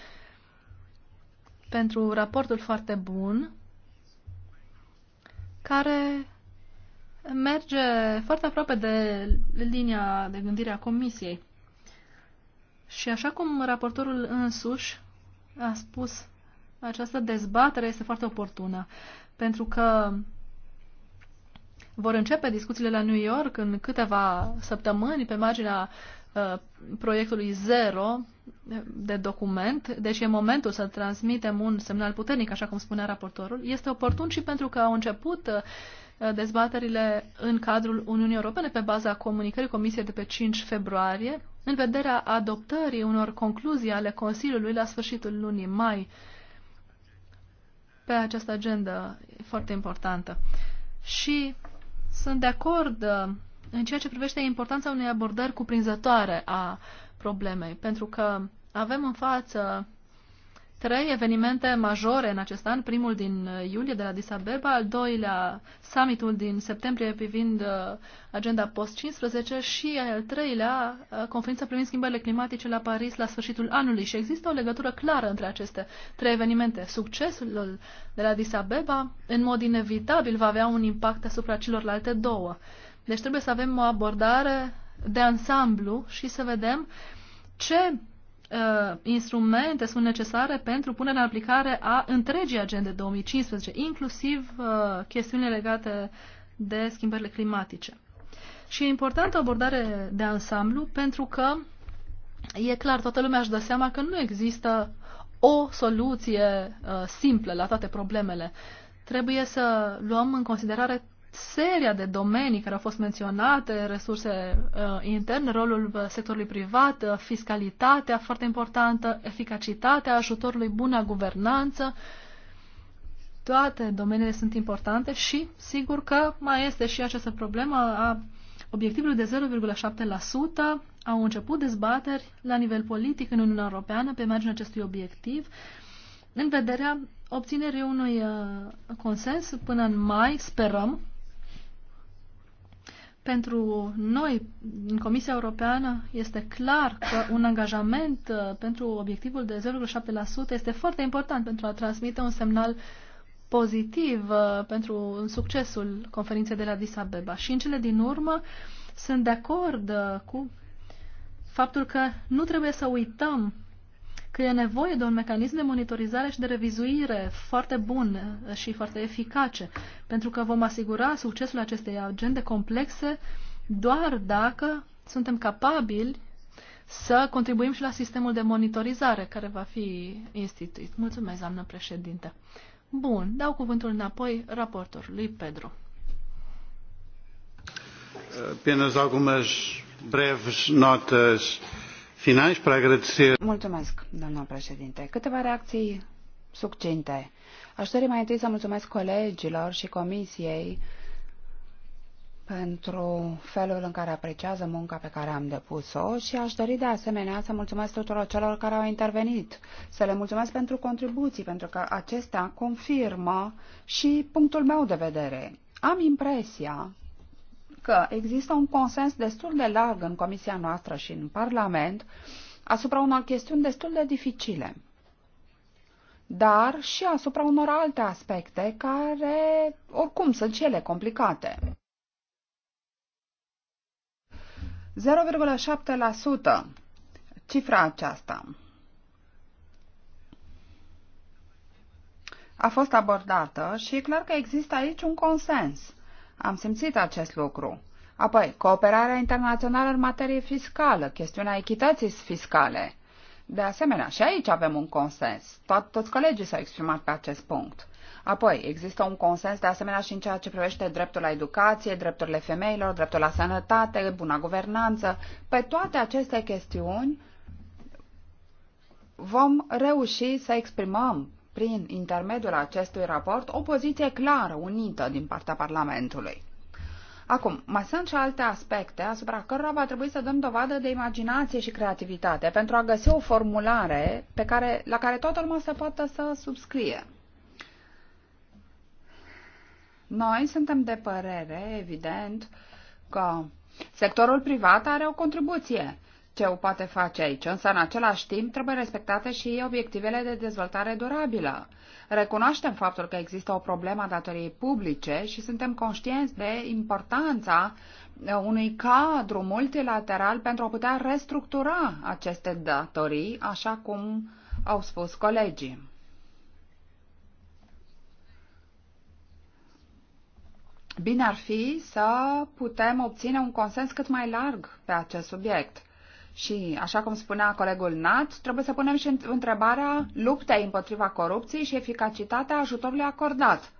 pentru raportul foarte bun care merge foarte aproape de linia de gândire a Comisiei. Și așa cum raportorul însuși a spus, această dezbatere este foarte oportună, pentru că vor începe discuțiile la New York în câteva săptămâni pe marginea uh, proiectului zero de document, deci e momentul să transmitem un semnal puternic, așa cum spunea raportorul. Este oportun și pentru că au început uh, dezbaterile în cadrul Uniunii Europene pe baza comunicării Comisiei de pe 5 februarie în vederea adoptării unor concluzii ale Consiliului la sfârșitul lunii mai pe această agendă foarte importantă. Și sunt de acord uh, în ceea ce privește importanța unei abordări cuprinzătoare a problemei, pentru că avem în față trei evenimente majore în acest an. Primul din uh, iulie de la Addis al doilea summitul din septembrie privind uh, agenda post-15 și al treilea uh, conferința privind schimbările climatice la Paris la sfârșitul anului. Și există o legătură clară între aceste trei evenimente. Succesul de la Addis în mod inevitabil, va avea un impact asupra celorlalte două. Deci trebuie să avem o abordare de ansamblu și să vedem ce uh, instrumente sunt necesare pentru punerea în aplicare a întregii agende 2015, inclusiv uh, chestiunile legate de schimbările climatice. Și e importantă o abordare de ansamblu pentru că e clar, toată lumea își dă seama că nu există o soluție uh, simplă la toate problemele. Trebuie să luăm în considerare seria de domenii care au fost menționate, resurse uh, interne, rolul uh, sectorului privat, uh, fiscalitatea foarte importantă, eficacitatea ajutorului, buna guvernanță. Toate domeniile sunt importante și sigur că mai este și această problemă a obiectivului de 0,7%. Au început dezbateri la nivel politic în Uniunea Europeană pe marginea acestui obiectiv în vederea obținerii unui uh, consens până în mai, sperăm, pentru noi, în Comisia Europeană, este clar că un angajament uh, pentru obiectivul de 0,7% este foarte important pentru a transmite un semnal pozitiv uh, pentru succesul conferinței de la Addis Abeba. Și în cele din urmă sunt de acord uh, cu faptul că nu trebuie să uităm că e nevoie de un mecanism de monitorizare și de revizuire foarte bun uh, și foarte eficace, pentru că vom asigura succesul acestei agende complexe doar dacă suntem capabili să contribuim și la sistemul de monitorizare care va fi instituit. Mulțumesc, doamnă președinte. Bun, dau cuvântul înapoi raportorului Pedro. Apenas algumas breves notas Mulțumesc, doamna președinte. Câteva reacții succinte. Aș dori mai întâi să mulțumesc colegilor și comisiei pentru felul în care apreciază munca pe care am depus-o și aș dori de asemenea să mulțumesc tuturor celor care au intervenit, să le mulțumesc pentru contribuții, pentru că acestea confirmă și punctul meu de vedere. Am impresia că există un consens destul de larg în comisia noastră și în Parlament asupra unor chestiuni destul de dificile, dar și asupra unor alte aspecte care, oricum, sunt cele complicate. 0,7% cifra aceasta a fost abordată și e clar că există aici un consens. Am simțit acest lucru. Apoi, cooperarea internațională în materie fiscală, chestiunea echității fiscale. De asemenea, și aici avem un consens. Tot, toți colegii s-au exprimat pe acest punct. Apoi, există un consens de asemenea și în ceea ce privește dreptul la educație, drepturile femeilor, dreptul la sănătate, buna guvernanță. Pe toate aceste chestiuni vom reuși să exprimăm prin intermediul acestui raport, o poziție clară, unită din partea Parlamentului. Acum, mai sunt și alte aspecte asupra cărora va trebui să dăm dovadă de imaginație și creativitate pentru a găsi o formulare pe care, la care toată lumea se poate să subscrie. Noi suntem de părere, evident, că sectorul privat are o contribuție ce o poate face aici, însă în același timp trebuie respectate și obiectivele de dezvoltare durabilă. Recunoaștem faptul că există o problemă a datoriei publice și suntem conștienți de importanța unui cadru multilateral pentru a putea restructura aceste datorii, așa cum au spus colegii. Bine ar fi să putem obține un consens cât mai larg pe acest subiect. Și, așa cum spunea colegul Nat, trebuie să punem și întrebarea luptei împotriva corupției și eficacitatea ajutorului acordat.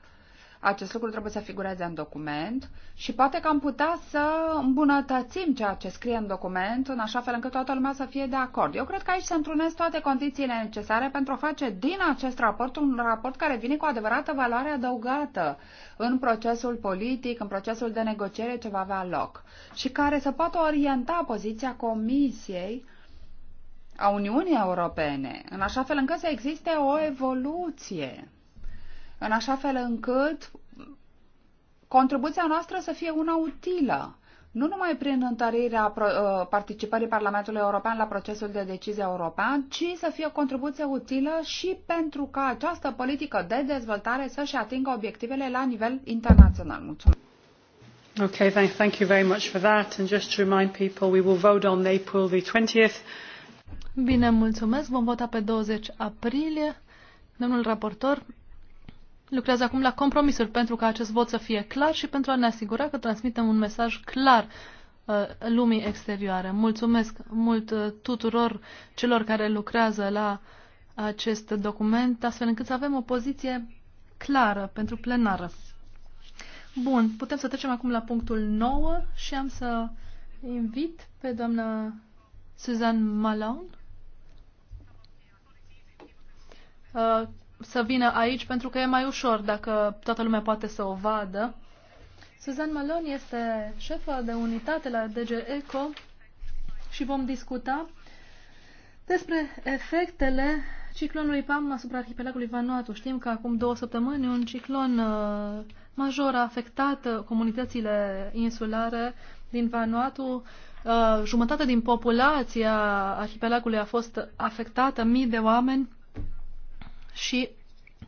Acest lucru trebuie să figureze în document și poate că am putea să îmbunătățim ceea ce scrie în document în așa fel încât toată lumea să fie de acord. Eu cred că aici se întrunesc toate condițiile necesare pentru a face din acest raport un raport care vine cu adevărată valoare adăugată în procesul politic, în procesul de negociere ce va avea loc și care să poată orienta poziția Comisiei a Uniunii Europene, în așa fel încât să existe o evoluție în așa fel încât contribuția noastră să fie una utilă, nu numai prin întărirea uh, participării Parlamentului European la procesul de decizie european, ci să fie o contribuție utilă și pentru ca această politică de dezvoltare să-și atingă obiectivele la nivel internațional. Mulțumesc! Okay, thank, thank you very much for that. And just to remind people, we will vote on April the 20th. Bine, mulțumesc. Vom vota pe 20 aprilie. Domnul raportor, lucrează acum la compromisuri pentru ca acest vot să fie clar și pentru a ne asigura că transmitem un mesaj clar uh, lumii exterioare. Mulțumesc mult uh, tuturor celor care lucrează la acest document, astfel încât să avem o poziție clară pentru plenară. Bun, putem să trecem acum la punctul 9 și am să invit pe doamna Suzanne Malone uh, să vină aici pentru că e mai ușor dacă toată lumea poate să o vadă. Suzanne Malone este șefa de unitate la DG ECO și vom discuta despre efectele ciclonului PAM asupra arhipelagului Vanuatu. Știm că acum două săptămâni un ciclon uh, major a afectat comunitățile insulare din Vanuatu. Uh, jumătate din populația arhipelagului a fost afectată, mii de oameni și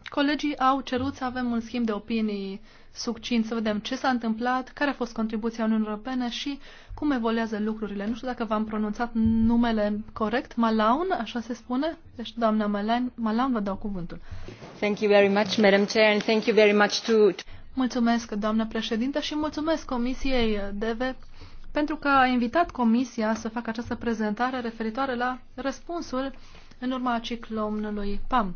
colegii au cerut să avem un schimb de opinii succint, să vedem ce s-a întâmplat, care a fost contribuția Uniunii Europene și cum evoluează lucrurile. Nu știu dacă v-am pronunțat numele corect, Malaun, așa se spune? Deci, doamna Malaun, Malaun vă dau cuvântul. Thank you very much, Madam Chair, and thank you very much to... Mulțumesc, doamnă președintă, și mulțumesc Comisiei DEVE pentru că a invitat Comisia să facă această prezentare referitoare la răspunsul în urma ciclonului PAM.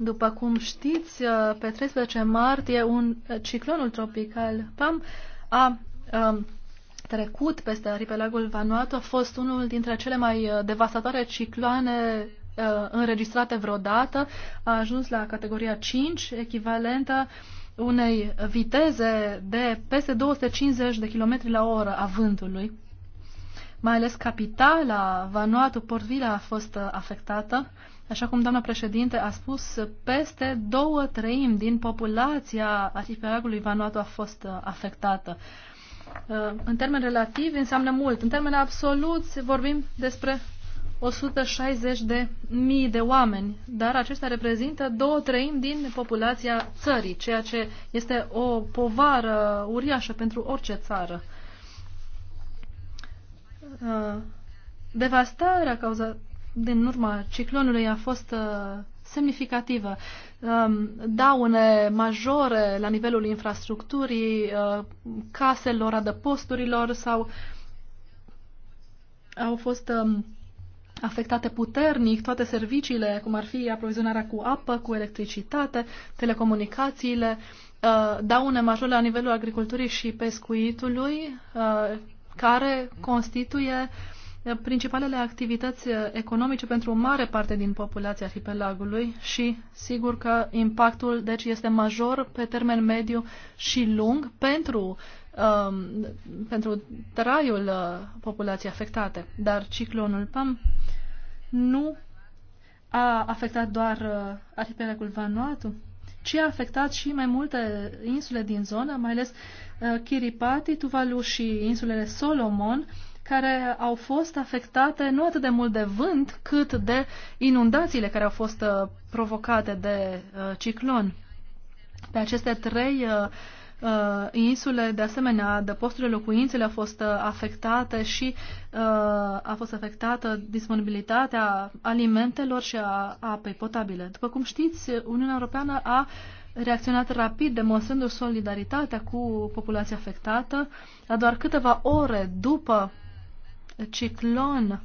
După cum știți, uh, pe 13 martie, un uh, ciclonul tropical PAM a, a um, trecut peste arhipelagul Vanuatu, a fost unul dintre cele mai uh, devastatoare cicloane a, înregistrate vreodată, a ajuns la categoria 5, echivalentă unei viteze de peste 250 de km la oră a vântului. Mai ales capitala Vanuatu, Port Vila, a fost afectată așa cum doamna președinte a spus, peste două treimi din populația arhipelagului Vanuatu a fost uh, afectată. Uh, în termeni relativ înseamnă mult. În termeni absoluți vorbim despre 160 de mii de oameni, dar acestea reprezintă două treimi din populația țării, ceea ce este o povară uriașă pentru orice țară. Uh, devastarea cauzată din urma ciclonului a fost uh, semnificativă. Um, daune majore la nivelul infrastructurii, uh, caselor, adăposturilor sau au fost um, afectate puternic toate serviciile, cum ar fi aprovizionarea cu apă, cu electricitate, telecomunicațiile, uh, daune majore la nivelul agriculturii și pescuitului, care constituie uh, principalele activități uh, economice pentru o mare parte din populația arhipelagului și sigur că impactul deci este major pe termen mediu și lung pentru, um, pentru traiul uh, populației afectate. Dar ciclonul PAM nu a afectat doar uh, arhipelagul Vanuatu, ci a afectat și mai multe insule din zonă, mai ales uh, Kiribati, Tuvalu și insulele Solomon, uh, care au fost afectate nu atât de mult de vânt, cât de inundațiile care au fost uh, provocate de uh, ciclon. Pe aceste trei uh, insule, de asemenea, de posturile locuințele au fost afectate și a fost afectată disponibilitatea alimentelor și a apei potabile. După cum știți, Uniunea Europeană a reacționat rapid, demonstrându-și solidaritatea cu populația afectată. La doar câteva ore după ciclon,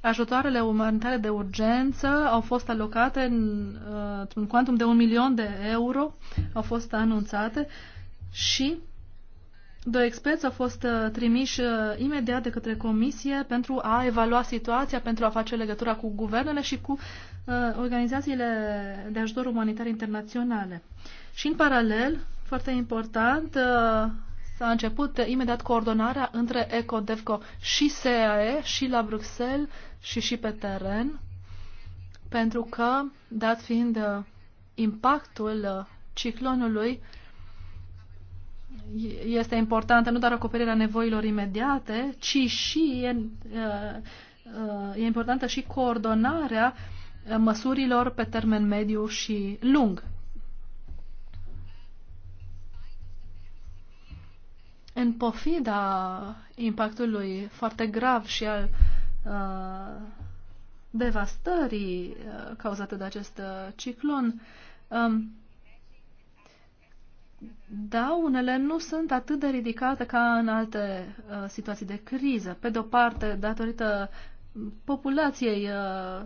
ajutoarele umanitare de urgență au fost alocate în, uh, într-un cuantum de un milion de euro, au fost anunțate și doi experți au fost uh, trimiși uh, imediat de către comisie pentru a evalua situația, pentru a face legătura cu guvernele și cu organizațiile de ajutor umanitar internaționale. Și în paralel, foarte important, S-a început imediat coordonarea între Ecodevco și SEAE, și la Bruxelles și și pe teren, pentru că, dat fiind uh, impactul uh, ciclonului, este importantă nu doar acoperirea nevoilor imediate, ci și e, uh, e importantă și coordonarea măsurilor pe termen mediu și lung. în pofida impactului foarte grav și al uh, devastării uh, cauzate de acest uh, ciclon, um, daunele nu sunt atât de ridicate ca în alte uh, situații de criză. Pe de o parte, datorită populației uh,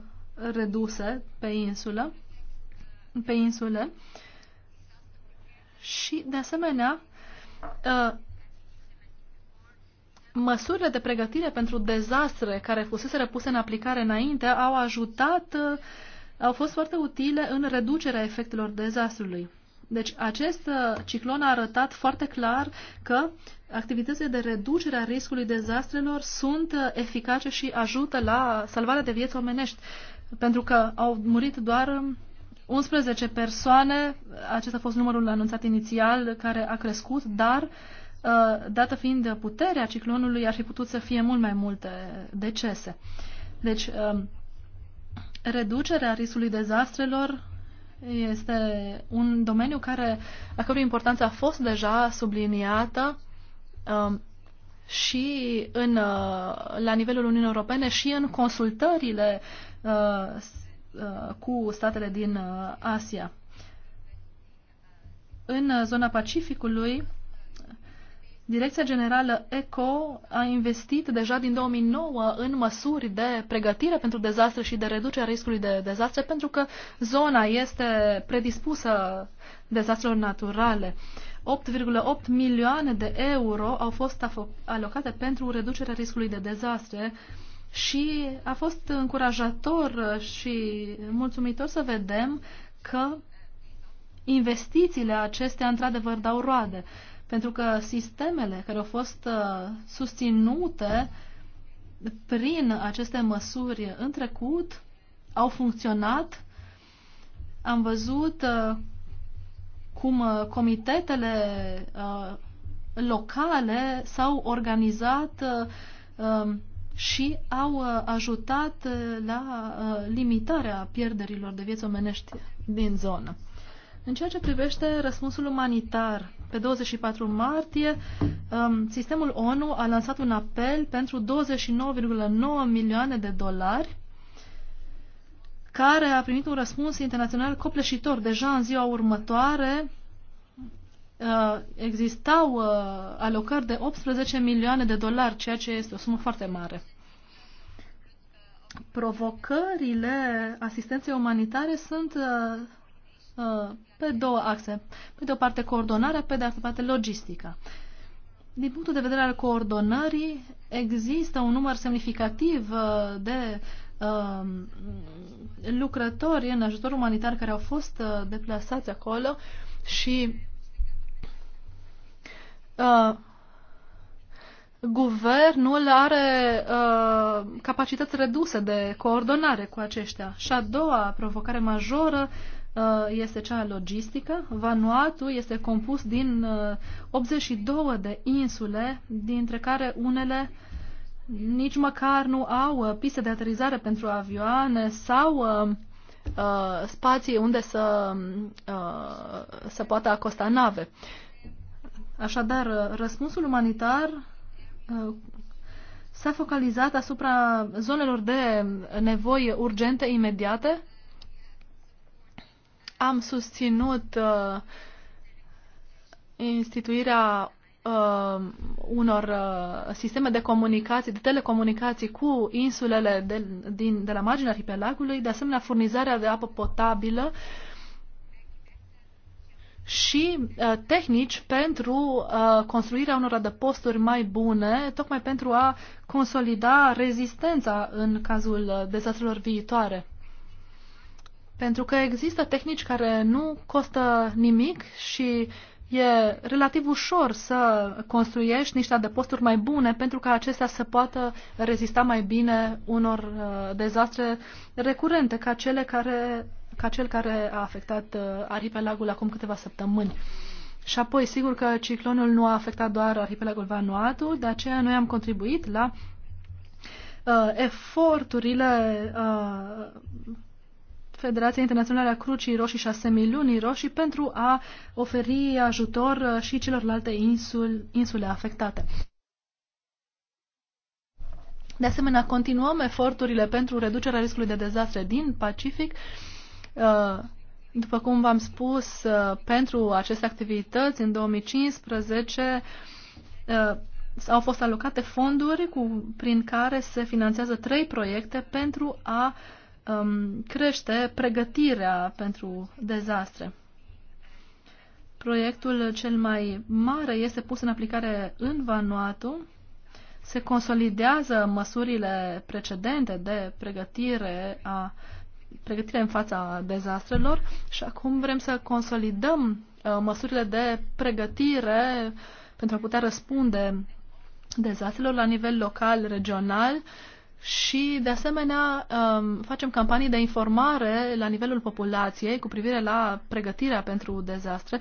reduse pe insulă, pe insule și, de asemenea, uh, măsurile de pregătire pentru dezastre care fusese repuse în aplicare înainte au ajutat, uh, au fost foarte utile în reducerea efectelor dezastrului. Deci acest uh, ciclon a arătat foarte clar că activitățile de reducere a riscului dezastrelor sunt uh, eficace și ajută la salvarea de vieți omenești, pentru că au murit doar 11 um, persoane, acesta a fost numărul anunțat inițial care a crescut, dar uh, Uh, dată fiind puterea ciclonului, ar fi putut să fie mult mai multe decese. Deci, um, reducerea riscului dezastrelor este un domeniu care, a cărui importanță a fost deja subliniată um, și în, uh, la nivelul Uniunii Europene și în consultările uh, cu statele din Asia. În zona Pacificului, Direcția Generală ECO a investit deja din 2009 în măsuri de pregătire pentru dezastre și de reducerea riscului de dezastre, pentru că zona este predispusă dezastrelor naturale. 8,8 milioane de euro au fost alocate pentru reducerea riscului de dezastre și a fost încurajator și mulțumitor să vedem că investițiile acestea într-adevăr dau roade. Pentru că sistemele care au fost uh, susținute prin aceste măsuri în trecut au funcționat. Am văzut uh, cum uh, comitetele locale s-au organizat um, și au ajutat la limitarea pierderilor de vieți omenești din zonă. În ceea ce privește răspunsul umanitar, pe 24 martie, um, sistemul ONU a lansat un apel pentru 29,9 milioane de dolari care a primit un răspuns internațional copleșitor. Deja în ziua următoare uh, existau uh, alocări de 18 milioane de dolari, ceea ce este o sumă foarte mare. Provocările asistenței umanitare sunt uh, pe două axe. Pe de o parte coordonarea, pe de altă parte logistica. Din punctul de vedere al coordonării, există un număr semnificativ uh, de um, lucrători în ajutor umanitar care au fost uh, deplasați acolo și uh, guvernul are uh, capacități reduse de coordonare cu aceștia. Și a doua provocare majoră Uh, este cea logistică. Vanuatu este compus din 82 uh, de insule, dintre care unele nici măcar nu au uh, piste de aterizare pentru avioane sau spații unde să, să poată acosta nave. Așadar, răspunsul umanitar s-a focalizat asupra zonelor de nevoi urgente, imediate, am susținut uh, instituirea uh, unor uh, sisteme de comunicații, de telecomunicații cu insulele de, din, de la marginea arhipelagului, de asemenea furnizarea de apă potabilă și uh, tehnici pentru uh, construirea unor adăposturi mai bune, tocmai pentru a consolida rezistența în cazul uh, dezastrelor viitoare. Pentru că există tehnici care nu costă nimic și e relativ ușor să construiești niște adăposturi mai bune pentru ca acestea să poată rezista mai bine unor uh, dezastre recurente ca, cele care, ca cel care a afectat uh, arhipelagul acum câteva săptămâni. Și apoi, sigur că ciclonul nu a afectat doar arhipelagul Vanuatu, de aceea noi am contribuit la uh, eforturile uh, Federația Internațională a Crucii Roșii și a Semilunii Roșii pentru a oferi ajutor uh, și celorlalte insul, insule afectate. De asemenea, continuăm eforturile pentru reducerea riscului de dezastre din Pacific. Uh, după cum v-am spus, uh, pentru aceste activități, în 2015, au fost alocate fonduri cu, prin care se finanțează trei proiecte pentru a uh, um, crește pregătirea pentru dezastre. Proiectul cel mai mare este pus în aplicare în Vanuatu. Se consolidează măsurile precedente de pregătire a pregătire în fața dezastrelor și acum vrem să consolidăm uh, măsurile de pregătire pentru a putea răspunde dezastrelor la nivel local, regional și, de asemenea, um, facem campanii de informare la nivelul populației cu privire la pregătirea pentru dezastre,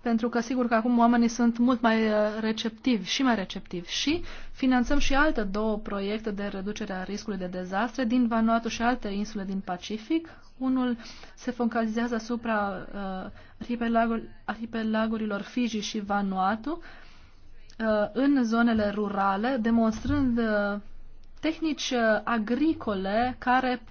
pentru că sigur că acum oamenii sunt mult mai uh, receptivi și mai receptivi și finanțăm și alte două proiecte de reducere a riscului de dezastre din Vanuatu și alte insule din Pacific. Unul se focalizează asupra uh, arhipelagurilor Fiji și Vanuatu uh, în zonele rurale, demonstrând tehnici uh, agricole care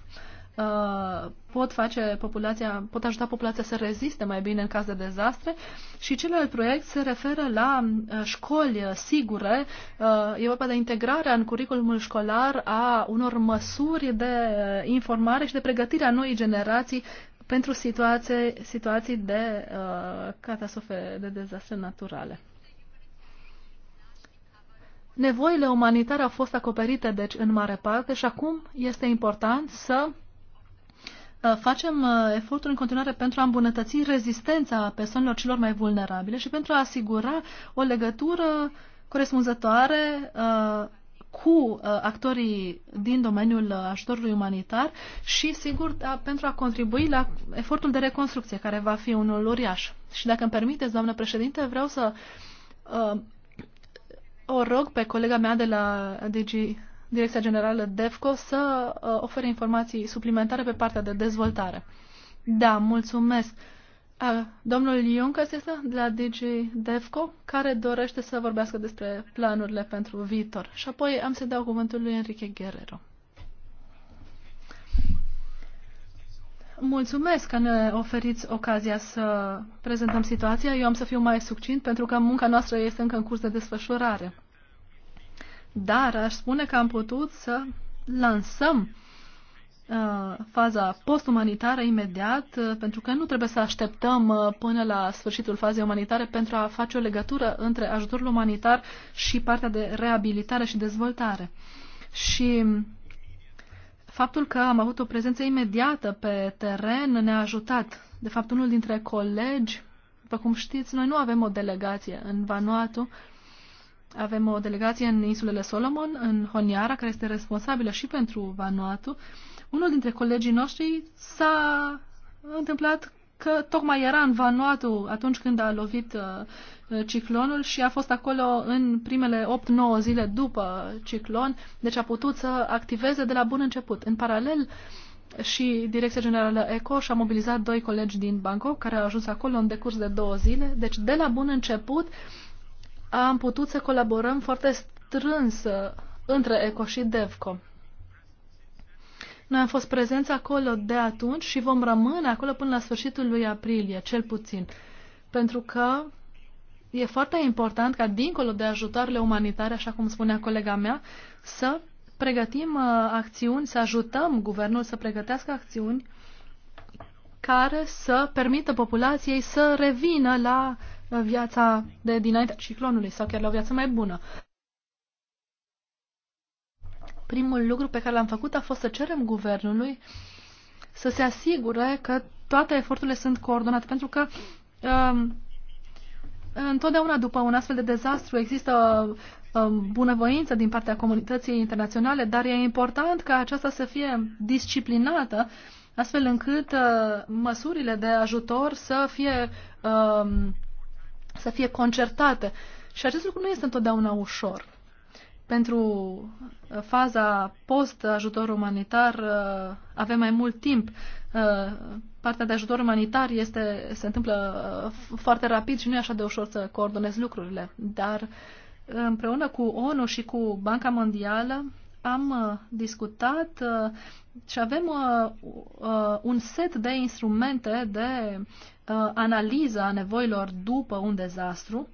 uh, pot face populația, pot ajuta populația să reziste mai bine în caz de dezastre și celălalt proiect se referă la uh, școli sigure. Uh, e vorba de integrarea în curriculumul școlar a unor măsuri de uh, informare și de pregătire a noii generații pentru situații, situații de uh, catastrofe, de dezastre naturale. Nevoile umanitare au fost acoperite, deci, în mare parte și acum este important să uh, facem uh, eforturi în continuare pentru a îmbunătăți rezistența persoanelor celor mai vulnerabile și pentru a asigura o legătură corespunzătoare uh, cu actorii din domeniul ajutorului umanitar și, sigur, pentru a contribui la efortul de reconstrucție, care va fi unul uriaș. Și dacă îmi permiteți, doamnă președinte, vreau să o rog pe colega mea de la DG, Direcția Generală DEFCO să uh, ofere informații suplimentare pe partea de dezvoltare. Da, mulțumesc. A, domnul Ioncas este de la DG DEFCO, care dorește să vorbească despre planurile pentru viitor. Și apoi am să dau cuvântul lui Enrique Guerrero. Mulțumesc că ne oferiți ocazia să prezentăm situația. Eu am să fiu mai succint pentru că munca noastră este încă în curs de desfășurare. Dar aș spune că am putut să lansăm uh, faza postumanitară imediat, uh, pentru că nu trebuie să așteptăm uh, până la sfârșitul fazei umanitare pentru a face o legătură între ajutorul umanitar și partea de reabilitare și dezvoltare. Și Faptul că am avut o prezență imediată pe teren ne-a ajutat. De fapt, unul dintre colegi, după cum știți, noi nu avem o delegație în Vanuatu, avem o delegație în insulele Solomon, în Honiara, care este responsabilă și pentru Vanuatu. Unul dintre colegii noștri s-a întâmplat că tocmai era în Vanuatu atunci când a lovit uh, Uh, ciclonul și a fost acolo în primele 8-9 zile după ciclon, deci a putut să activeze de la bun început. În paralel, și Direcția Generală ECO și-a mobilizat doi colegi din Bangkok care au ajuns acolo în decurs de două zile. Deci, de la bun început, am putut să colaborăm foarte strâns uh, între ECO și DEVCO. Noi am fost prezenți acolo de atunci și vom rămâne acolo până la sfârșitul lui aprilie, cel puțin. Pentru că e foarte important ca, dincolo de ajutoarele umanitare, așa cum spunea colega mea, să pregătim uh, acțiuni, să ajutăm guvernul să pregătească acțiuni care să permită populației să revină la uh, viața de dinaintea ciclonului sau chiar la o viață mai bună. Primul lucru pe care l-am făcut a fost să cerem guvernului să se asigure că toate eforturile sunt coordonate, pentru că um, întotdeauna după un astfel de dezastru există um, bunăvoință din partea comunității internaționale, dar e important ca aceasta să fie disciplinată astfel încât uh, măsurile de ajutor să fie, um, să fie concertate. Și acest lucru nu este întotdeauna ușor. Pentru uh, faza post-ajutor umanitar uh, avem mai mult timp, Uh, partea de ajutor umanitar este, se întâmplă uh, foarte rapid și nu e așa de ușor să coordonezi lucrurile. Dar uh, împreună cu ONU și cu Banca Mondială am discutat și avem un set de instrumente de analiză a nevoilor după un dezastru.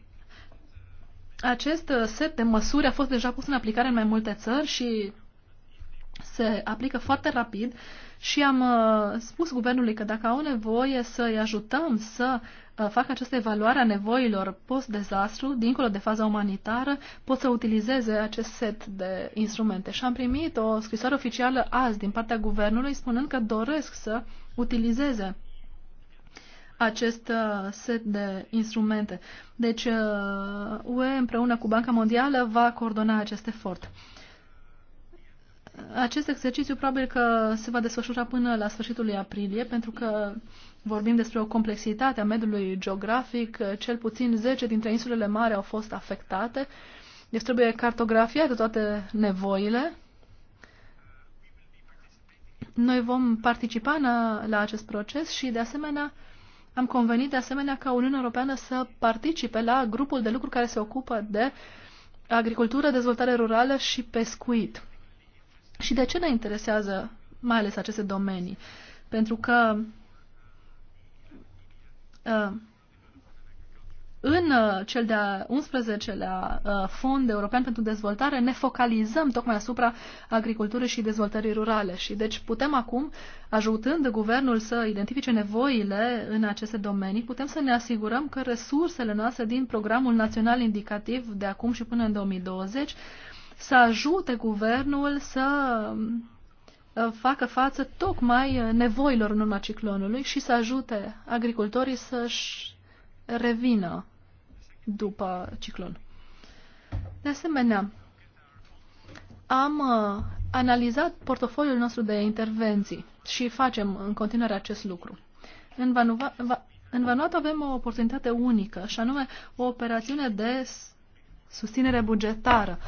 Acest set de măsuri a fost deja pus în aplicare în mai multe țări și se aplică foarte rapid. Uh, și am uh, spus guvernului că dacă au nevoie să-i ajutăm să uh, facă această evaluare a nevoilor post-dezastru, dincolo de faza umanitară, pot să utilizeze acest set de instrumente. Și am primit o scrisoare oficială azi din partea guvernului spunând că doresc să utilizeze acest uh, set de instrumente. Deci, uh, UE împreună cu Banca Mondială va coordona acest efort. Acest exercițiu probabil că se va desfășura până la sfârșitul lui aprilie, pentru că vorbim despre o complexitate a mediului geografic. Cel puțin 10 dintre insulele mari au fost afectate. Deci trebuie de toate nevoile. Noi vom participa la acest proces și, de asemenea, am convenit de asemenea ca Uniunea Europeană să participe la grupul de lucru care se ocupă de agricultură, dezvoltare rurală și pescuit. Și de ce ne interesează mai ales aceste domenii? Pentru că uh, în uh, cel de-a 11-lea uh, Fond European pentru Dezvoltare ne focalizăm tocmai asupra agriculturii și dezvoltării rurale și deci putem acum, ajutând guvernul să identifice nevoile în aceste domenii, putem să ne asigurăm că resursele noastre din programul național indicativ de acum și până în 2020 să ajute guvernul să uh, facă față tocmai uh, nevoilor în urma ciclonului și să ajute agricultorii să-și revină după ciclon. De asemenea, am uh, analizat portofoliul nostru de intervenții și facem în continuare acest lucru. În, Vanuva, în Vanuatu avem o oportunitate unică, și anume o operațiune de susținere bugetară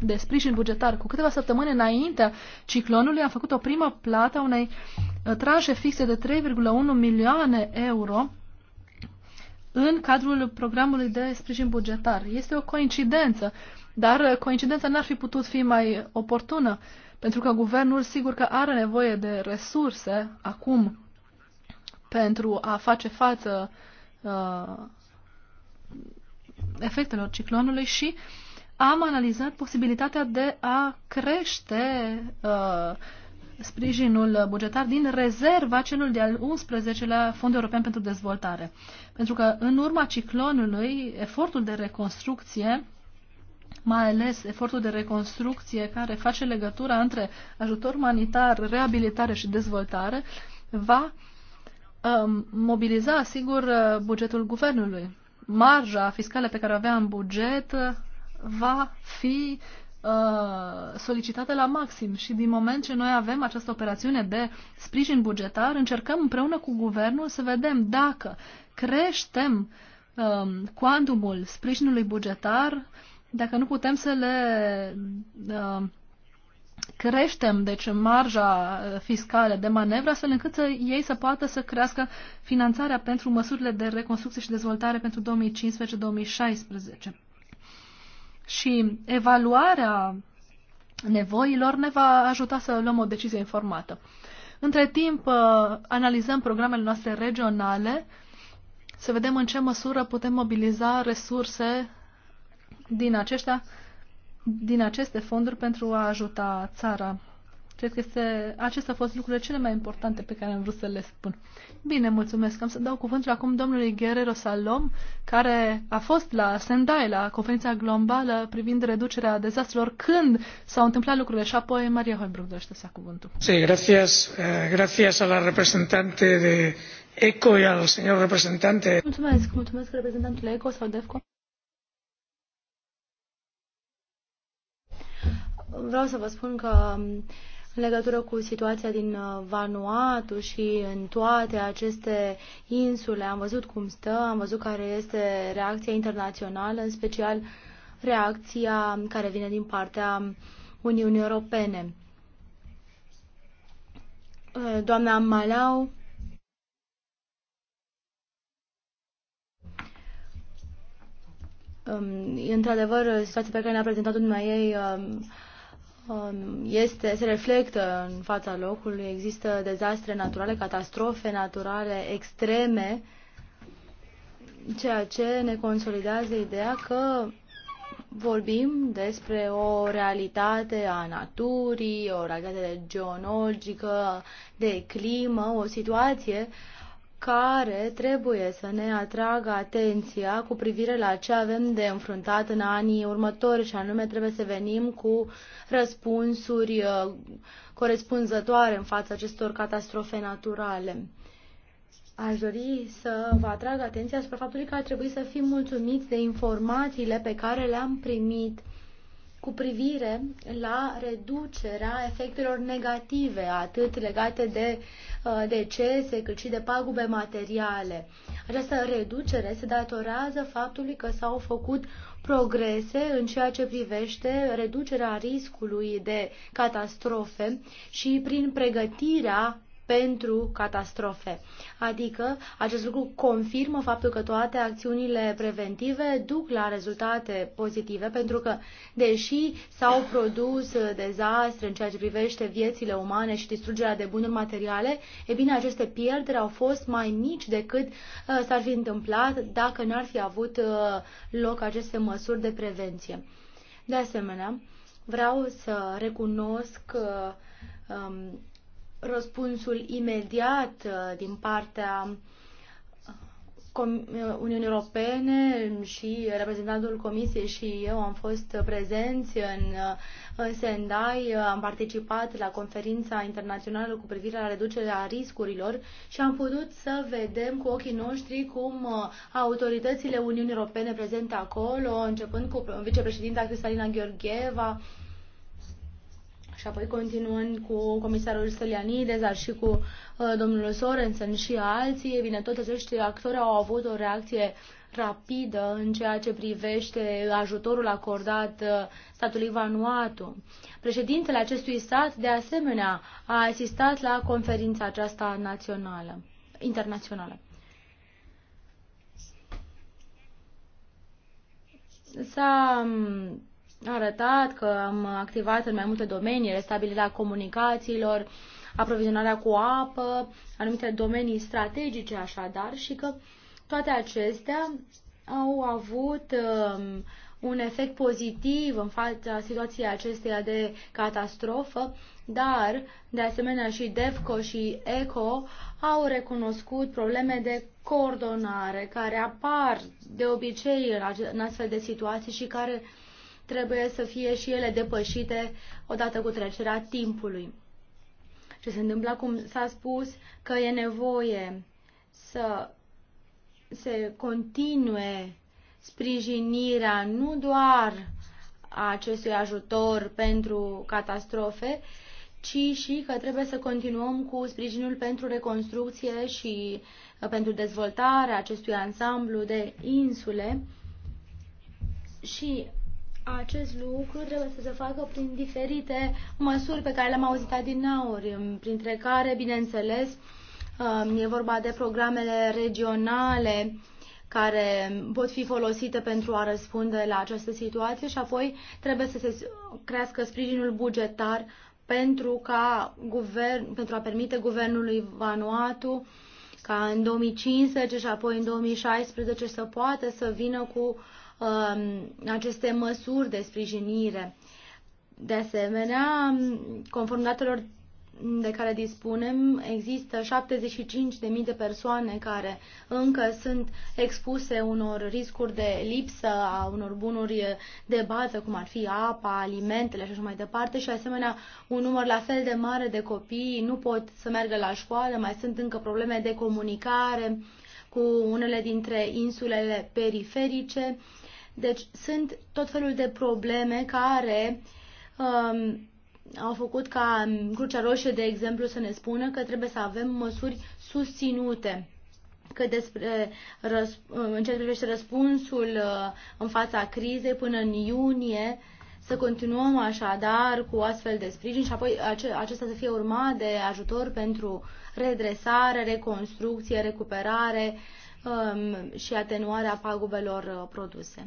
de sprijin bugetar. Cu câteva săptămâni înaintea ciclonului am făcut o primă plată unei uh, tranșe fixe de 3,1 milioane euro în cadrul programului de sprijin bugetar. Este o coincidență, dar uh, coincidența n-ar fi putut fi mai oportună, pentru că guvernul sigur că are nevoie de resurse acum pentru a face față uh, efectelor ciclonului și uh, am analizat posibilitatea de a crește uh, sprijinul bugetar din rezerva celul de-al 11-lea Fond European pentru Dezvoltare. Pentru că în urma ciclonului, efortul de reconstrucție, mai ales efortul de reconstrucție care face legătura între ajutor umanitar, reabilitare și dezvoltare, va uh, mobiliza, sigur, bugetul guvernului marja fiscală pe care o avea în buget va fi uh, solicitate la maxim și din moment ce noi avem această operațiune de sprijin bugetar, încercăm împreună cu guvernul să vedem dacă creștem um, cuantumul sprijinului bugetar, dacă nu putem să le uh, creștem, deci marja fiscală de manevră, astfel încât să, ei să poată să crească finanțarea pentru măsurile de reconstrucție și dezvoltare pentru 2015-2016 și evaluarea nevoilor ne va ajuta să luăm o decizie informată. Între timp, uh, analizăm programele noastre regionale, să vedem în ce măsură putem mobiliza resurse din, aceștia, din aceste fonduri pentru a ajuta țara. Cred că este, acestea au fost lucrurile cele mai importante pe care am vrut să le spun. Bine, mulțumesc. Am să dau cuvântul acum domnului Guerrero Salom, care a fost la Sendai, la conferința globală privind reducerea dezastrelor, când s-au întâmplat lucrurile și apoi Maria Hoibruc dorește să cuvântul. Sí, gracias, eh, gracias a la representante de ECO y al señor representante. Mulțumesc, mulțumesc reprezentantul ECO sau DEFCO. Vreau să vă spun că în legătură cu situația din uh, Vanuatu și în toate aceste insule. Am văzut cum stă, am văzut care este reacția internațională, în special reacția care vine din partea Uniunii Europene. Uh, doamna Malau um, într-adevăr, situația pe care ne-a prezentat-o dumneavoastră Um, este, se reflectă în fața locului. Există dezastre naturale, catastrofe naturale extreme, ceea ce ne consolidează ideea că vorbim despre o realitate a naturii, o realitate geologică, de climă, o situație uh, care trebuie să ne atragă atenția cu privire la ce avem de înfruntat în anii următori și anume trebuie să venim cu răspunsuri uh, corespunzătoare în fața acestor catastrofe naturale. Aș dori să vă atrag atenția asupra faptului că ar trebui să fim mulțumiți de informațiile pe care le-am primit cu privire la reducerea efectelor negative, atât legate de uh, decese, cât și de pagube materiale. Această reducere se datorează faptului că s-au făcut progrese în ceea ce privește reducerea riscului de catastrofe și prin pregătirea pentru catastrofe. Adică acest lucru confirmă faptul că toate acțiunile preventive duc la rezultate pozitive pentru că deși s-au produs dezastre în ceea ce privește viețile umane și distrugerea de bunuri materiale, e bine aceste pierderi au fost mai mici decât uh, s-ar fi întâmplat dacă n-ar fi avut uh, loc aceste măsuri de prevenție. De asemenea, vreau să recunosc uh, um, răspunsul imediat uh, din partea uh, uh, Uniunii Europene și reprezentantul Comisiei și eu am fost prezenți în, în Sendai, am participat la conferința internațională cu privire la reducerea riscurilor și am putut să vedem cu ochii noștri cum autoritățile Uniunii Europene prezente acolo, începând cu vicepreședinta Cristalina Gheorgheva, și apoi continuând cu comisarul Stelianides, dar și cu uh, domnul Sorensen și alții, bine, toți acești actori au avut o reacție rapidă în ceea ce privește ajutorul acordat uh, statului Vanuatu. Președintele acestui stat, de asemenea, a asistat la conferința aceasta națională, internațională. S-a arătat că am activat în mai multe domenii, restabilirea comunicațiilor, aprovizionarea cu apă, anumite domenii strategice așadar și că toate acestea au avut um, un efect pozitiv în fața situației acesteia de catastrofă, dar, de asemenea, și DEFCO și ECO au recunoscut probleme de coordonare care apar de obicei în astfel de situații și care uh, trebuie să fie și ele depășite odată cu trecerea timpului. Ce se întâmplă cum S-a spus că e nevoie să se continue sprijinirea nu doar a acestui ajutor pentru catastrofe, ci și că trebuie să continuăm cu sprijinul pentru reconstrucție și uh, pentru dezvoltarea acestui ansamblu de insule. Și acest lucru trebuie să se facă prin diferite măsuri pe care le-am auzit adinauri, um, printre care, bineînțeles, um, e vorba de programele regionale care pot fi folosite pentru a răspunde la această situație și apoi trebuie să se crească sprijinul bugetar pentru, ca guvern, pentru a permite guvernului Vanuatu ca în 2015 și apoi în 2016 să poată să vină cu uh, Um, aceste măsuri de sprijinire. De asemenea, um, conform datelor de care dispunem, există 75.000 de persoane care încă sunt expuse unor riscuri de lipsă a unor bunuri de bază, cum ar fi apa, alimentele și așa mai departe și asemenea un număr la fel de mare de copii nu pot să meargă la școală, mai sunt încă probleme de comunicare cu unele dintre insulele periferice deci sunt tot felul de probleme care um, au făcut ca Crucea Roșie, de exemplu, să ne spună că trebuie să avem măsuri susținute că despre uh, în ce privește răspunsul uh, în fața crizei până în iunie, să continuăm așadar cu astfel de sprijin și apoi acesta să fie urmat de ajutor pentru redresare, reconstrucție, recuperare um, și atenuarea pagubelor uh, produse.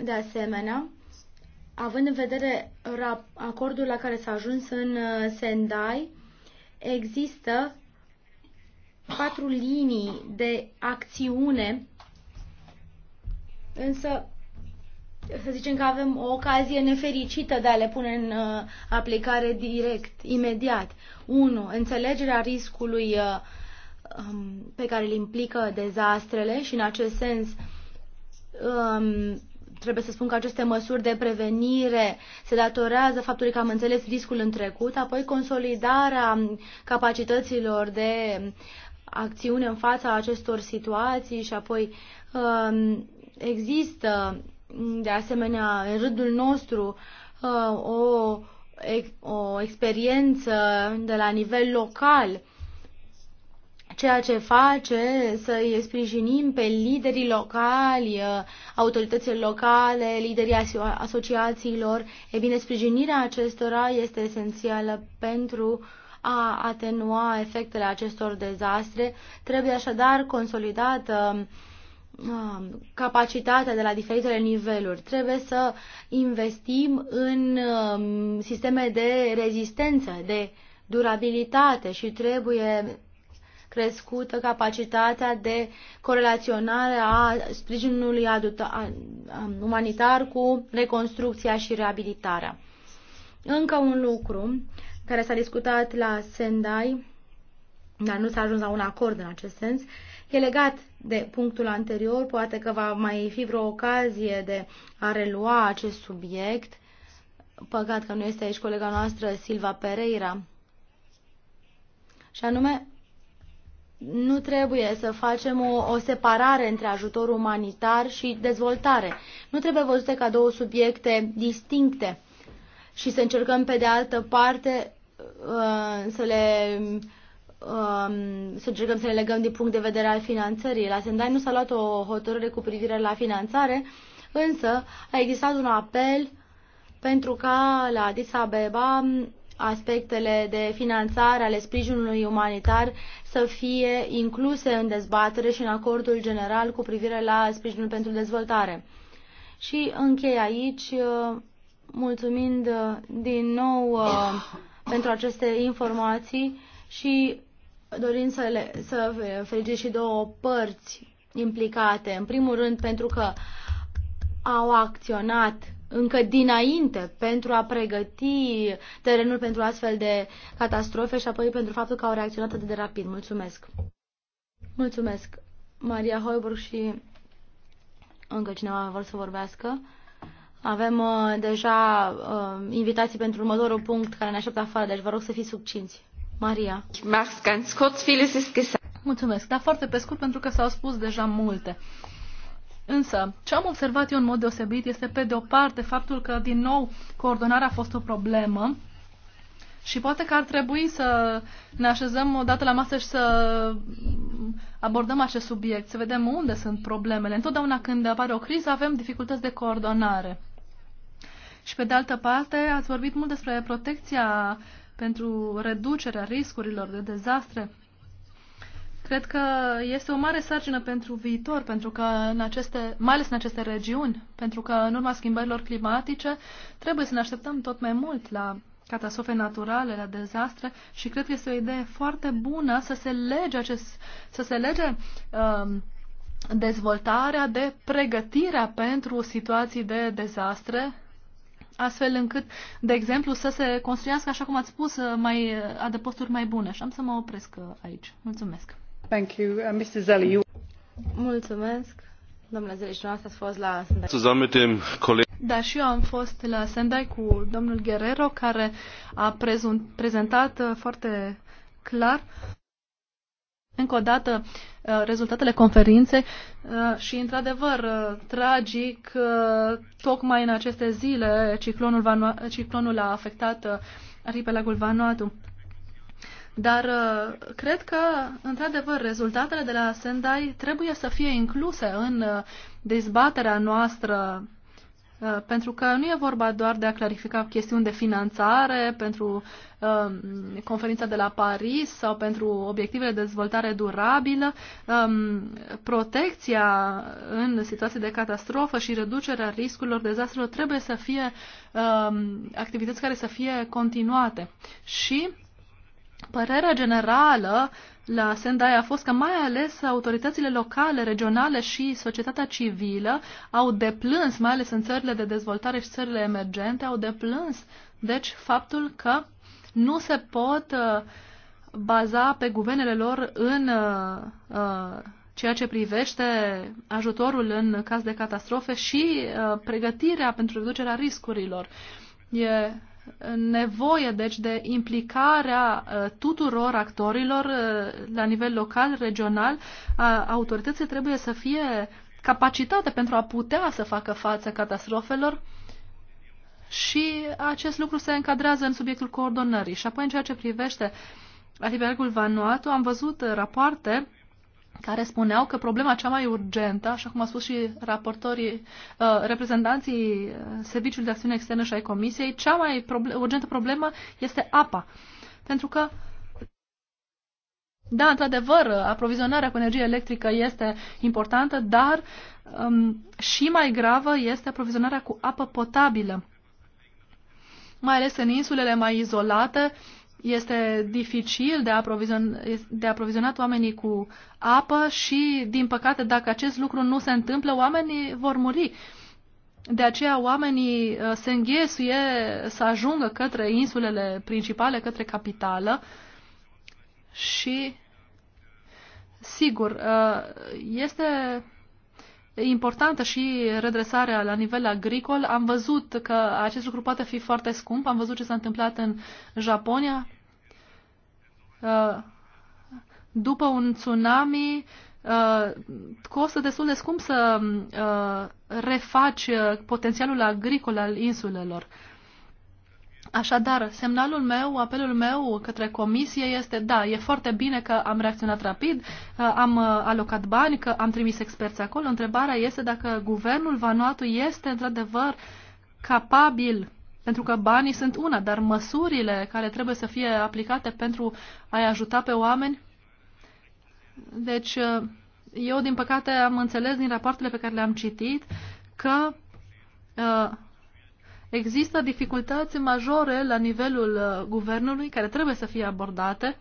De asemenea, având în vedere acordul la care s-a ajuns în uh, Sendai, există patru linii de acțiune, însă să zicem că avem o ocazie nefericită de a le pune în uh, aplicare direct, imediat. 1. Înțelegerea riscului uh, um, pe care îl implică dezastrele și în acest sens um, trebuie să spun că aceste măsuri de prevenire se datorează faptului că am înțeles riscul în trecut, apoi consolidarea capacităților de acțiune în fața acestor situații și apoi um, există de asemenea în rândul nostru uh, o, o experiență de la nivel local ceea ce face să îi sprijinim pe liderii locali, uh, autoritățile locale, liderii asociațiilor. E bine, sprijinirea acestora este esențială pentru a atenua efectele acestor dezastre. Trebuie așadar consolidată um, um, capacitatea de la diferitele niveluri. Trebuie să investim în um, sisteme de rezistență, de durabilitate și trebuie crescută capacitatea de corelaționare a sprijinului umanitar cu reconstrucția și reabilitarea. Încă un lucru care s-a discutat la Sendai, dar nu s-a ajuns la un acord în acest sens, e legat de punctul anterior, poate că va mai fi vreo ocazie de a relua acest subiect. Păcat că nu este aici colega noastră Silva Pereira. Și anume, nu trebuie să facem o, o separare între ajutor umanitar și dezvoltare. Nu trebuie văzute ca două subiecte distincte și să încercăm pe de altă parte uh, să le um, să încercăm să le legăm din punct de vedere al finanțării. La Sendai nu s-a luat o hotărâre cu privire la finanțare, însă a existat un apel pentru ca la Addis Abeba aspectele de finanțare ale sprijinului umanitar să fie incluse în dezbatere și în acordul general cu privire la sprijinul pentru dezvoltare. Și închei aici, uh, mulțumind uh, din nou uh, pentru aceste informații și dorind să, le, să felicit și două părți implicate. În primul rând pentru că au acționat încă dinainte pentru a pregăti terenul pentru astfel de catastrofe și apoi pentru faptul că au reacționat atât de rapid. Mulțumesc! Mulțumesc! Maria Hoiburg și încă cineva vor să vorbească. Avem uh, deja uh, invitații pentru următorul punct care ne așteaptă afară, deci vă rog să fiți subcinți. Maria. Mulțumesc, dar foarte pe scurt pentru că s-au spus deja multe. Uh, Însă, ce am observat eu în mod deosebit este, pe de o parte, faptul că, din nou, coordonarea a fost o problemă și poate că ar trebui să ne așezăm o dată la masă și să abordăm acest subiect, să vedem unde sunt problemele. Întotdeauna când apare o criză avem dificultăți de coordonare. Și pe de altă parte, ați vorbit mult despre protecția pentru reducerea riscurilor de dezastre. Cred că este o mare sarcină pentru viitor, pentru că în aceste, mai ales în aceste regiuni, pentru că în urma schimbărilor climatice trebuie să ne așteptăm tot mai mult la catastrofe naturale, la dezastre și cred că este o idee foarte bună să se lege, acest, să se lege um, dezvoltarea de pregătirea pentru situații de dezastre, astfel încât, de exemplu, să se construiască, așa cum ați spus, mai, adăposturi mai bune. Și am să mă opresc uh, aici. Mulțumesc! Thank Da, și eu am fost la Sendai cu domnul Guerrero, care a prezentat uh, foarte clar încă o dată uh, rezultatele conferinței uh, și, într-adevăr, tragic, tocmai în aceste zile ciclonul, ciclonul a afectat arhipelagul Vanuatu. Dar uh, cred că, într-adevăr, rezultatele de la Sendai trebuie să fie incluse în uh, dezbaterea noastră, uh, pentru că nu e vorba doar de a clarifica chestiuni de finanțare pentru um, conferința de la Paris sau pentru obiectivele de dezvoltare durabilă, um, protecția în situații de catastrofă și reducerea riscurilor dezastrelor trebuie să fie um, activități care să fie continuate. Și Părerea generală la Sendai a fost că mai ales autoritățile locale, regionale și societatea civilă au deplâns, mai ales în țările de dezvoltare și țările emergente, au deplâns, deci, faptul că nu se pot uh, baza pe guvernele lor în uh, uh, ceea ce privește ajutorul în caz de catastrofe și pregătirea pentru reducerea riscurilor. E nevoie, deci, de implicarea uh, tuturor actorilor uh, la nivel local, regional. Autoritățile trebuie să fie capacitate pentru a putea să facă față catastrofelor și acest lucru se încadrează în subiectul coordonării. Și apoi, în ceea ce privește arhipelagul Vanuatu, am văzut rapoarte care spuneau că problema cea mai urgentă, așa cum a spus și raportorii, uh, reprezentanții uh, Serviciului de Acțiune Externă și ai Comisiei, cea mai proble- urgentă problemă este apa. Pentru că da, într-adevăr, aprovizionarea cu energie electrică este importantă, dar um, și mai gravă este aprovizionarea cu apă potabilă. Mai ales în insulele mai izolate, uh, este dificil de, aprovizion, de aprovizionat oamenii cu apă și, din păcate, dacă acest lucru nu se întâmplă, oamenii vor muri. De aceea oamenii uh, se înghesuie să ajungă către insulele principale, către capitală și, sigur, uh, este importantă și redresarea la nivel agricol. Am văzut că acest lucru poate fi foarte scump. Am văzut ce s-a întâmplat în Japonia. Uh, după un tsunami, uh, costă destul de scump să uh, refaci potențialul agricol al insulelor. Așadar, semnalul meu, apelul meu către comisie este, da, e foarte bine că am reacționat rapid, am uh, alocat bani, că am trimis experți acolo. Întrebarea este dacă guvernul Vanuatu este într-adevăr capabil, pentru că banii sunt una, dar măsurile care trebuie să fie aplicate pentru a-i ajuta pe oameni. Deci, uh, eu, din păcate, am înțeles din rapoartele pe care le-am citit că uh, Există dificultăți majore la nivelul uh, guvernului care trebuie să fie abordate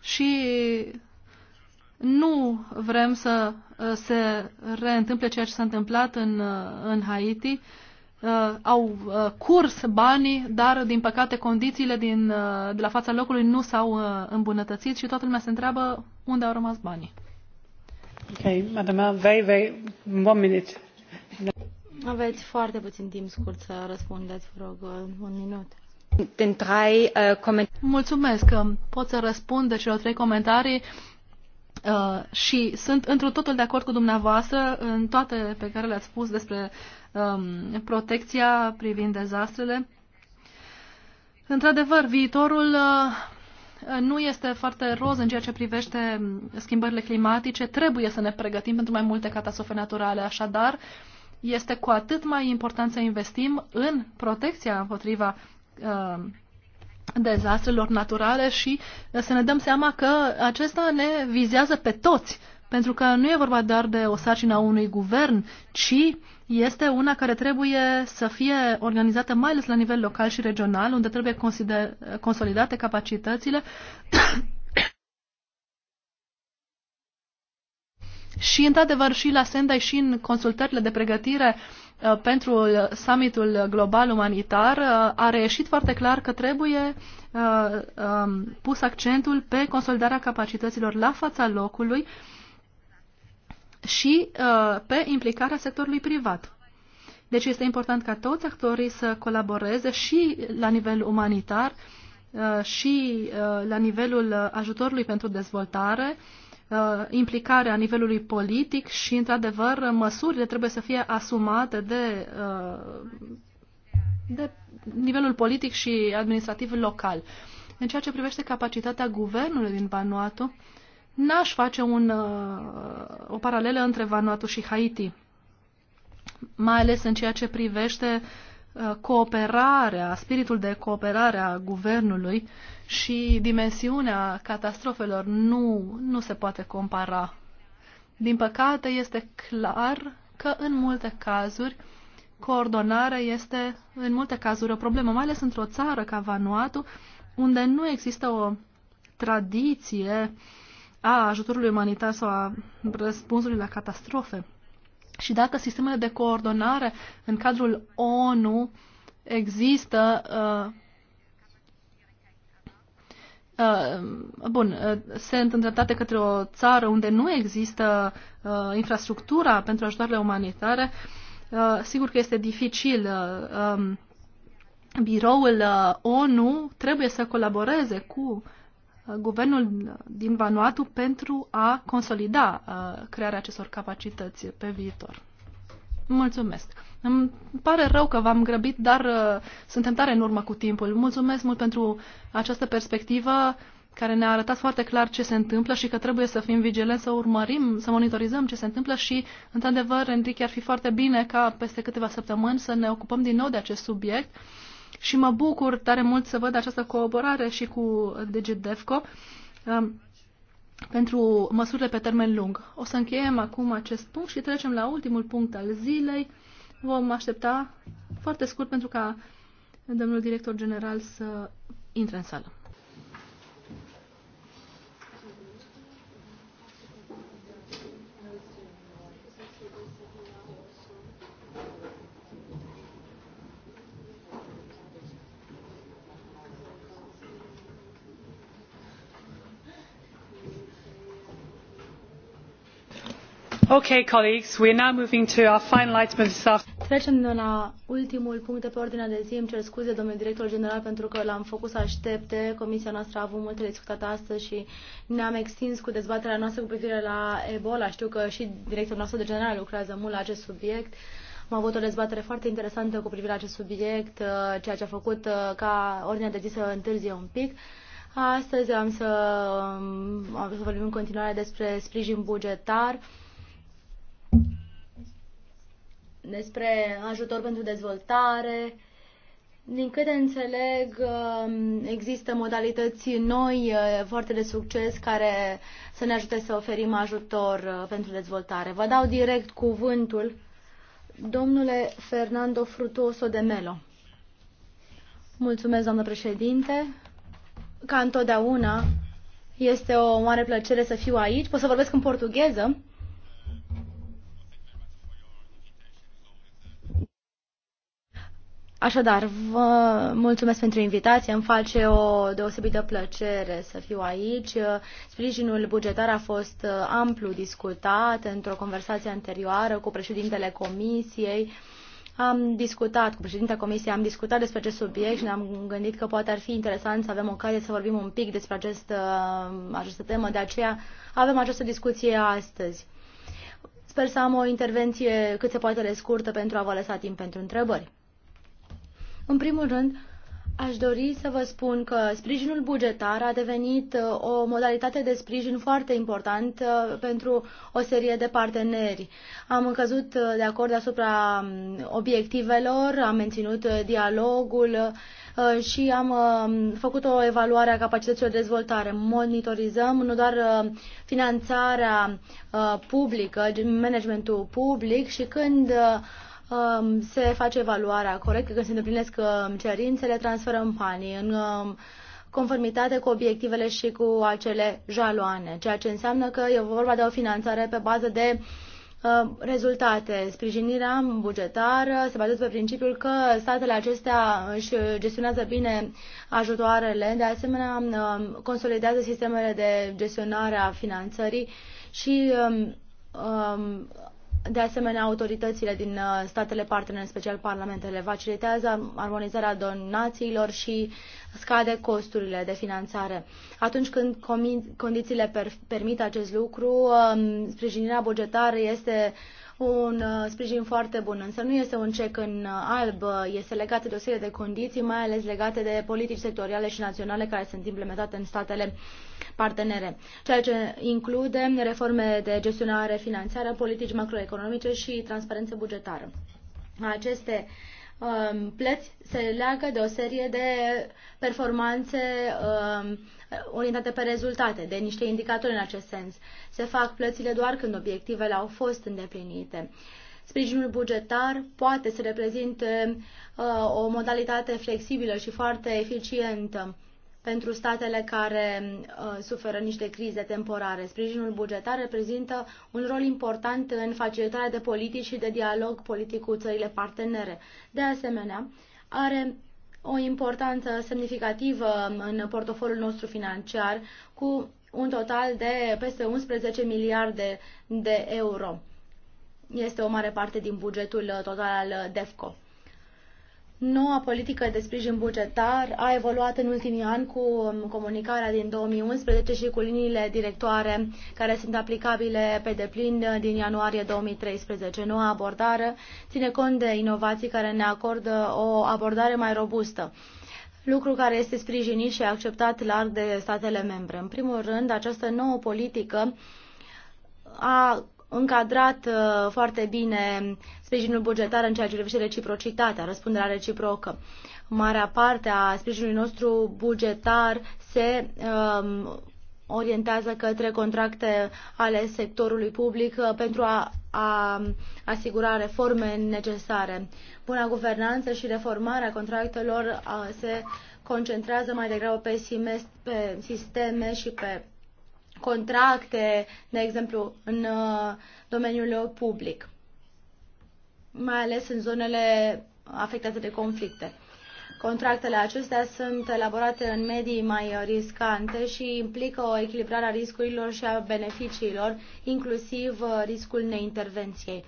și nu vrem să uh, se reîntâmple ceea ce s-a întâmplat în, uh, în Haiti. Au curs banii, dar din păcate condițiile din, de la fața locului nu s-au îmbunătățit și toată lumea se întreabă unde au rămas banii. Okay, madame, very, very, one minute. Aveți foarte puțin timp scurt să răspundeți, vă rog, un minut. Uh, Mulțumesc. că Pot să răspund de celor trei comentarii uh, și sunt într totul de acord cu dumneavoastră în toate pe care le-ați spus despre um, protecția privind dezastrele. Într-adevăr, viitorul uh, nu este foarte roz în ceea ce privește um, schimbările climatice. Trebuie să ne pregătim pentru mai multe catastrofe naturale. Așadar, uh, este cu atât mai important să investim în protecția împotriva uh, dezastrelor naturale și uh, să ne dăm seama că acesta ne vizează pe toți. Pentru că nu e vorba doar de o sarcină a unui guvern, ci este una care trebuie să fie organizată mai ales la nivel local și regional, unde trebuie consolidate capacitățile Și, într-adevăr, și la Sendai și în consultările de pregătire uh, pentru uh, summitul global umanitar uh, a reieșit foarte clar că trebuie um, pus accentul pe consolidarea capacităților la fața locului și pe implicarea sectorului privat. Deci este important ca toți actorii să colaboreze și la nivel umanitar și la nivelul ajutorului pentru dezvoltare Uh, implicare a nivelului politic și, într-adevăr, măsurile trebuie să fie asumate de, uh, de nivelul politic și administrativ local. În ceea ce privește capacitatea guvernului din Vanuatu, n-aș face un, uh, o paralelă între Vanuatu și Haiti, mai ales în ceea ce privește uh, Uh, cooperarea, spiritul de cooperare a guvernului și dimensiunea catastrofelor nu, nu se poate compara. Din păcate, este clar că în multe cazuri coordonarea este în multe cazuri o problemă, mai ales într-o țară ca Vanuatu, unde nu există o tradiție a ajutorului umanitar sau a răspunsului la catastrofe și dacă sistemele de coordonare în cadrul ONU există uh, uh bun, uh, sunt îndreptate către o țară unde nu există uh, infrastructura pentru ajutoarele umanitare, uh, sigur că este dificil. Uh, um, biroul uh, ONU trebuie să colaboreze cu Uh, guvernul din Vanuatu pentru a consolida uh, crearea acestor capacități pe viitor. Mulțumesc. Îmi pare rău că v-am grăbit, dar uh, suntem tare în urmă cu timpul. Mulțumesc mult pentru această perspectivă care ne-a arătat foarte clar ce se întâmplă și că trebuie să fim vigilenți, să urmărim, să monitorizăm ce se întâmplă și, într-adevăr, Enrique, ar fi foarte bine ca peste câteva săptămâni să ne ocupăm din nou de acest subiect și mă bucur tare mult să văd această cooperare și cu DGDEFCO um, pentru măsurile pe termen lung. O să încheiem acum acest punct și trecem la ultimul punct al zilei. Vom aștepta foarte scurt pentru ca domnul director general să intre în sală. Trecem de la ultimul punct de pe ordinea de zi. Îmi cer scuze, domnule director general, pentru că l-am făcut să aștepte. Comisia noastră a avut multe de discutat astăzi și ne-am extins cu dezbaterea noastră cu privire la Ebola. Știu că și directorul nostru de general lucrează mult la acest subiect. Am avut o dezbatere foarte interesantă cu privire la acest subiect, uh, ceea ce a făcut uh, ca ordinea de zi să întârzie un pic. Astăzi am să, um, am să vorbim în continuare despre sprijin bugetar despre ajutor pentru dezvoltare. Din câte înțeleg, um, există modalități noi uh, foarte de succes care să ne ajute să oferim ajutor uh, pentru dezvoltare. Vă dau direct cuvântul domnule Fernando Frutuoso de Melo. Mulțumesc, doamnă președinte. Ca întotdeauna, este o mare plăcere să fiu aici. Pot să vorbesc în portugheză. Așadar, vă mulțumesc pentru invitație, îmi face o deosebită plăcere să fiu aici. Sprijinul bugetar a fost amplu discutat într-o conversație anterioară cu președintele Comisiei. Am discutat cu președintele Comisiei, am discutat despre acest subiect și ne-am gândit că poate ar fi interesant să avem ocazie să vorbim un pic despre acest, această temă, de aceea avem această discuție astăzi. Sper să am o intervenție cât se poate de scurtă pentru a vă lăsa timp pentru întrebări. În primul rând, Aș dori să vă spun că sprijinul bugetar a devenit uh, o modalitate de sprijin foarte important uh, pentru o serie de parteneri. Am încăzut uh, de acord asupra um, obiectivelor, am menținut dialogul și am um, făcut o evaluare a capacităților de dezvoltare. Monitorizăm nu doar finanțarea publică, managementul public și când Um, se face evaluarea corectă, când se îndeplinesc um, cerințele, transferăm banii în um, conformitate cu obiectivele și cu acele jaloane, ceea ce înseamnă că e vorba de o finanțare pe bază de rezultate. Sprijinirea bugetară se bazează pe principiul că statele acestea își gestionează bine ajutoarele, de asemenea consolidează sistemele de gestionare a finanțării și de asemenea, autoritățile din uh, statele partenere, în special parlamentele, facilitează armonizarea donațiilor și scade costurile de finanțare. Atunci când condițiile permit acest lucru, um, sprijinirea bugetară este un uh, sprijin foarte bun, însă nu este un cec în uh, alb, uh, este legat de o serie de condiții, mai ales legate de politici sectoriale și naționale care sunt implementate în statele partenere, ceea ce include reforme de gestionare financiară, politici macroeconomice și transparență bugetară. Aceste uh, Um, plăți se leagă de o serie de performanțe um, orientate pe rezultate, de niște indicatori în acest sens. Se fac plățile doar când obiectivele au fost îndeplinite. Sprijinul bugetar poate să reprezinte uh, o modalitate flexibilă și foarte eficientă pentru statele care uh, suferă niște crize temporare. Sprijinul bugetar reprezintă un rol important în facilitarea de politici și de dialog politic cu țările partenere. De asemenea, are o importanță semnificativă în portofoliul nostru financiar cu un total de peste 11 miliarde de euro. Este o mare parte din bugetul total al DEFCO. Noua politică de sprijin bugetar a evoluat în ultimii ani cu um, comunicarea din 2011 și cu liniile directoare care sunt aplicabile pe deplin uh, din ianuarie 2013. Noua abordare ține cont de inovații care ne acordă o abordare mai robustă lucru care este sprijinit și acceptat larg de statele membre. În primul rând, această nouă politică a încadrat uh, foarte bine sprijinul bugetar în ceea ce privește reciprocitatea, răspunderea reciprocă. Marea parte a sprijinului nostru bugetar se um, orientează către contracte ale sectorului public uh, pentru a, a asigura reforme necesare. Buna guvernanță și reformarea contractelor uh, se concentrează mai degrabă pe, simest, pe sisteme și pe contracte, de exemplu, în uh, domeniul public, mai ales în zonele afectate de conflicte. Contractele acestea sunt elaborate în medii mai uh, riscante și implică o echilibrare a riscurilor și a beneficiilor, inclusiv uh, riscul neintervenției.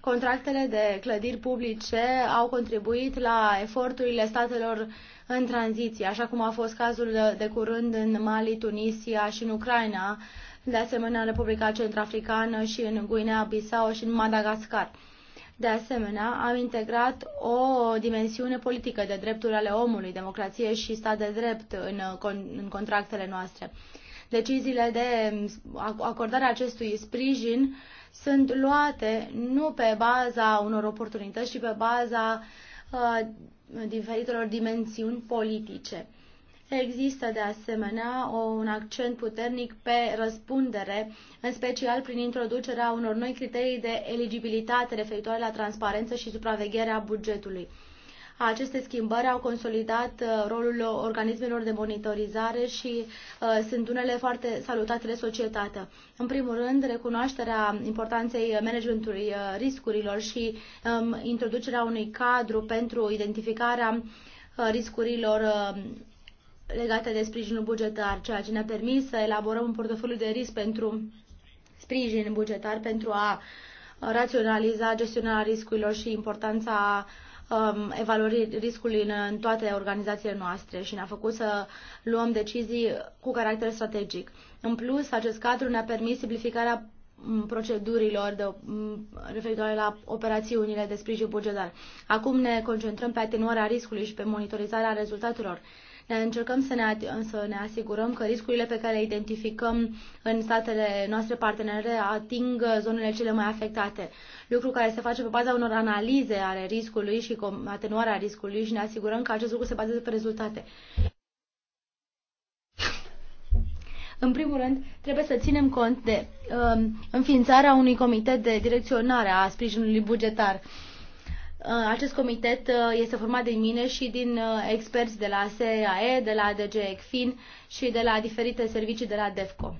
Contractele de clădiri publice au contribuit la eforturile statelor în tranziție, așa cum a fost cazul de curând în Mali, Tunisia și în Ucraina, de asemenea în Republica Centrafricană și în Guinea-Bissau și în Madagascar. De asemenea, am integrat o dimensiune politică de drepturi ale omului, democrație și stat de drept în, în contractele noastre. Deciziile de acordare acestui sprijin sunt luate nu pe baza unor oportunități, ci pe baza uh, diferitelor dimensiuni politice. Există de asemenea un accent puternic pe răspundere, în special prin introducerea unor noi criterii de eligibilitate referitoare la transparență și supravegherea bugetului. Aceste schimbări au consolidat uh, rolul organismelor de monitorizare și uh, sunt unele foarte salutate de societate. În primul rând, recunoașterea importanței managementului uh, riscurilor și um, introducerea unui cadru pentru identificarea riscurilor legate de sprijinul bugetar, ceea ce ne-a permis să elaborăm un portofoliu de risc pentru sprijin bugetar pentru a raționaliza gestionarea riscurilor și importanța uh, um, evaluării riscului în, în toate organizațiile noastre și ne-a făcut să luăm decizii cu caracter strategic. În plus, acest cadru ne-a permis simplificarea um, procedurilor de, um, referitoare la operațiunile de sprijin bugetar. Acum ne concentrăm pe atenuarea riscului și pe monitorizarea rezultatelor încercăm să ne, să ne asigurăm că riscurile pe care le identificăm în statele noastre partenere ating zonele cele mai afectate. Lucru care se face pe baza unor analize ale riscului și atenuarea riscului și ne asigurăm că acest lucru se bazează pe rezultate. În primul rând, trebuie să ținem cont de um, înființarea unui comitet de direcționare a sprijinului bugetar. Uh, Uh, acest comitet uh, este format din mine și din uh, experți de la SAE, de la DG ECFIN și de la diferite servicii de la DEFCO.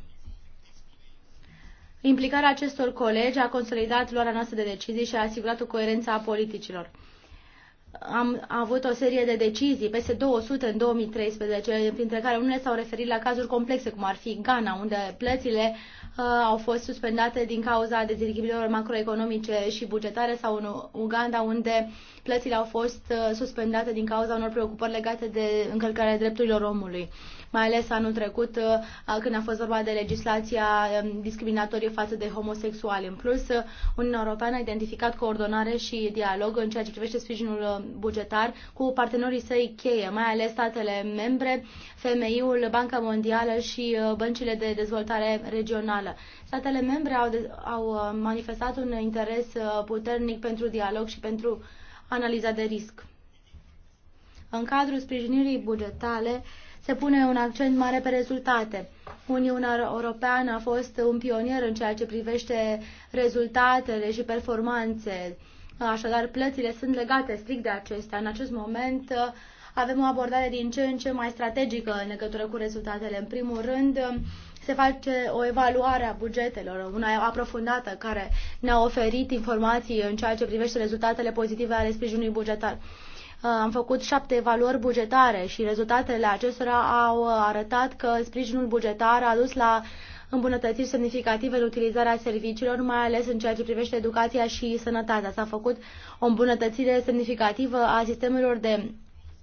Implicarea acestor colegi a consolidat luarea noastră de decizii și a asigurat o coerență a politicilor. Am avut o serie de decizii, peste 200 în 2013, printre care unele s-au referit la cazuri complexe, cum ar fi Ghana, unde plățile Uh, au fost suspendate din cauza dezechilibrilor macroeconomice și bugetare sau în Uganda, unde plățile au fost uh, suspendate din cauza unor preocupări legate de încălcarea drepturilor omului mai ales anul trecut uh, când a fost vorba de legislația um, discriminatorie față de homosexuali. În plus, uh, Uniunea Europeană a identificat coordonare și dialog în ceea ce privește sprijinul uh, bugetar cu partenerii săi cheie, mai ales statele membre, FMI-ul, Banca Mondială și băncile de dezvoltare regională. Statele membre au, de, au manifestat un interes puternic pentru dialog și pentru analiza de risc. În cadrul sprijinirii bugetale, se pune un accent mare pe rezultate. Uniunea Europeană a fost un pionier în ceea ce privește rezultatele și performanțe. Așadar, plățile sunt legate strict de acestea. În acest moment avem o abordare din ce în ce mai strategică în legătură cu rezultatele. În primul rând, se face o evaluare a bugetelor, una aprofundată care ne-a oferit informații în ceea ce privește rezultatele pozitive ale sprijinului bugetar. Am făcut șapte evaluări bugetare și rezultatele acestora au uh, arătat că sprijinul bugetar a dus la îmbunătățiri semnificative în utilizarea serviciilor, mai ales în ceea ce privește educația și sănătatea. S-a făcut o îmbunătățire semnificativă a sistemelor de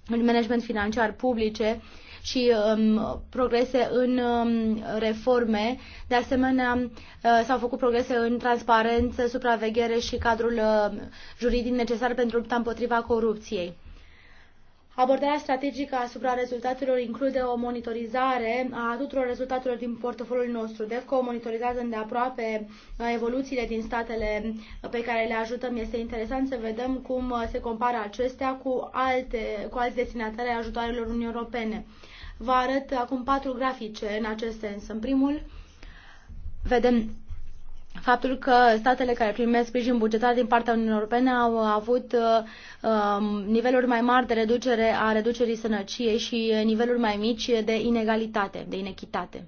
management financiar publice și um, progrese în um, reforme. De asemenea, uh, s-au făcut progrese în transparență, supraveghere și cadrul uh, juridic necesar pentru lupta împotriva corupției. Abordarea strategică asupra rezultatelor include o monitorizare a tuturor rezultatelor din portofoliul nostru. DEFCO monitorizează îndeaproape uh, evoluțiile din statele pe care le ajutăm. Este interesant să vedem cum uh, se compară acestea cu, alte, cu alți destinatari ai ajutoarelor Uniunii Europene. Vă arăt acum patru grafice în acest sens. În primul, vedem faptul că statele care primesc sprijin bugetar din partea Uniunii Europene au avut uh, niveluri mai mari de reducere a reducerii sănăciei și niveluri mai mici de inegalitate, de inechitate.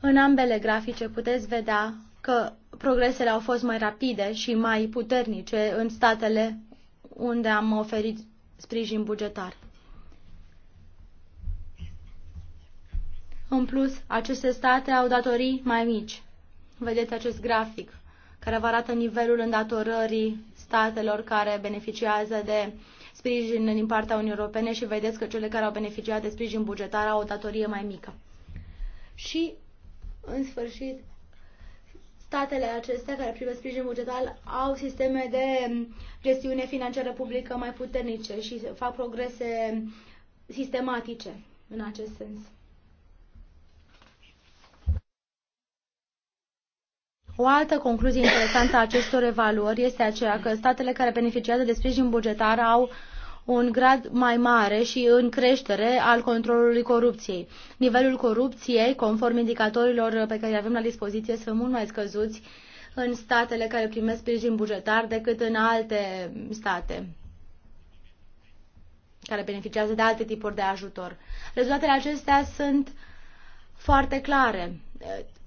În ambele grafice puteți vedea că progresele au fost mai rapide și mai puternice în statele unde am oferit sprijin bugetar. În plus, aceste state au datorii mai mici vedeți acest grafic care vă arată nivelul îndatorării statelor care beneficiază de sprijin din partea Uniunii Europene și vedeți că cele care au beneficiat de sprijin bugetar au o datorie mai mică. Și, în sfârșit, statele acestea care primesc sprijin bugetar au sisteme de gestiune financiară publică mai puternice și fac progrese sistematice în acest sens. O altă concluzie interesantă a acestor evaluări este aceea că statele care beneficiază de sprijin bugetar au un grad mai mare și în creștere al controlului corupției. Nivelul corupției, conform indicatorilor pe care le avem la dispoziție, sunt mult mai scăzuți în statele care primesc sprijin bugetar decât în alte state care beneficiază de alte tipuri de ajutor. Rezultatele acestea sunt foarte clare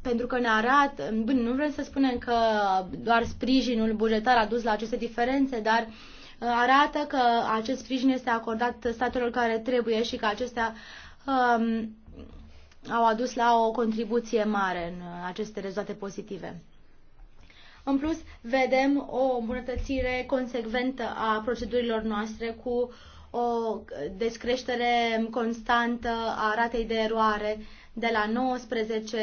pentru că ne arată, bine, nu vrem să spunem că doar sprijinul bugetar a dus la aceste diferențe, dar uh, arată că acest sprijin este acordat statelor care trebuie și că acestea um, au adus la o contribuție mare în uh, aceste rezultate pozitive. În plus, vedem o îmbunătățire consecventă a procedurilor noastre cu o descreștere constantă a ratei de eroare, de la 19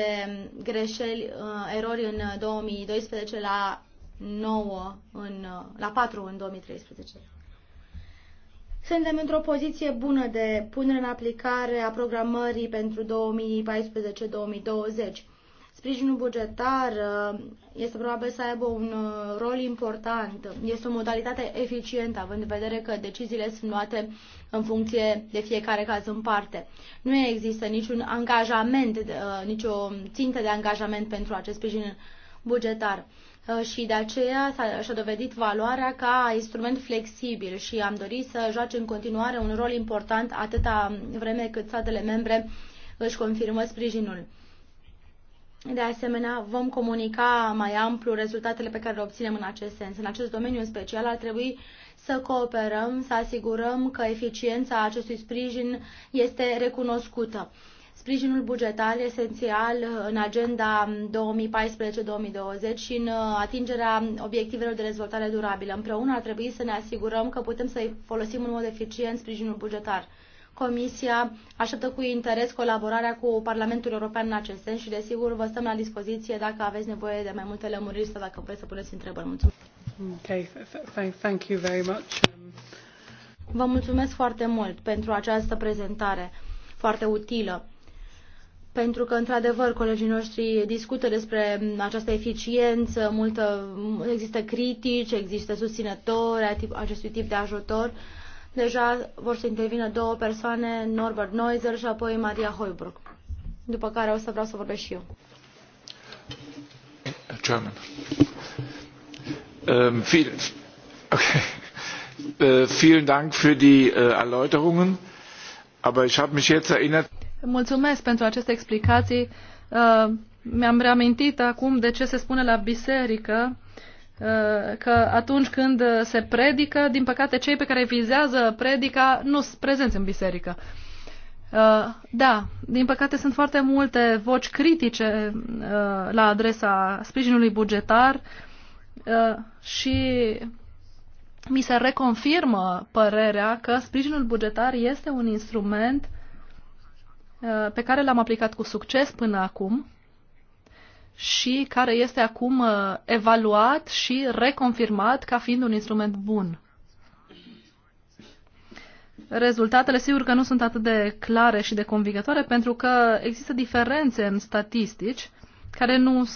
greșeli, uh, erori în 2012 uh, la 9 în, uh, la 4 în 2013. Suntem într-o poziție bună de punere în aplicare a programării pentru 2014-2020. Sprijinul bugetar uh, este probabil să aibă un uh, rol important. Este o modalitate eficientă, având în vedere că deciziile sunt luate în funcție de fiecare caz în parte. Nu există niciun angajament, uh, nicio țintă de angajament pentru acest sprijin bugetar și de aceea și-a dovedit valoarea ca instrument flexibil și am dorit să joace în continuare un rol important atâta vreme cât statele membre își confirmă sprijinul. De asemenea, vom comunica mai amplu rezultatele pe care le obținem în acest sens. În acest domeniu în special ar trebui să cooperăm, să asigurăm că eficiența acestui sprijin este recunoscută. Sprijinul bugetar esențial în agenda 2014-2020 și în atingerea obiectivelor de dezvoltare durabilă. Împreună ar trebui să ne asigurăm că putem să folosim în mod eficient sprijinul bugetar. Comisia așteptă cu interes colaborarea cu Parlamentul European în acest sens și, desigur, vă stăm la dispoziție dacă aveți nevoie de mai multe lămuriri sau dacă vreți să puneți întrebări. Mulțumesc! Okay, thank you very much. Vă mulțumesc foarte mult pentru această prezentare foarte utilă pentru că, într-adevăr, colegii noștri discută despre această eficiență, multă, există critici, există susținători acestui tip de ajutor Deja vor să intervină două persoane, Norbert Neuser și apoi Maria Hoiburg. După care o să vreau să vorbesc și eu. German. Um, viel, okay. uh, vielen Dank für die uh, Erläuterungen. Aber ich habe mich jetzt erinnert. Mulțumesc pentru aceste explicații. Uh, mi-am reamintit acum de ce se spune la biserică Uh, că atunci când uh, se predică, din păcate cei pe care vizează predica nu sunt prezenți în biserică. Uh, da, din păcate sunt foarte multe voci critice la adresa sprijinului bugetar și mi se reconfirmă părerea că sprijinul bugetar este un instrument pe care l-am aplicat cu succes până acum și care este acum uh, evaluat și reconfirmat ca fiind un instrument bun. Rezultatele sigur că nu sunt atât de clare și de convingătoare pentru că există diferențe în statistici care nu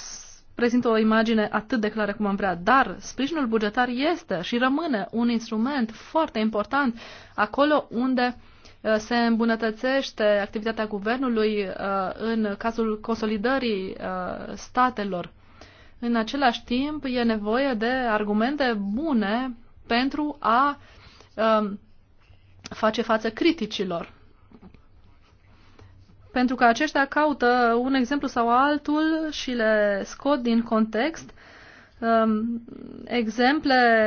prezintă o imagine atât de clară cum am vrea, dar sprijinul bugetar este și rămâne un instrument foarte important acolo unde uh, Uh, se îmbunătățește activitatea guvernului uh, în cazul consolidării uh, statelor. În același timp, e nevoie de argumente bune pentru a um, face față criticilor. Pentru că aceștia caută un exemplu sau altul și le scot din context um, exemple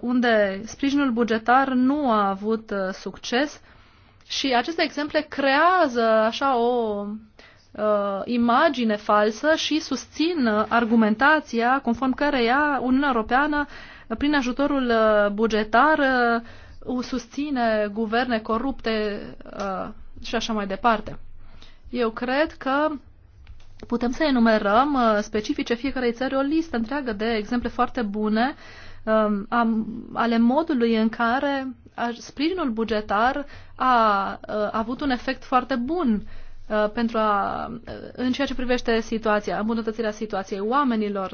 unde sprijinul bugetar nu a avut succes și aceste exemple creează așa o uh, imagine falsă și susțin uh, argumentația conform căreia Uniunea Europeană, uh, prin ajutorul uh, bugetar, uh, susține guverne corupte uh, și așa mai departe. Eu cred că putem să enumerăm uh, specifice fiecarei țări o listă întreagă de exemple foarte bune uh, Um, ale modului în care sprijinul bugetar uh, a avut un efect foarte bun uh, pentru a, uh, în ceea ce privește situația, îmbunătățirea situației oamenilor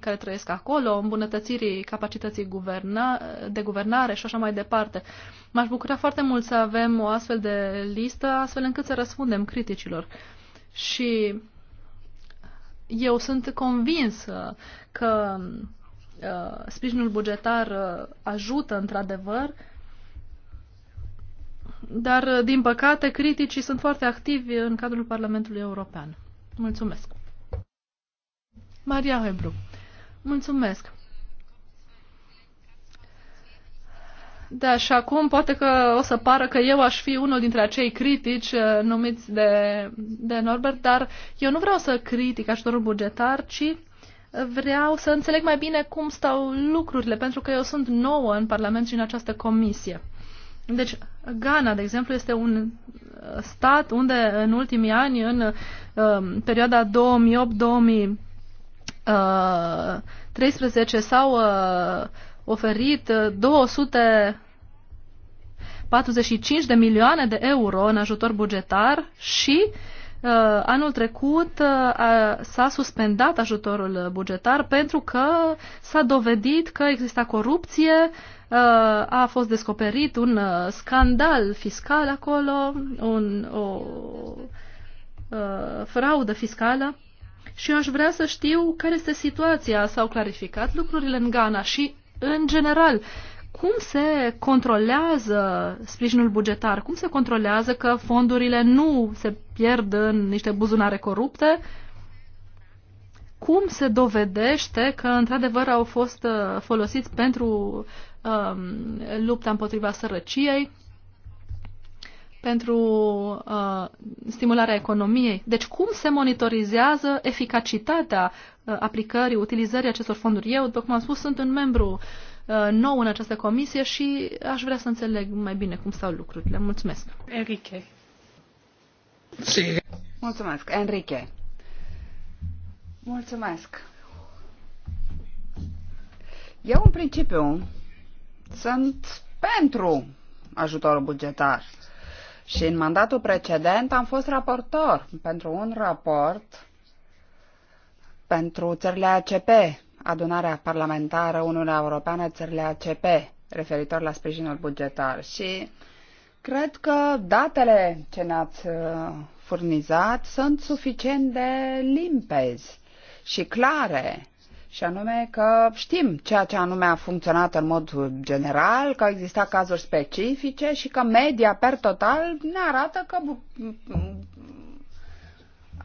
care trăiesc acolo, îmbunătățirii capacității guverna, de guvernare și așa mai departe. M-aș bucura foarte mult să avem o astfel de listă, astfel încât să răspundem criticilor. Și eu sunt convins că Uh, sprijinul bugetar uh, ajută într-adevăr, dar, uh, din păcate, criticii sunt foarte activi în cadrul Parlamentului European. Mulțumesc. Maria Hebru. Mulțumesc. Da, și acum poate că o să pară că eu aș fi unul dintre acei critici numiți de, de Norbert, dar eu nu vreau să critic ajutorul bugetar, ci vreau să înțeleg mai bine cum stau lucrurile, pentru că eu sunt nouă în Parlament și în această comisie. Deci, Ghana, de exemplu, este un uh, stat unde în ultimii ani, în um, uh, perioada 2008-2013, s-au uh, oferit 245 uh, de milioane de euro în ajutor bugetar și uh, Uh, anul trecut uh, s-a suspendat ajutorul bugetar pentru că s-a dovedit că exista corupție, uh, a fost descoperit un scandal fiscal acolo, un, o fraudă fiscală și eu aș vrea să știu care este situația. S-au clarificat lucrurile în Ghana și, în general, cum se controlează sprijinul bugetar? Cum se controlează că fondurile nu se pierd în niște buzunare corupte? Cum se dovedește că într-adevăr au fost uh, folosiți pentru um, lupta împotriva sărăciei, pentru uh, stimularea economiei? Deci cum se monitorizează eficacitatea uh, aplicării, utilizării acestor fonduri? Eu, după cum am spus, sunt un membru uh, Uh, nou în această comisie și aș vrea să înțeleg mai bine cum stau lucrurile. Mulțumesc. Enrique. Mulțumesc, Enrique. Mulțumesc. Eu, în principiu, sunt pentru ajutorul bugetar. Și în mandatul precedent am fost raportor pentru un raport pentru țările ACP, adunarea parlamentară Uniunea Europeană, țările ACP, referitor la sprijinul bugetar. Și cred că datele ce ne-ați uh, furnizat sunt suficient de limpezi și clare. Și anume că știm ceea ce anume a funcționat în mod general, că au existat cazuri specifice și că media per total ne arată că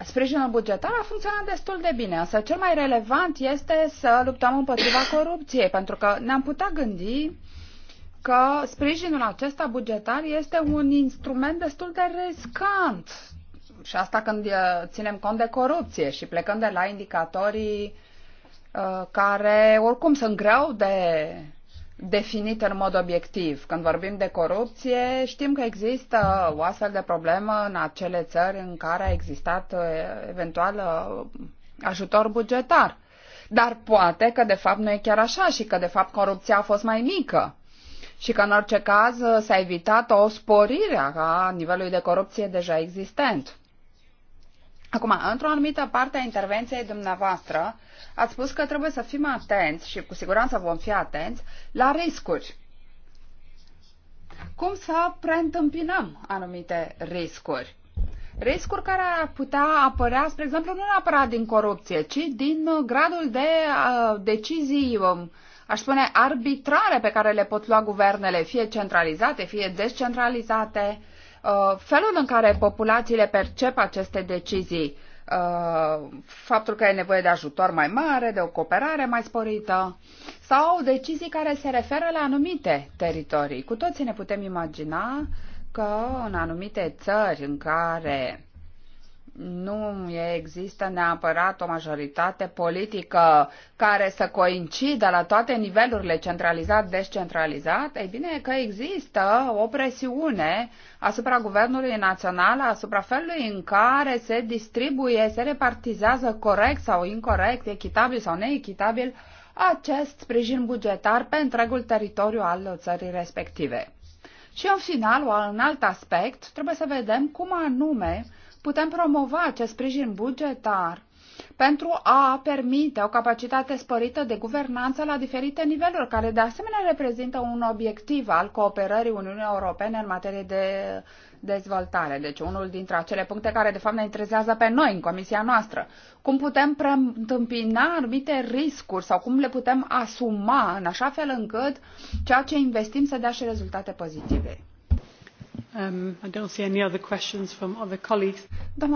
sprijinul bugetar a funcționat destul de bine, însă cel mai relevant este să luptăm împotriva corupției, pentru că ne-am putea gândi că sprijinul acesta bugetar este un instrument destul de riscant. Și asta când ținem cont de corupție și plecând de la indicatorii uh, care oricum sunt greu de definite în mod obiectiv. Când vorbim de corupție, știm că există o astfel de problemă în acele țări în care a existat uh, eventual uh, ajutor bugetar. Dar poate că de fapt nu e chiar așa și că de fapt corupția a fost mai mică și că în orice caz uh, s-a evitat o sporire a nivelului de corupție deja existent. Acum, într-o anumită parte a intervenției dumneavoastră, ați spus că trebuie să fim atenți și cu siguranță vom fi atenți la riscuri. Cum să preîntâmpinăm anumite riscuri? riscuri care ar putea apărea, spre exemplu, nu neapărat din corupție, ci din uh, gradul de uh, decizii, um, aș spune, arbitrare pe care le pot lua guvernele, fie centralizate, fie descentralizate, uh, felul în care populațiile percep aceste decizii Uh, faptul că e nevoie de ajutor mai mare, de o cooperare mai sporită sau decizii care se referă la anumite teritorii. Cu toții ne putem imagina că în anumite țări în care nu există neapărat o majoritate politică care să coincidă la toate nivelurile centralizat-descentralizat, ei bine că există o presiune asupra Guvernului Național, asupra felului în care se distribuie, se repartizează corect sau incorrect, echitabil sau neechitabil, acest sprijin bugetar pe întregul teritoriu al țării respective. Și în final, un alt aspect, trebuie să vedem cum anume putem promova acest sprijin bugetar pentru a permite o capacitate sporită de guvernanță la diferite niveluri, care de asemenea reprezintă un obiectiv al cooperării Uniunii Europene în materie de dezvoltare. Deci unul dintre acele puncte care de fapt ne interesează pe noi în comisia noastră. Cum putem preîntâmpina anumite riscuri sau cum le putem asuma în așa fel încât ceea ce investim să dea și rezultate pozitive doamnă um, I don't see any other questions from other colleagues.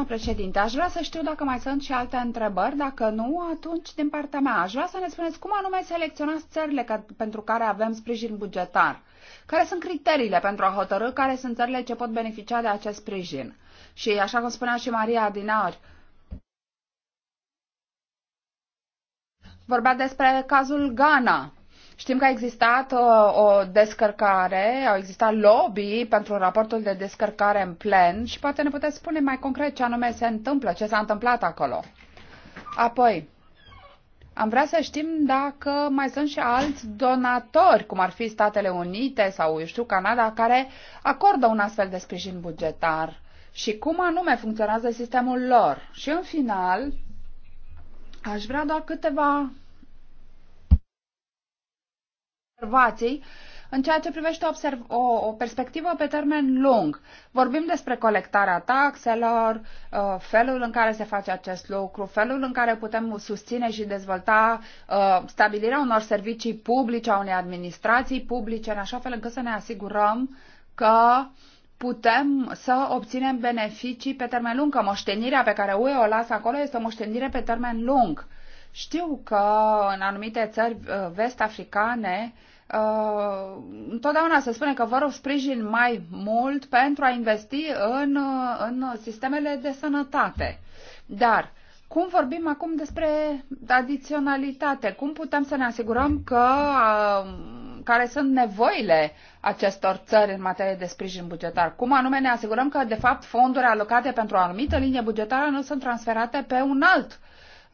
președinte, aș vrea să știu dacă mai sunt și alte întrebări. Dacă nu, atunci din partea mea aș vrea să ne spuneți cum anume selecționați țările pentru care avem sprijin bugetar. Care sunt criteriile pentru a hotărâ care sunt țările ce pot beneficia de acest sprijin? Și așa cum spunea și Maria Adinaur, vorbea despre cazul Ghana Știm că a existat o, uh, o descărcare, au existat lobby pentru raportul de descărcare în plen și poate ne puteți spune mai concret ce anume se întâmplă, ce s-a întâmplat acolo. Apoi, am vrea să știm dacă mai sunt și alți donatori, cum ar fi Statele Unite sau, eu știu, Canada, care acordă un astfel de sprijin bugetar și cum anume funcționează sistemul lor. Și în final, aș vrea doar câteva observații în ceea ce privește observ o, o perspectivă pe termen lung. Vorbim despre colectarea taxelor, uh, felul în care se face acest lucru, felul în care putem susține și dezvolta uh, stabilirea unor servicii publice, a unei administrații publice, în așa fel încât să ne asigurăm că putem să obținem beneficii pe termen lung, că moștenirea pe care UE o lasă acolo este o moștenire pe termen lung știu că în anumite țări uh, vest-africane Uh, întotdeauna se spune că vă rog sprijin mai mult pentru a investi în, uh, în sistemele de sănătate. Dar cum vorbim acum despre adiționalitate? Cum putem să ne asigurăm că uh, care sunt nevoile acestor țări în materie de sprijin bugetar? Cum anume ne asigurăm că, de fapt, fonduri alocate pentru o anumită linie bugetară nu sunt transferate pe un alt uh,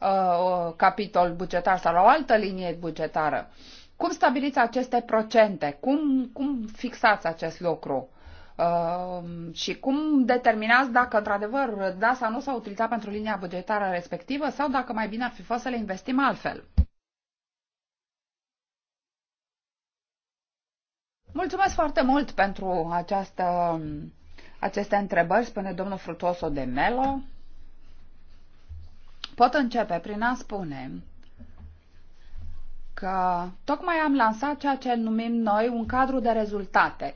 Uh, capitol bugetar sau la o altă linie bugetară. Cum stabiliți aceste procente? Cum, cum fixați acest lucru? Uh, și cum determinați dacă într-adevăr da sau nu s-a utilizat pentru linia bugetară respectivă sau dacă mai bine ar fi fost să le investim altfel? Mulțumesc foarte mult pentru această, aceste întrebări, spune domnul Frutoso de Melo. Pot începe prin a spune că tocmai am lansat ceea ce numim noi un cadru de rezultate.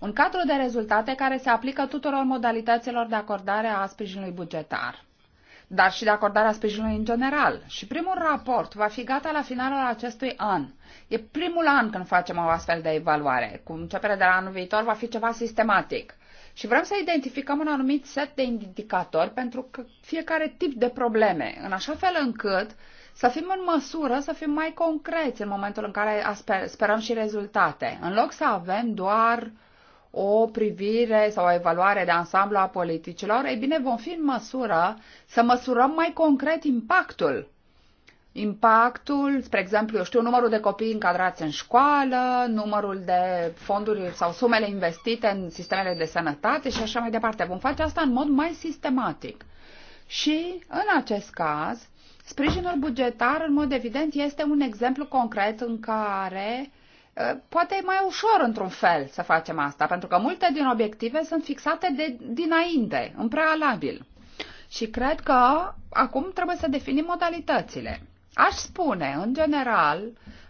Un cadru de rezultate care se aplică tuturor modalităților de acordare a sprijinului bugetar, dar și de acordarea sprijinului în general. Și primul raport va fi gata la finalul acestui an. E primul an când facem o astfel de evaluare. Cu începere de la anul viitor va fi ceva sistematic. Și vrem să identificăm un anumit set de indicatori pentru că fiecare tip de probleme, în așa fel încât să fim în măsură să fim mai concreți în momentul în care sperăm și rezultate, în loc să avem doar o privire sau o evaluare de ansamblu a politicilor, ei bine, vom fi în măsură să măsurăm mai concret impactul impactul, spre exemplu, eu știu, numărul de copii încadrați în școală, numărul de fonduri sau sumele investite în sistemele de sănătate și așa mai departe. Vom face asta în mod mai sistematic. Și, în acest caz, sprijinul bugetar, în mod evident, este un exemplu concret în care poate e mai ușor într-un fel să facem asta, pentru că multe din obiective sunt fixate de dinainte, în prealabil. Și cred că acum trebuie să definim modalitățile. Aș spune, în general,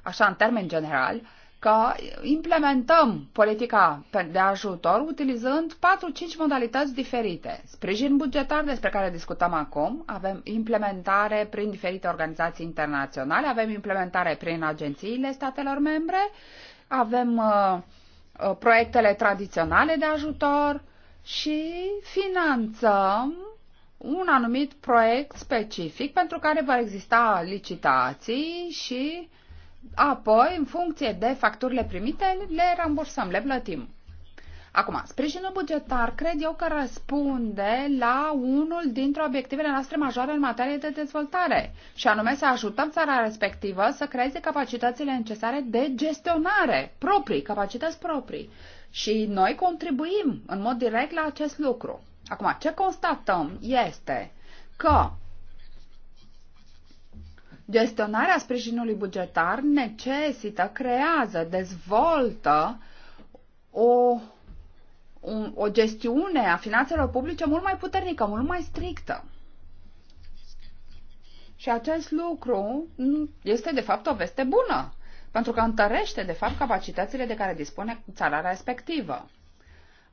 așa în termen general, că implementăm politica de ajutor utilizând 4-5 modalități diferite. Sprijin bugetar, despre care discutăm acum, avem implementare prin diferite organizații internaționale, avem implementare prin agențiile statelor membre, avem uh, uh proiectele tradiționale de ajutor și finanțăm un anumit proiect specific pentru care va exista licitații și apoi, în funcție de facturile primite, le rambursăm, le plătim. Acum, sprijinul bugetar cred eu că răspunde la unul dintre obiectivele noastre majore în materie de dezvoltare, și anume să ajutăm țara respectivă să creeze capacitățile necesare de gestionare proprii, capacități proprii. Și noi contribuim în mod direct la acest lucru. Acum, ce constatăm este că gestionarea sprijinului bugetar necesită, creează, dezvoltă o, un, o gestiune a finanțelor publice mult mai puternică, mult mai strictă. Și acest lucru este, de fapt, o veste bună, pentru că întărește, de fapt, capacitățile de care dispune țara respectivă.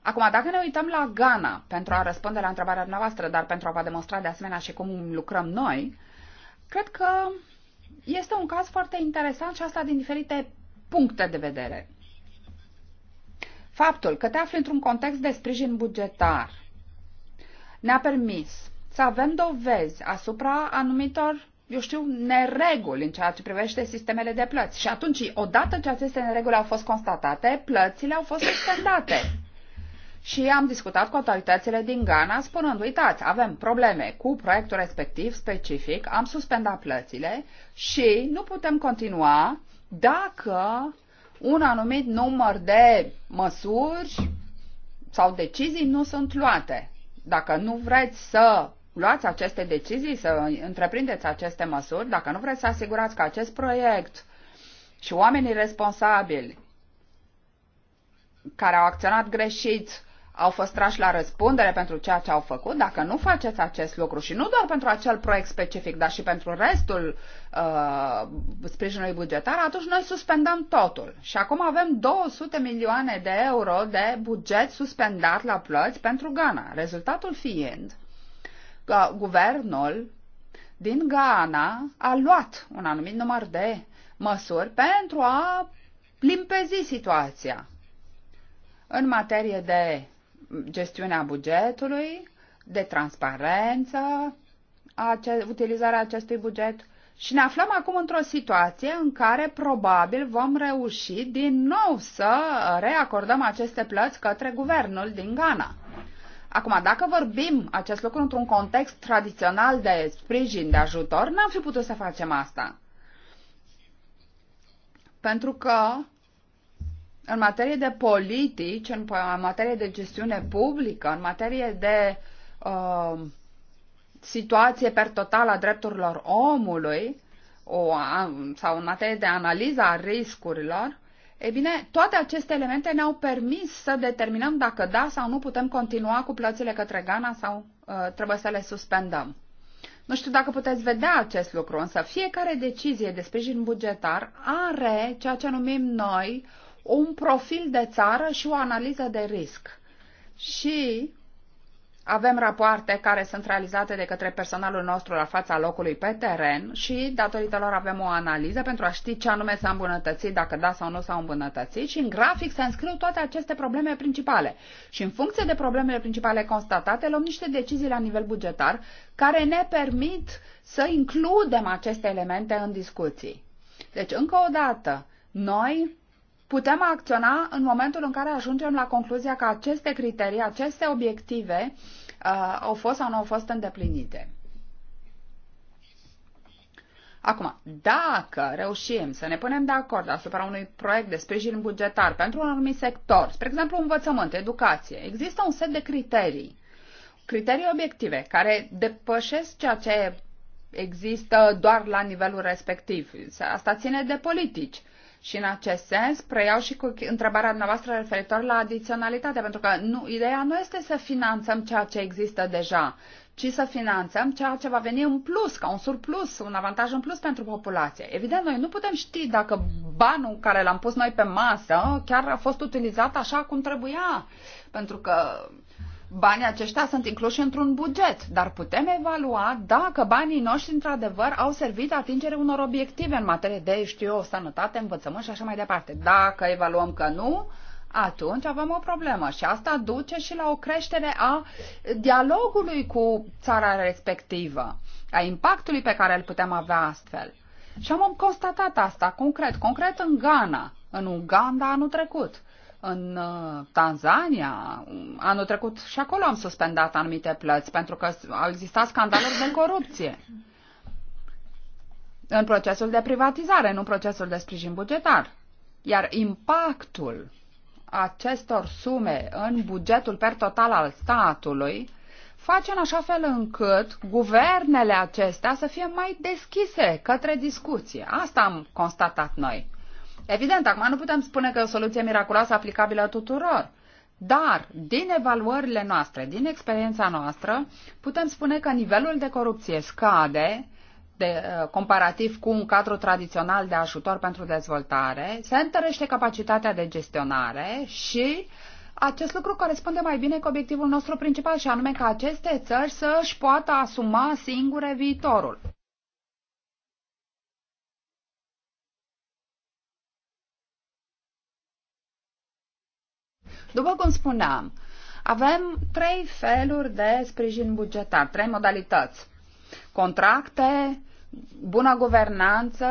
Acum, dacă ne uităm la Ghana, pentru a răspunde la întrebarea noastră, dar pentru a vă demonstra de asemenea și cum lucrăm noi, cred că este un caz foarte interesant și asta din diferite puncte de vedere. Faptul că te afli într-un context de sprijin bugetar ne-a permis să avem dovezi asupra anumitor eu știu, nereguli în ceea ce privește sistemele de plăți. Și atunci, odată ce aceste nereguli au fost constatate, plățile au fost suspendate și am discutat cu autoritățile din Ghana spunând, uitați, avem probleme cu proiectul respectiv specific, am suspendat plățile și nu putem continua dacă un anumit număr de măsuri sau decizii nu sunt luate. Dacă nu vreți să luați aceste decizii, să întreprindeți aceste măsuri, dacă nu vreți să asigurați că acest proiect și oamenii responsabili care au acționat greșit au fost trași la răspundere pentru ceea ce au făcut, dacă nu faceți acest lucru și nu doar pentru acel proiect specific, dar și pentru restul uh, sprijinului bugetar, atunci noi suspendăm totul. Și acum avem 200 milioane de euro de buget suspendat la plăți pentru Ghana. Rezultatul fiind că guvernul din Ghana a luat un anumit număr de măsuri pentru a limpezi situația în materie de gestiunea bugetului, de transparență, ace- utilizarea acestui buget. Și ne aflăm acum într-o situație în care probabil vom reuși din nou să reacordăm aceste plăți către guvernul din Ghana. Acum, dacă vorbim acest lucru într-un context tradițional de sprijin, de ajutor, n-am fi putut să facem asta. Pentru că în materie de politici, în materie de gestiune publică, în materie de uh, situație per total a drepturilor omului o, sau în materie de analiza a riscurilor, e bine, toate aceste elemente ne-au permis să determinăm dacă da sau nu putem continua cu plățile către Ghana sau uh, trebuie să le suspendăm. Nu știu dacă puteți vedea acest lucru, însă fiecare decizie de sprijin bugetar are ceea ce numim noi un profil de țară și o analiză de risc. Și avem rapoarte care sunt realizate de către personalul nostru la fața locului pe teren și datorită lor avem o analiză pentru a ști ce anume s-a îmbunătățit, dacă da sau nu s-a îmbunătățit și în grafic se înscriu toate aceste probleme principale. Și în funcție de problemele principale constatate, luăm niște decizii la nivel bugetar care ne permit să includem aceste elemente în discuții. Deci, încă o dată, noi putem acționa în momentul în care ajungem la concluzia că aceste criterii, aceste obiective uh, au fost sau nu au fost îndeplinite. Acum, dacă reușim să ne punem de acord asupra unui proiect de sprijin bugetar pentru un anumit sector, spre exemplu învățământ, educație, există un set de criterii, criterii obiective, care depășesc ceea ce există doar la nivelul respectiv. Asta ține de politici. Și în acest sens preiau și cu întrebarea noastră referitor la adiționalitate, pentru că nu, ideea nu este să finanțăm ceea ce există deja, ci să finanțăm ceea ce va veni în plus, ca un surplus, un avantaj în plus pentru populație. Evident, noi nu putem ști dacă banul care l-am pus noi pe masă chiar a fost utilizat așa cum trebuia, pentru că Banii aceștia sunt incluși într-un buget, dar putem evalua dacă banii noștri într-adevăr au servit atingere unor obiective în materie de, știu eu, sănătate, învățământ și așa mai departe. Dacă evaluăm că nu, atunci avem o problemă și asta duce și la o creștere a dialogului cu țara respectivă, a impactului pe care îl putem avea astfel. Și am constatat asta concret, concret în Ghana, în Uganda anul trecut în uh, Tanzania, anul trecut și acolo am suspendat anumite plăți pentru că au existat scandaluri de corupție în procesul de privatizare, nu în procesul de sprijin bugetar. Iar impactul acestor sume în bugetul per total al statului face în așa fel încât guvernele acestea să fie mai deschise către discuție. Asta am constatat noi. Evident, acum nu putem spune că e o soluție miraculoasă aplicabilă tuturor. Dar, din evaluările noastre, din experiența noastră, putem spune că nivelul de corupție scade de, uh, comparativ cu un cadru tradițional de ajutor pentru dezvoltare, se întărește capacitatea de gestionare și acest lucru corespunde mai bine cu obiectivul nostru principal și anume ca aceste țări să își poată asuma singure viitorul. După cum spuneam, avem trei feluri de sprijin bugetar, trei modalități. Contracte, bună guvernanță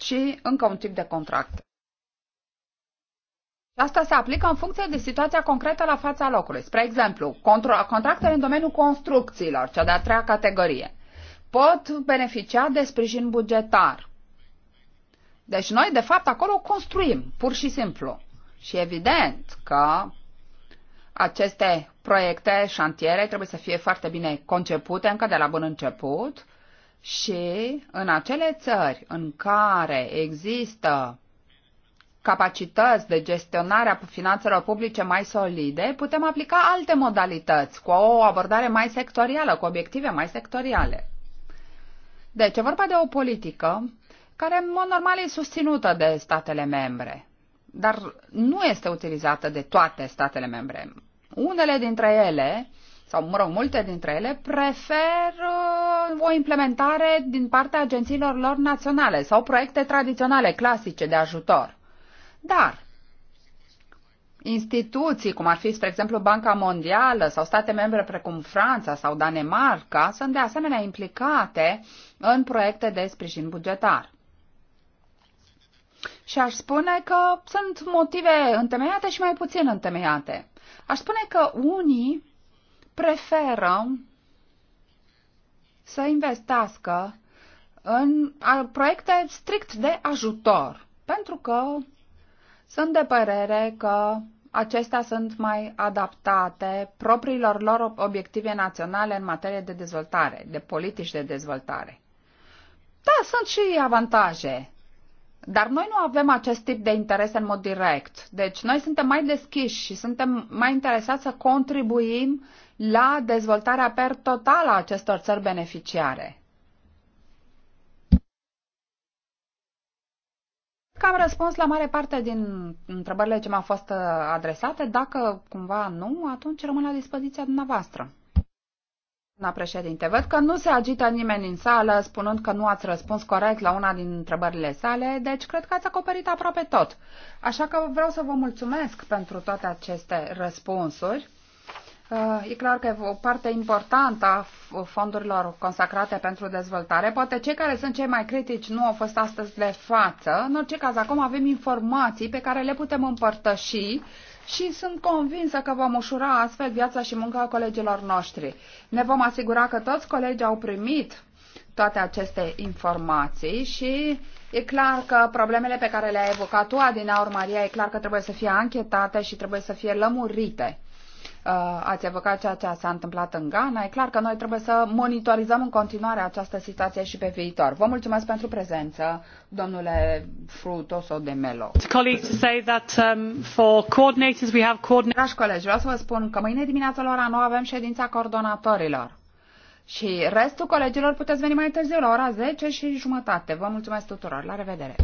și încă un tip de contract. Asta se aplică în funcție de situația concretă la fața locului. Spre exemplu, contractele în domeniul construcțiilor, cea de-a treia categorie, pot beneficia de sprijin bugetar. Deci noi, de fapt, acolo construim, pur și simplu. Și evident că aceste proiecte șantiere trebuie să fie foarte bine concepute încă de la bun început și în acele țări în care există capacități de gestionare a finanțelor publice mai solide, putem aplica alte modalități cu o abordare mai sectorială, cu obiective mai sectoriale. Deci e vorba de o politică care în mod normal e susținută de statele membre dar nu este utilizată de toate statele membre. Unele dintre ele, sau mă rog, multe dintre ele, prefer uh, o implementare din partea agențiilor lor naționale sau proiecte tradiționale, clasice, de ajutor. Dar instituții, cum ar fi, spre exemplu, Banca Mondială sau state membre precum Franța sau Danemarca, sunt de asemenea implicate în proiecte de sprijin bugetar. Și aș spune că sunt motive întemeiate și mai puțin întemeiate. Aș spune că unii preferă să investească în proiecte strict de ajutor, pentru că sunt de părere că acestea sunt mai adaptate propriilor lor obiective naționale în materie de dezvoltare, de politici de dezvoltare. Da, sunt și avantaje dar noi nu avem acest tip de interes în mod direct. Deci noi suntem mai deschiși și suntem mai interesați să contribuim la dezvoltarea per totală a acestor țări beneficiare. Că am răspuns la mare parte din întrebările ce mi-au fost adresate. Dacă cumva nu, atunci rămân la dispoziția dumneavoastră. Doamna președinte, văd că nu se agită nimeni în sală spunând că nu ați răspuns corect la una din întrebările sale, deci cred că ați acoperit aproape tot. Așa că vreau să vă mulțumesc pentru toate aceste răspunsuri. Uh, e clar că o parte importantă a fondurilor consacrate pentru dezvoltare, poate cei care sunt cei mai critici nu au fost astăzi de față, în orice caz acum avem informații pe care le putem împărtăși și sunt convinsă că vom ușura astfel viața și munca colegilor noștri. Ne vom asigura că toți colegii au primit toate aceste informații și e clar că problemele pe care le-a evocat tu, Adina Maria, e clar că trebuie să fie anchetate și trebuie să fie lămurite. Uh, ați evocat ceea ce s-a întâmplat în Ghana. E clar că noi trebuie să monitorizăm în continuare această situație și pe viitor. Vă mulțumesc pentru prezență, domnule Frutoso de Melo. Um, Dragi colegi, vreau să vă spun că mâine dimineața la ora 9 avem ședința coordonatorilor. Și restul colegilor puteți veni mai târziu la ora 10 și jumătate. Vă mulțumesc tuturor. La revedere!